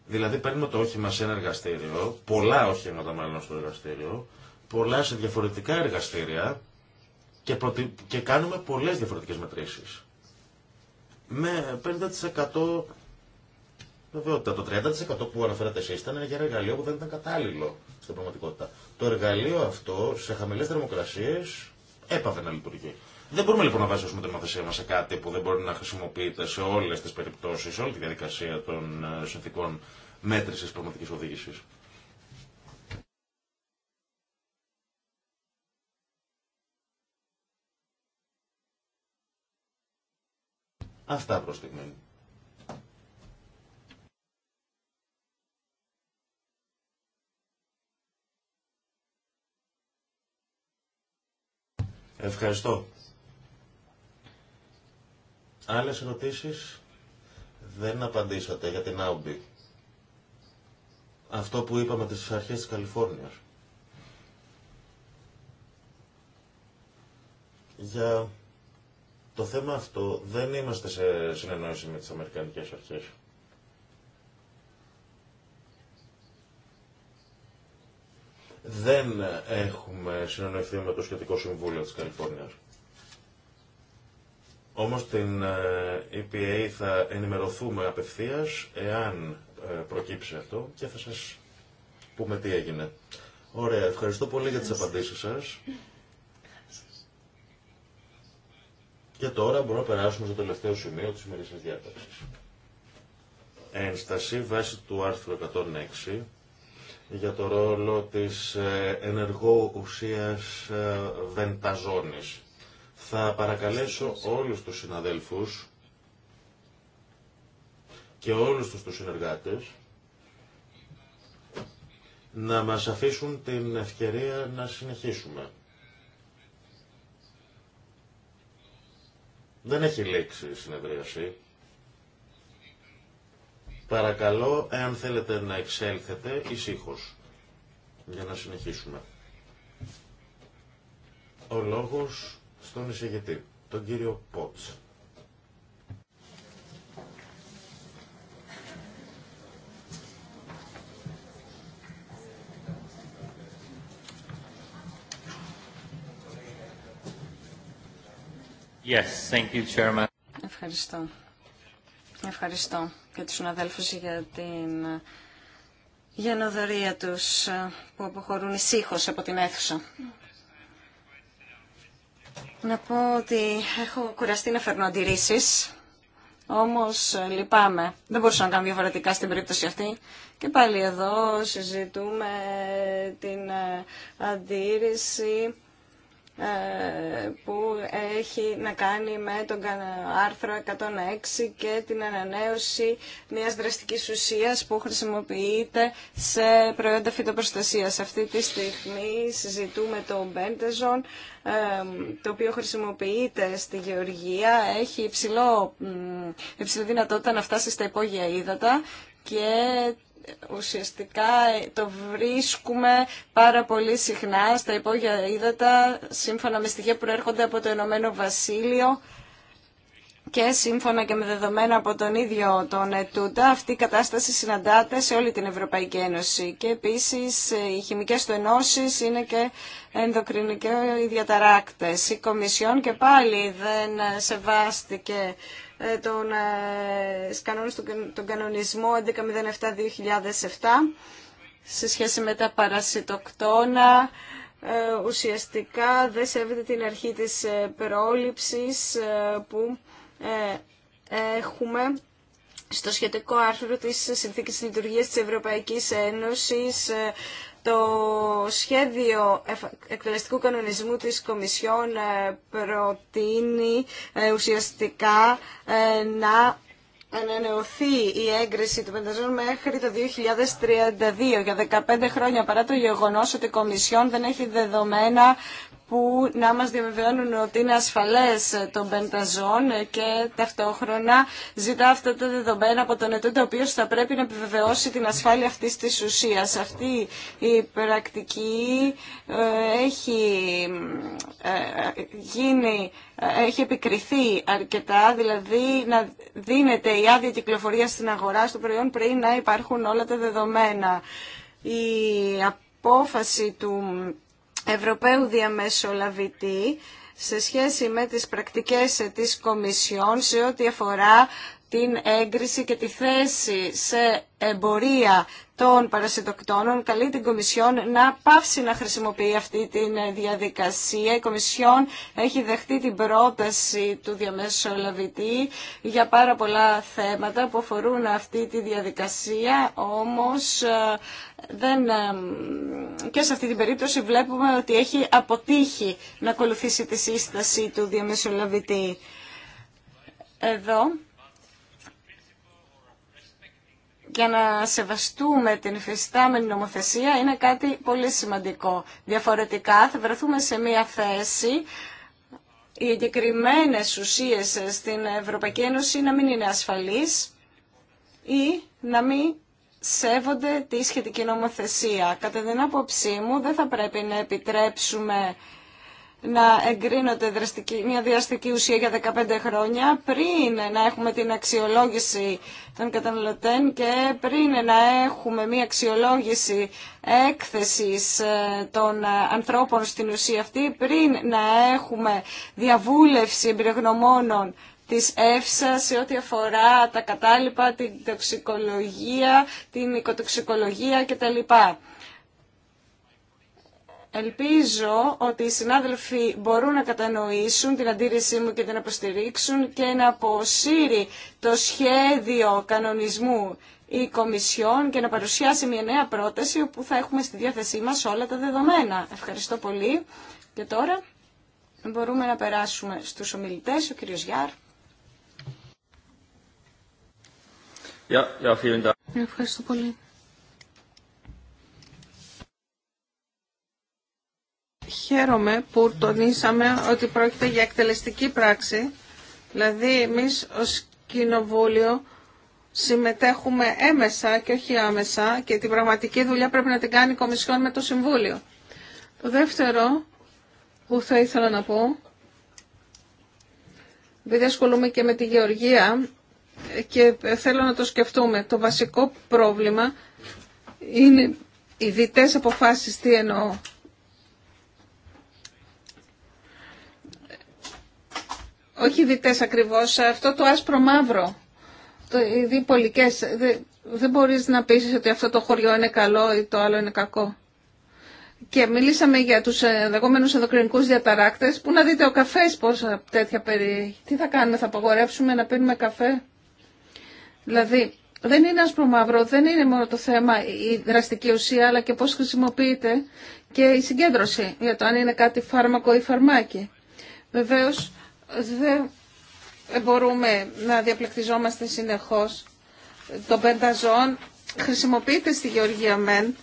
Δηλαδή παίρνουμε το όχημα σε ένα εργαστήριο, πολλά όχηματα μάλλον στο εργαστήριο, πολλά σε διαφορετικά εργαστήρια και, και κάνουμε πολλές διαφορετικές μετρήσεις. Με 50% Βεβαιότητα. Το 30% που αναφέρατε εσεί ήταν για ένα εργαλείο που δεν ήταν κατάλληλο στην πραγματικότητα. Το εργαλείο αυτό σε χαμηλέ θερμοκρασίε έπαθε να λειτουργεί. Δεν μπορούμε λοιπόν να βάζουμε την νομοθεσία μα σε κάτι που δεν μπορεί να χρησιμοποιείται σε όλε τι περιπτώσει, σε όλη τη διαδικασία των ε, συνθήκων μέτρηση πραγματική οδήγηση. Αυτά προ στιγμή. Ευχαριστώ. Άλλες ερωτήσεις δεν απαντήσατε για την Άουμπι. Αυτό που είπαμε τις αρχές της Καλιφόρνιας. Για το θέμα αυτό δεν είμαστε σε συνεννόηση με τις Αμερικανικές αρχές. δεν έχουμε συνεννοηθεί με το σχετικό συμβούλιο της Καλιφόρνιας. Όμως την EPA ε, θα ενημερωθούμε απευθείας εάν ε, προκύψει αυτό και θα σας πούμε τι έγινε. Ωραία, ευχαριστώ πολύ για τις απαντήσεις σας. Και τώρα μπορούμε να περάσουμε στο τελευταίο σημείο της σημερινής διάταξης. Ένσταση βάσει του άρθρου 106 για το ρόλο της ε, ενεργό ουσίας ε, βενταζόνης. Θα παρακαλέσω όλους τους συναδέλφους και όλους τους, τους συνεργάτες να μας αφήσουν την ευκαιρία να συνεχίσουμε. Δεν έχει λήξει η συνεδρίαση. Παρακαλώ, εάν θέλετε να εξέλθετε, ησύχως, για να συνεχίσουμε. Ο λόγος στον εισηγητή, τον κύριο Πότς. Yes, thank you, Chairman. Ευχαριστώ, Ευχαριστώ και τους συναδέλφους για την γενοδορία τους ε, που αποχωρούν ησύχως από την αίθουσα. Να πω ότι έχω κουραστεί να φέρνω αντιρρήσεις, όμως ε, λυπάμαι. Δεν μπορούσα να κάνω διαφορετικά στην περίπτωση αυτή. Και πάλι εδώ συζητούμε την ε, αντίρρηση που έχει να κάνει με τον άρθρο 106 και την ανανέωση μιας δραστικής ουσίας που χρησιμοποιείται σε προϊόντα φυτοπροστασίας. Αυτή τη στιγμή συζητούμε το Μπέντεζον, το οποίο χρησιμοποιείται στη Γεωργία, έχει υψηλό, υψηλή δυνατότητα να φτάσει στα υπόγεια ύδατα και ουσιαστικά το βρίσκουμε πάρα πολύ συχνά στα υπόγεια ύδατα, σύμφωνα με στοιχεία που προέρχονται από το Ενωμένο Βασίλειο και σύμφωνα και με δεδομένα από τον ίδιο τον ΕΤΟΥΤΑ, αυτή η κατάσταση συναντάται σε όλη την Ευρωπαϊκή Ένωση. Και επίσης οι χημικές του ενώσεις είναι και ενδοκρινικές διαταράκτες. Η Κομισιόν και πάλι δεν σεβάστηκε ε, τον, ε, κανόνες, τον κανονισμό 1107-2007 σε σχέση με τα παρασιτοκτόνα. Ε, ουσιαστικά δεν σέβεται την αρχή της πρόληψης που έχουμε στο σχετικό άρθρο της Συνθήκης Λειτουργίας της Ευρωπαϊκής Ένωσης το σχέδιο εκτελεστικού κανονισμού της Κομισιόν ε, προτείνει ε, ουσιαστικά ε, να ανανεωθεί η έγκριση του πενταζών μέχρι το 2032 για 15 χρόνια παρά το γεγονός ότι η Κομισιόν δεν έχει δεδομένα που να μας διαβεβαιώνουν ότι είναι ασφαλές το μπενταζόν και ταυτόχρονα ζητά αυτά τα δεδομένα από τον ετούντα ο οποίο θα πρέπει να επιβεβαιώσει την ασφάλεια αυτής της ουσίας. Αυτή η πρακτική ε, έχει ε, γίνει ε, έχει επικριθεί αρκετά, δηλαδή να δίνεται η άδεια κυκλοφορία στην αγορά στο προϊόν πριν να υπάρχουν όλα τα δεδομένα. Η απόφαση του Ευρωπαίου διαμεσολαβητή σε σχέση με τις πρακτικές της Κομισιόν σε ό,τι αφορά την έγκριση και τη θέση σε εμπορία των παρασυντοκτώνων καλεί την Κομισιόν να πάψει να χρησιμοποιεί αυτή τη διαδικασία. Η Κομισιόν έχει δεχτεί την πρόταση του διαμεσολαβητή για πάρα πολλά θέματα που αφορούν αυτή τη διαδικασία, όμως ε, δεν, ε, και σε αυτή την περίπτωση βλέπουμε ότι έχει αποτύχει να ακολουθήσει τη σύσταση του διαμεσολαβητή. Εδώ Για να σεβαστούμε την υφιστάμενη νομοθεσία είναι κάτι πολύ σημαντικό. Διαφορετικά θα βρεθούμε σε μια θέση οι εγκεκριμένε ουσίε στην Ευρωπαϊκή Ένωση να μην είναι ασφαλείς ή να μην σέβονται τη σχετική νομοθεσία. Κατά την άποψή μου δεν θα πρέπει να επιτρέψουμε να εγκρίνονται δραστική, μια διαστική ουσία για 15 χρόνια πριν να έχουμε την αξιολόγηση των καταναλωτών και πριν να έχουμε μια αξιολόγηση έκθεσης ε, των ε, ανθρώπων στην ουσία αυτή, πριν να έχουμε διαβούλευση εμπειρογνωμόνων της ΕΦΣΑ σε ό,τι αφορά τα κατάλοιπα, την τοξικολογία, την οικοτοξικολογία κτλ. Ελπίζω ότι οι συνάδελφοι μπορούν να κατανοήσουν την αντίρρησή μου και την αποστηρίξουν και να αποσύρει το σχέδιο κανονισμού η Κομισιόν και να παρουσιάσει μια νέα πρόταση όπου θα έχουμε στη διάθεσή μας όλα τα δεδομένα. Ευχαριστώ πολύ. Και τώρα μπορούμε να περάσουμε στους ομιλητές. Ο κύριος Γιάρ. Ευχαριστώ πολύ. Χαίρομαι που τονίσαμε ότι πρόκειται για εκτελεστική πράξη, δηλαδή εμείς ως Κοινοβούλιο συμμετέχουμε έμεσα και όχι άμεσα και την πραγματική δουλειά πρέπει να την κάνει η Κομισιόν με το Συμβούλιο. Το δεύτερο που θα ήθελα να πω, επειδή ασχολούμαι και με τη γεωργία και θέλω να το σκεφτούμε, το βασικό πρόβλημα είναι οι διτές αποφάσεις, τι εννοώ, όχι διτές ακριβώ αυτό το άσπρο μαύρο, το, οι διπολικέ. δεν, δεν μπορείς να πει ότι αυτό το χωριό είναι καλό ή το άλλο είναι κακό. Και μιλήσαμε για του ενδεχόμενου ενδοκρινικούς διαταράκτε που να δείτε ο καφέ πόσα τέτοια περιέχει. Τι θα κάνουμε, θα απαγορεύσουμε να πίνουμε καφέ. Δηλαδή, δεν είναι άσπρο μαύρο, δεν είναι μόνο το θέμα η δραστική ουσία, αλλά και πώ χρησιμοποιείται και η συγκέντρωση για το αν είναι κάτι φάρμακο ή φαρμάκι. Βεβαίω δεν μπορούμε να διαπλεκτιζόμαστε συνεχώς. Το πενταζόν χρησιμοποιείται στη Γεωργία μεν,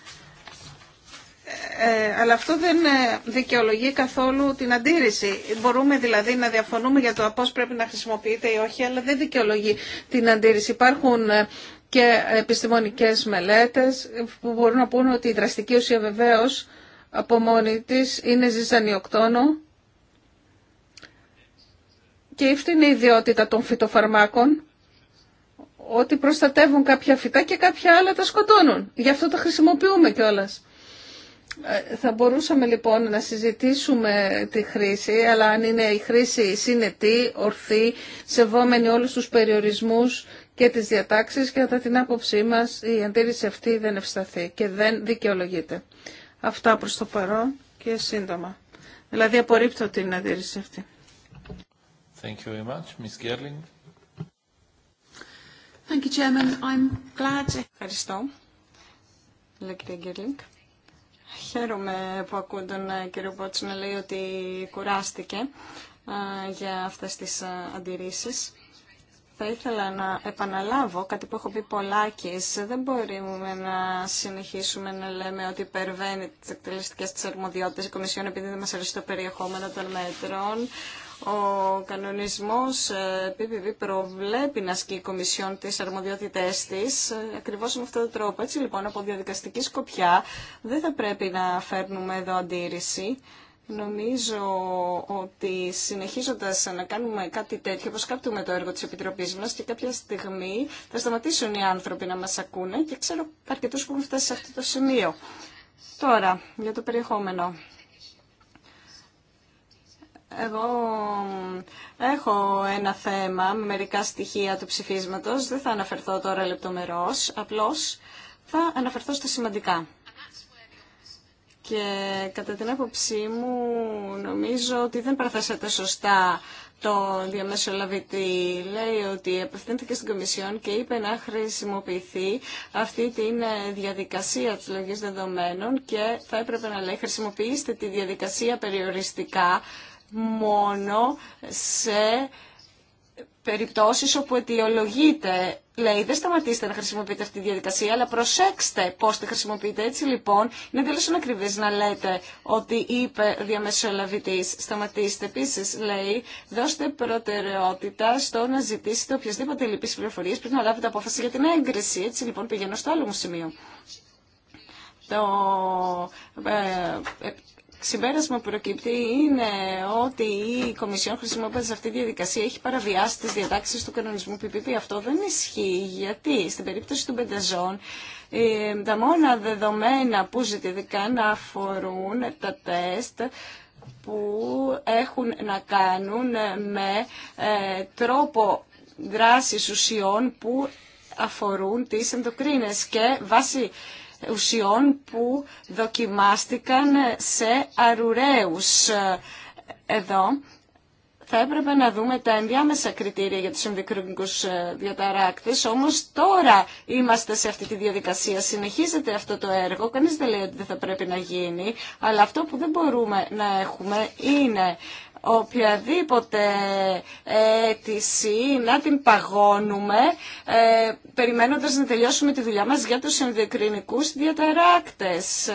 ε, αλλά αυτό δεν ε, δικαιολογεί καθόλου την αντίρρηση. Μπορούμε δηλαδή να διαφωνούμε για το πώς πρέπει να χρησιμοποιείται ή όχι, αλλά δεν δικαιολογεί την αντίρρηση. Υπάρχουν ε, και επιστημονικές μελέτες που μπορούν να πούν ότι η δραστική ουσία βεβαίως από μόνη της είναι ζυζανιοκτόνο και αυτή είναι η ιδιότητα των φυτοφαρμάκων ότι προστατεύουν κάποια φυτά και κάποια άλλα τα σκοτώνουν. Γι' αυτό τα χρησιμοποιούμε κιόλα. Ε, θα μπορούσαμε λοιπόν να συζητήσουμε τη χρήση, αλλά αν είναι η χρήση συνετή, ορθή, σεβόμενη όλους τους περιορισμούς και τις διατάξεις, κατά την άποψή μας η αντίρρηση αυτή δεν ευσταθεί και δεν δικαιολογείται. Αυτά προς το παρόν και σύντομα. Δηλαδή απορρίπτω την αντίρρηση αυτή. Thank you very much. Ms. Gerling. Thank you, Chairman. I'm glad... Ευχαριστώ. Λέω κύριε Γκέρλινγκ. Χαίρομαι που ακούω τον ε, κύριο Πότσο να λέει ότι κουράστηκε ε, για αυτές τις ε, αντιρρήσεις. Θα ήθελα να επαναλάβω κάτι που έχω πει πολλάκις. Δεν μπορούμε να συνεχίσουμε να λέμε ότι υπερβαίνει τις εκτελεστικές της αρμοδιότητες η Κομισιόν επειδή δεν μας αρέσει το περιεχόμενο των μέτρων. Ο κανονισμός PPP ε, προβλέπει να ασκεί η Κομισιόν τις αρμοδιότητές της ε, ακριβώς με αυτόν τον τρόπο. Έτσι λοιπόν από διαδικαστική σκοπιά δεν θα πρέπει να φέρνουμε εδώ αντίρρηση. Νομίζω ότι συνεχίζοντας να κάνουμε κάτι τέτοιο, όπως κάπτουμε το έργο της Επιτροπής μας και κάποια στιγμή θα σταματήσουν οι άνθρωποι να μας ακούνε και ξέρω αρκετούς που έχουν φτάσει σε αυτό το σημείο. Τώρα, για το περιεχόμενο. Εγώ έχω ένα θέμα με μερικά στοιχεία του ψηφίσματος. Δεν θα αναφερθώ τώρα λεπτομερώς, απλώς θα αναφερθώ στα σημαντικά. Και κατά την άποψή μου νομίζω ότι δεν παραθέσατε σωστά το διαμεσολαβητή λέει ότι απευθύνθηκε στην Κομισιόν και είπε να χρησιμοποιηθεί αυτή τη διαδικασία της λογής δεδομένων και θα έπρεπε να λέει χρησιμοποιήστε τη διαδικασία περιοριστικά μόνο σε περιπτώσεις όπου αιτιολογείται λέει δεν σταματήστε να χρησιμοποιείτε αυτή τη διαδικασία, αλλά προσέξτε πώς τη χρησιμοποιείτε. Έτσι λοιπόν, είναι τέλος ανακριβέ να λέτε ότι είπε διαμεσολαβητής Σταματήστε. Επίση, λέει, δώστε προτεραιότητα στο να ζητήσετε οποιασδήποτε λυπής πληροφορίες πριν να λάβετε απόφαση για την έγκριση. Έτσι λοιπόν, πηγαίνω στο άλλο μου σημείο. Το ε, ε, συμπέρασμα που προκύπτει είναι ότι η Κομισιόν χρησιμοποιώντα αυτή τη διαδικασία έχει παραβιάσει τι διατάξει του κανονισμού PPP. Αυτό δεν ισχύει γιατί στην περίπτωση των πενταζών ε, τα μόνα δεδομένα που ζητηθήκαν να αφορούν τα τεστ που έχουν να κάνουν με ε, τρόπο δράσης ουσιών που αφορούν τις ενδοκρίνες και βάσει ουσιών που δοκιμάστηκαν σε αρουραίους εδώ. Θα έπρεπε να δούμε τα ενδιάμεσα κριτήρια για τους ενδοκρινικούς ε, διαταράκτες, όμως τώρα είμαστε σε αυτή τη διαδικασία, συνεχίζεται αυτό το έργο, κανείς δεν λέει ότι δεν θα πρέπει να γίνει, αλλά αυτό που δεν μπορούμε να έχουμε είναι οποιαδήποτε αίτηση να την παγώνουμε ε, περιμένοντας να τελειώσουμε τη δουλειά μας για τους ενδοκρινικούς διαταράκτες.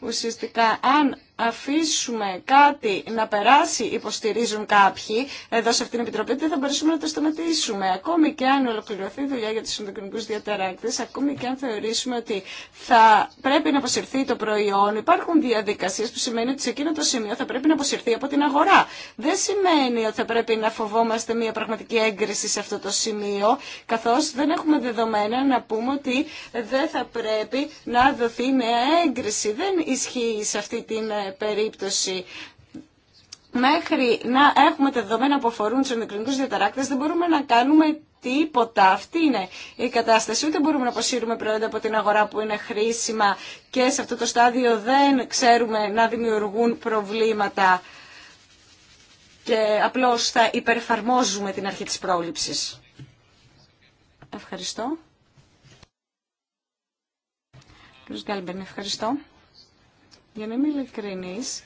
Ουσιαστικά, αν αφήσουμε κάτι να περάσει, υποστηρίζουν κάποιοι, εδώ σε αυτήν την Επιτροπή, δεν θα μπορέσουμε να το σταματήσουμε. Ακόμη και αν ολοκληρωθεί η δουλειά για του ενδοκρινικούς διαταράκτε, ακόμη και αν θεωρήσουμε ότι θα πρέπει να αποσυρθεί το προϊόν, υπάρχουν διαδικασίες που σημαίνει ότι σε εκείνο το σημείο θα πρέπει να αποσυρθεί από την αγορά. Δεν σημαίνει ότι θα πρέπει να φοβόμαστε μια πραγματική έγκριση σε αυτό το σημείο, καθώς δεν έχουμε δεδομένα να πούμε ότι δεν θα πρέπει να δοθεί νέα έγκριση. Δεν ισχύει σε αυτή την ε, περίπτωση. Μέχρι να έχουμε τα δεδομένα που αφορούν του ενδοκρινικού διαταράκτε, δεν μπορούμε να κάνουμε τίποτα. Αυτή είναι η κατάσταση. Ούτε μπορούμε να αποσύρουμε προϊόντα από την αγορά που είναι χρήσιμα και σε αυτό το στάδιο δεν ξέρουμε να δημιουργούν προβλήματα και απλώς θα υπερφαρμόζουμε την αρχή της πρόληψης. Ευχαριστώ. Κύριος Γκάλμπερν, ευχαριστώ. Για να είμαι ειλικρινής,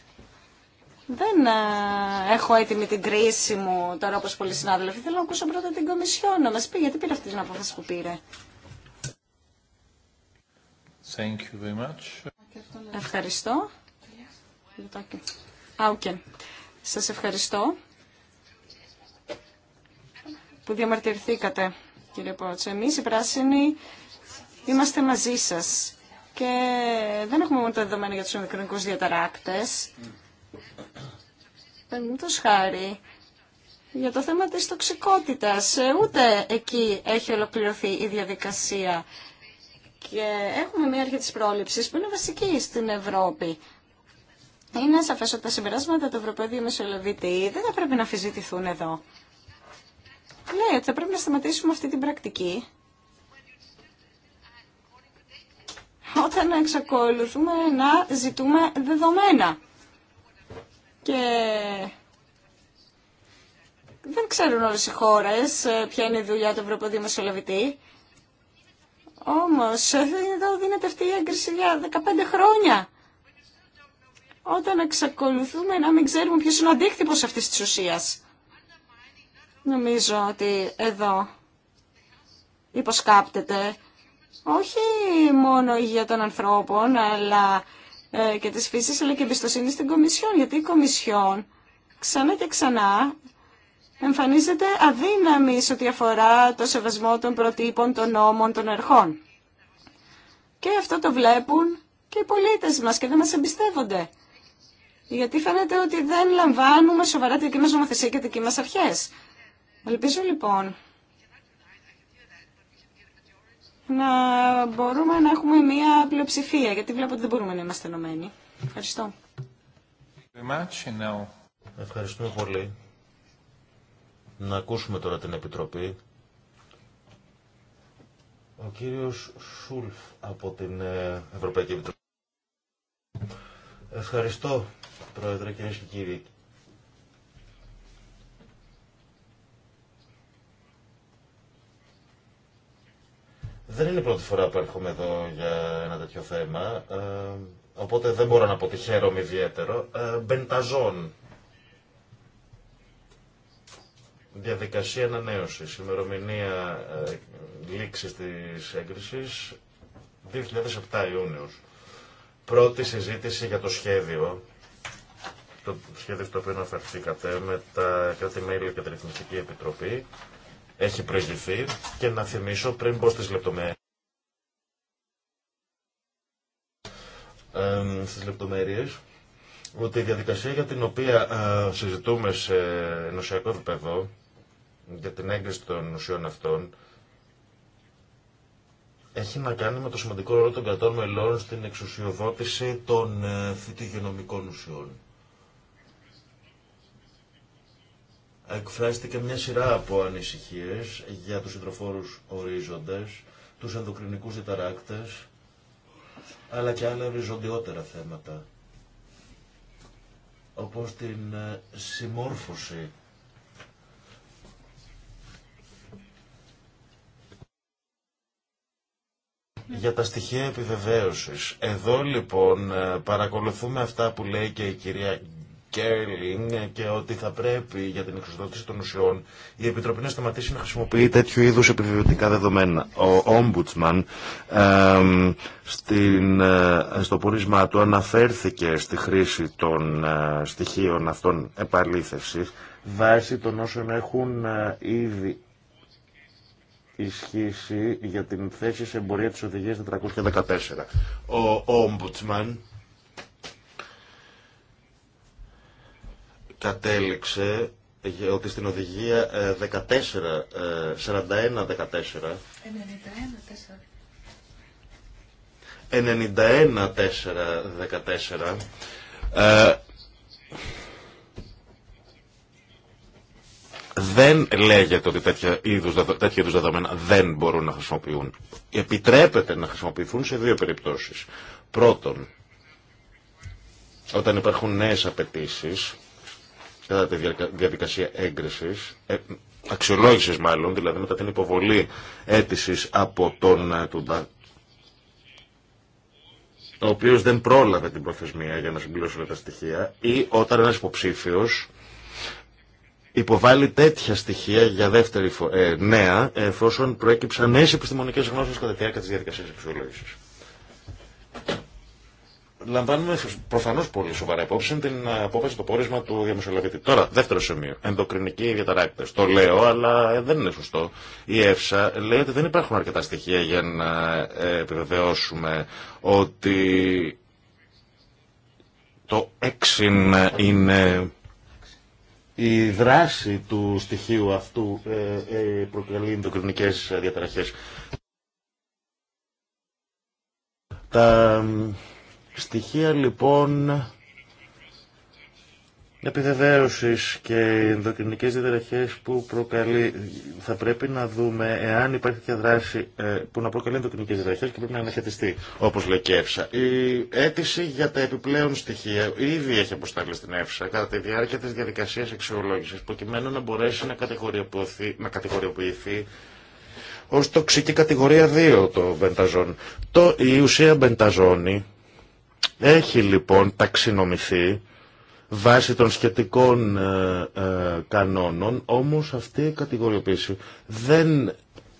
δεν ε, έχω έτοιμη την κρίση μου τώρα όπως πολλοί συνάδελφοι. Θέλω να ακούσω πρώτα την Κομισιόν να μας πει γιατί πήρε αυτή την απόφαση που πήρε. Thank you very much. Ευχαριστώ. Άουκεν. Σας ευχαριστώ που διαμαρτυρηθήκατε, κύριε Πότσο. Εμείς οι πράσινοι είμαστε μαζί σας. Και δεν έχουμε μόνο τα δεδομένα για τους μικρονικούς διαταράκτες. τους χάρη, για το θέμα της τοξικότητας, ούτε εκεί έχει ολοκληρωθεί η διαδικασία. Και έχουμε μια αρχή της πρόληψης που είναι βασική στην Ευρώπη. Είναι σαφές ότι τα συμπεράσματα του Ευρωπαϊκού Μεσολαβήτη δεν θα πρέπει να αφιζητηθούν εδώ. Λέει ότι θα πρέπει να σταματήσουμε αυτή την πρακτική όταν εξακολουθούμε να ζητούμε δεδομένα. Και δεν ξέρουν όλες οι χώρες ε, ποια είναι η δουλειά του Ευρωπαϊκού Μεσολαβητή. Όμως ε, εδώ δίνεται αυτή η έγκριση για 15 χρόνια. Όταν εξακολουθούμε να μην ξέρουμε ποιος είναι ο αντίκτυπος αυτής της ουσίας. Νομίζω ότι εδώ υποσκάπτεται όχι μόνο υγεία των ανθρώπων αλλά ε, και της φύσης αλλά και εμπιστοσύνη στην Κομισιόν γιατί η Κομισιόν ξανά και ξανά εμφανίζεται αδύναμη σε ό,τι αφορά το σεβασμό των προτύπων, των νόμων, των ερχών. Και αυτό το βλέπουν και οι πολίτες μας και δεν μας εμπιστεύονται. Γιατί φαίνεται ότι δεν λαμβάνουμε σοβαρά τη δική μας νομοθεσία και τη δική μας αρχές. Ελπίζω λοιπόν να μπορούμε να έχουμε μια πλειοψηφία, γιατί βλέπω ότι δεν μπορούμε να είμαστε ενωμένοι. Ευχαριστώ. Ευχαριστούμε πολύ. Να ακούσουμε τώρα την Επιτροπή. Ο κύριος Σούλφ από την ε, Ευρωπαϊκή Επιτροπή. Ευχαριστώ, Πρόεδρε, κυρίες και κύριοι. Δεν είναι η πρώτη φορά που έρχομαι εδώ για ένα τέτοιο θέμα, ε, οπότε δεν μπορώ να πω ότι χαίρομαι ιδιαίτερο. Ε, μπενταζόν. Διαδικασία ανανέωση. Ημερομηνία ε, λήξη τη έγκριση 2007 Ιούνιο. Πρώτη συζήτηση για το σχέδιο. Το σχέδιο στο οποίο αναφερθήκατε με τα κράτη-μέλη και την Εθνική Επιτροπή έχει προηγηθεί και να θυμίσω πριν πω στις λεπτομέρειες ε, στις ότι η διαδικασία για την οποία ε, συζητούμε σε ενωσιακό επίπεδο για την έγκριση των ουσιών αυτών έχει να κάνει με το σημαντικό ρόλο των κρατών μελών στην εξουσιοδότηση των φυτογενομικών ε, ουσιών. εκφράστηκε μια σειρά από ανησυχίες για τους υδροφόρους ορίζοντες, τους ενδοκρινικούς διταράκτες, αλλά και άλλα οριζοντιότερα θέματα, όπως την ε, συμμόρφωση Για τα στοιχεία επιβεβαίωσης. Εδώ λοιπόν ε, παρακολουθούμε αυτά που λέει και η κυρία και ότι θα πρέπει για την εξοδότηση των ουσιών η Επιτροπή να σταματήσει να χρησιμοποιεί τέτοιου είδους επιβιωτικά δεδομένα. Ο Ombudsman ε, στο πορίσμα του αναφέρθηκε στη χρήση των ε, στοιχείων αυτών επαλήθευσης βάσει των όσων έχουν ε, ήδη ισχύσει για την θέση σε εμπορία της οδηγίας 414. Ο Ombudsman κατέληξε ότι στην οδηγία 14, 41-14 91-4-14 δεν λέγεται ότι τέτοια είδους, τέτοια είδους δεδομένα δεν μπορούν να χρησιμοποιούν. Επιτρέπεται να χρησιμοποιηθούν σε δύο περιπτώσεις. Πρώτον, όταν υπάρχουν νέες απαιτήσει κατά τη διαδικασία έγκρισης, ε, αξιολόγηση, μάλλον, δηλαδή μετά την υποβολή αίτηση από τον ε, Τουντά, ο οποίο δεν πρόλαβε την προθεσμία για να συμπληρώσει τα στοιχεία, ή όταν ένας υποψήφιο υποβάλλει τέτοια στοιχεία για δεύτερη ε, νέα, εφόσον προέκυψαν νέε επιστημονικέ γνώσεις κατά τη διάρκεια τη διαδικασία αξιολόγηση λαμβάνουμε προφανώ πολύ σοβαρά υπόψη την απόφαση, το πόρισμα του διαμεσολαβητή. Τώρα, δεύτερο σημείο. Ενδοκρινικοί διαταράκτε. Το λέω, αλλά δεν είναι σωστό. Η ΕΦΣΑ λέει ότι δεν υπάρχουν αρκετά στοιχεία για να ε, επιβεβαιώσουμε ότι το έξιν είναι η δράση του στοιχείου αυτού ε, ε, προκαλεί ενδοκρινικές διαταραχές. Τα Στοιχεία λοιπόν επιβεβαίωσης και ενδοκρινικές διαταραχές που προκαλεί, θα πρέπει να δούμε εάν υπάρχει και δράση ε, που να προκαλεί ενδοκρινικές διαταραχές και πρέπει να αναχαιτιστεί, όπως λέει και η ΕΦΣΑ. Η αίτηση για τα επιπλέον στοιχεία ήδη έχει αποσταλεί στην ΕΦΣΑ κατά τη διάρκεια της διαδικασίας αξιολόγησης, προκειμένου να μπορέσει να κατηγοριοποιηθεί, να κατηγοριοποιηθεί ως τοξική κατηγορία 2 το βενταζόν. Το, η ουσία μπενταζόνη έχει λοιπόν ταξινομηθεί βάσει των σχετικών ε, ε, κανόνων, όμως αυτή η κατηγοριοποίηση δεν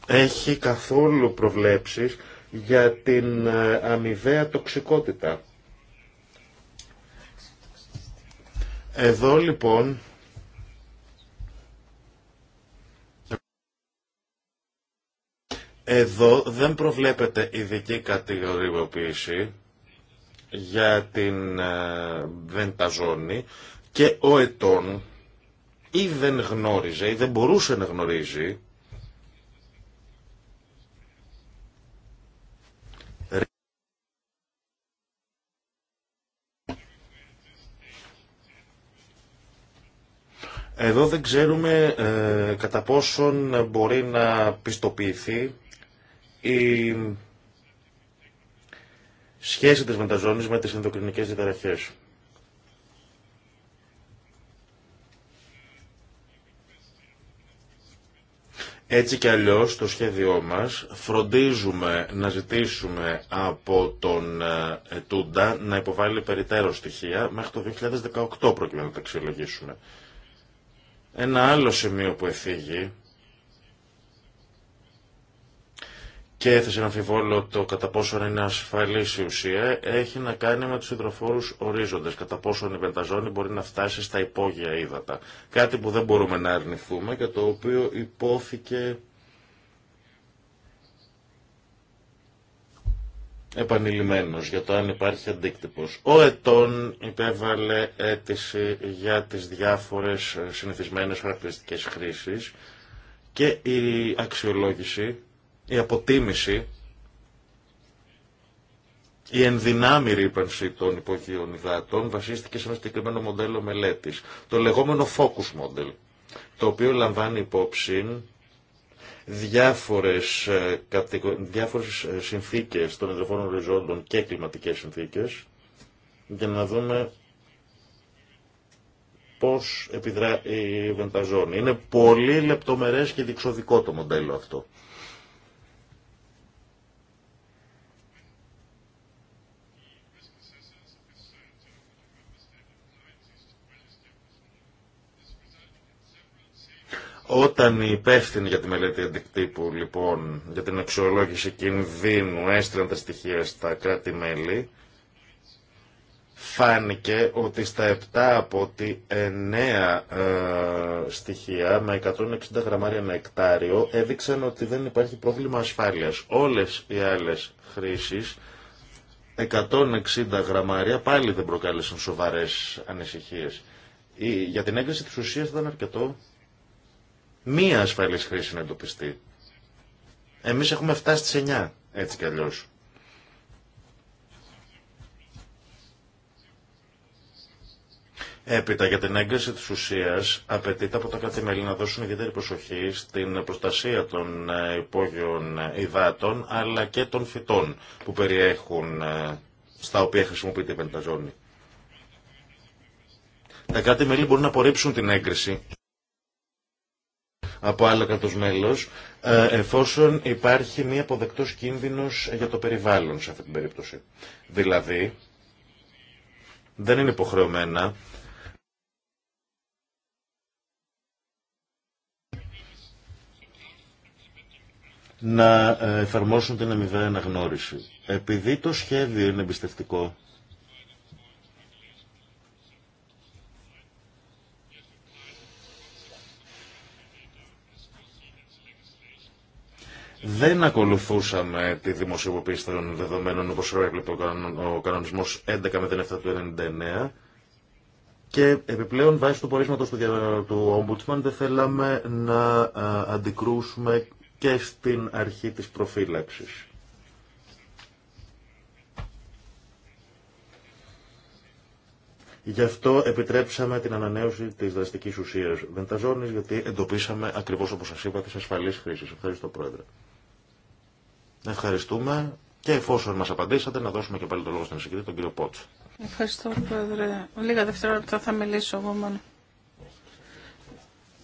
έχει καθόλου προβλέψεις για την ε, αμοιβαία τοξικότητα. Εδώ λοιπόν Εδώ δεν προβλέπεται ειδική κατηγοριοποίηση για την ε, Βενταζόνη και ο ετών ή δεν γνώριζε ή δεν μπορούσε να γνωρίζει Εδώ δεν ξέρουμε ε, κατά πόσον μπορεί να πιστοποιηθεί η δεν γνωριζε η δεν μπορουσε να γνωριζει εδω δεν ξερουμε κατα ποσον μπορει να πιστοποιηθει η σχέση της μεταζώνης με τις ενδοκρινικές διαταραχές. Έτσι κι αλλιώς στο σχέδιό μας φροντίζουμε να ζητήσουμε από τον ε, Τούντα να υποβάλει περιττέρω στοιχεία μέχρι το 2018 προκειμένου να τα αξιολογήσουμε. Ένα άλλο σημείο που εφήγει και έθεσε να αμφιβόλο το κατά πόσο είναι ασφαλή η ουσία έχει να κάνει με του υδροφόρου ορίζοντε. Κατά πόσο η βενταζόνη μπορεί να φτάσει στα υπόγεια ύδατα. Κάτι που δεν μπορούμε να αρνηθούμε και το οποίο υπόθηκε επανειλημμένος για το αν υπάρχει αντίκτυπος. Ο Ετών υπέβαλε αίτηση για τις διάφορες συνηθισμένες χαρακτηριστικές χρήσεις και η αξιολόγηση η αποτίμηση, η ενδυνάμει ρήπανση των υπογείων υδάτων βασίστηκε σε ένα συγκεκριμένο μοντέλο μελέτης, το λεγόμενο focus model, το οποίο λαμβάνει υπόψη διάφορες, ε, διάφορες ε, συνθήκες των υδροφόρων οριζόντων και κλιματικές συνθήκες για να δούμε πώς επιδρά η βενταζόνη. Είναι πολύ λεπτομερές και διξοδικό το μοντέλο αυτό. Όταν οι υπεύθυνοι για τη μελέτη αντικτύπου, λοιπόν, για την αξιολόγηση κινδύνου έστειλαν τα στοιχεία στα κράτη-μέλη, φάνηκε ότι στα 7 από τη 9 ε, στοιχεία με 160 γραμμάρια ένα εκτάριο έδειξαν ότι δεν υπάρχει πρόβλημα ασφάλειας. Όλες οι άλλες χρήσεις 160 γραμμάρια πάλι δεν προκάλεσαν σοβαρές ανησυχίες. για την έγκριση της ουσίας ήταν αρκετό μία ασφαλής χρήση να εντοπιστεί. Εμείς έχουμε φτάσει στις 9, έτσι κι αλλιώς. Έπειτα για την έγκριση της ουσίας απαιτείται από τα κρατη να δώσουν ιδιαίτερη προσοχή στην προστασία των ε, υπόγειων ε, υδάτων αλλά και των φυτών που περιέχουν, ε, στα οποία χρησιμοποιείται η πενταζόνη. Τα κράτη-μέλη μπορούν να απορρίψουν την έγκριση από άλλο κράτος μέλος, ε, εφόσον υπάρχει μία αποδεκτός κίνδυνος για το περιβάλλον σε αυτή την περίπτωση. Δηλαδή, δεν είναι υποχρεωμένα να ε, εφαρμόσουν την αμοιβαία αναγνώριση. Επειδή το σχέδιο είναι εμπιστευτικό, δεν ακολουθούσαμε τη δημοσιοποίηση των δεδομένων όπως έβλεπε ο κανονισμός 1107 του 1999 και επιπλέον βάσει του πορίσματος του, του Ombudsman δεν θέλαμε να αντικρούσουμε και στην αρχή της προφύλαξης. Γι' αυτό επιτρέψαμε την ανανέωση τη δραστική ουσία βενταζόνη, γιατί εντοπίσαμε ακριβώ όπω σα είπα τι ασφαλεί χρήσει. Ευχαριστώ, Πρόεδρε. Ευχαριστούμε και εφόσον μας απαντήσατε να δώσουμε και πάλι το λόγο στον εισηγητή, τον κύριο Πότς. Ευχαριστώ Πρόεδρε. Λίγα δευτερόλεπτα θα μιλήσω εγώ μόνο.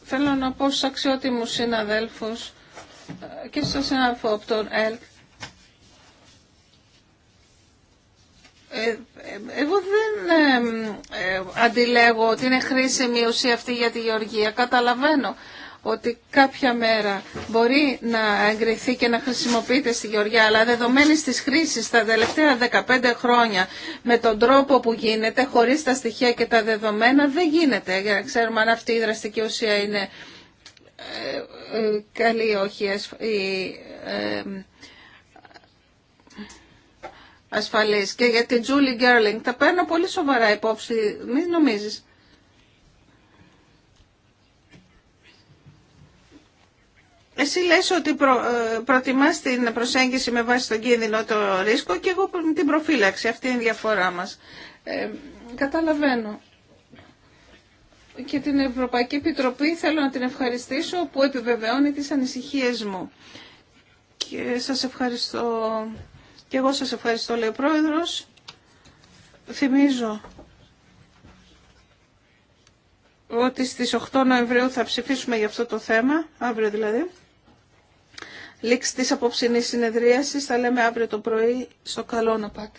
Θέλω να πω στους αξιότιμους συναδέλφους ε, και στον συνάδελφο από τον ΕΛΚ ε, ε, Εγώ δεν αντιλέγω ότι είναι χρήσιμη η ουσία αυτή για τη γεωργία. Καταλαβαίνω ότι κάποια μέρα μπορεί να εγκριθεί και να χρησιμοποιείται στη Γεωργία, αλλά δεδομένη τη χρήση τα τελευταία 15 χρόνια με τον τρόπο που γίνεται, χωρί τα στοιχεία και τα δεδομένα, δεν γίνεται. Για να ξέρουμε αν αυτή η δραστική ουσία είναι ε, ε, καλή ή όχι. Η, οχι ε, ασφαλης Και για την τζουλι Γκέρλινγκ τα παίρνω πολύ σοβαρά υπόψη, μην νομίζεις. Εσύ λες ότι προ, ε, προτιμάς την προσέγγιση με βάση τον κίνδυνο, το ρίσκο και εγώ την προφύλαξη. Αυτή είναι η διαφορά μας. Ε, καταλαβαίνω. Και την Ευρωπαϊκή Επιτροπή θέλω να την ευχαριστήσω που επιβεβαιώνει τις ανησυχίες μου. Και σας ευχαριστώ. Και εγώ σας ευχαριστώ, λέει ο Πρόεδρος. Θυμίζω ότι στις 8 Νοεμβρίου θα ψηφίσουμε για αυτό το θέμα, αύριο δηλαδή. Λήξη της απόψινής συνεδρίασης θα λέμε αύριο το πρωί στο καλό να πάτε.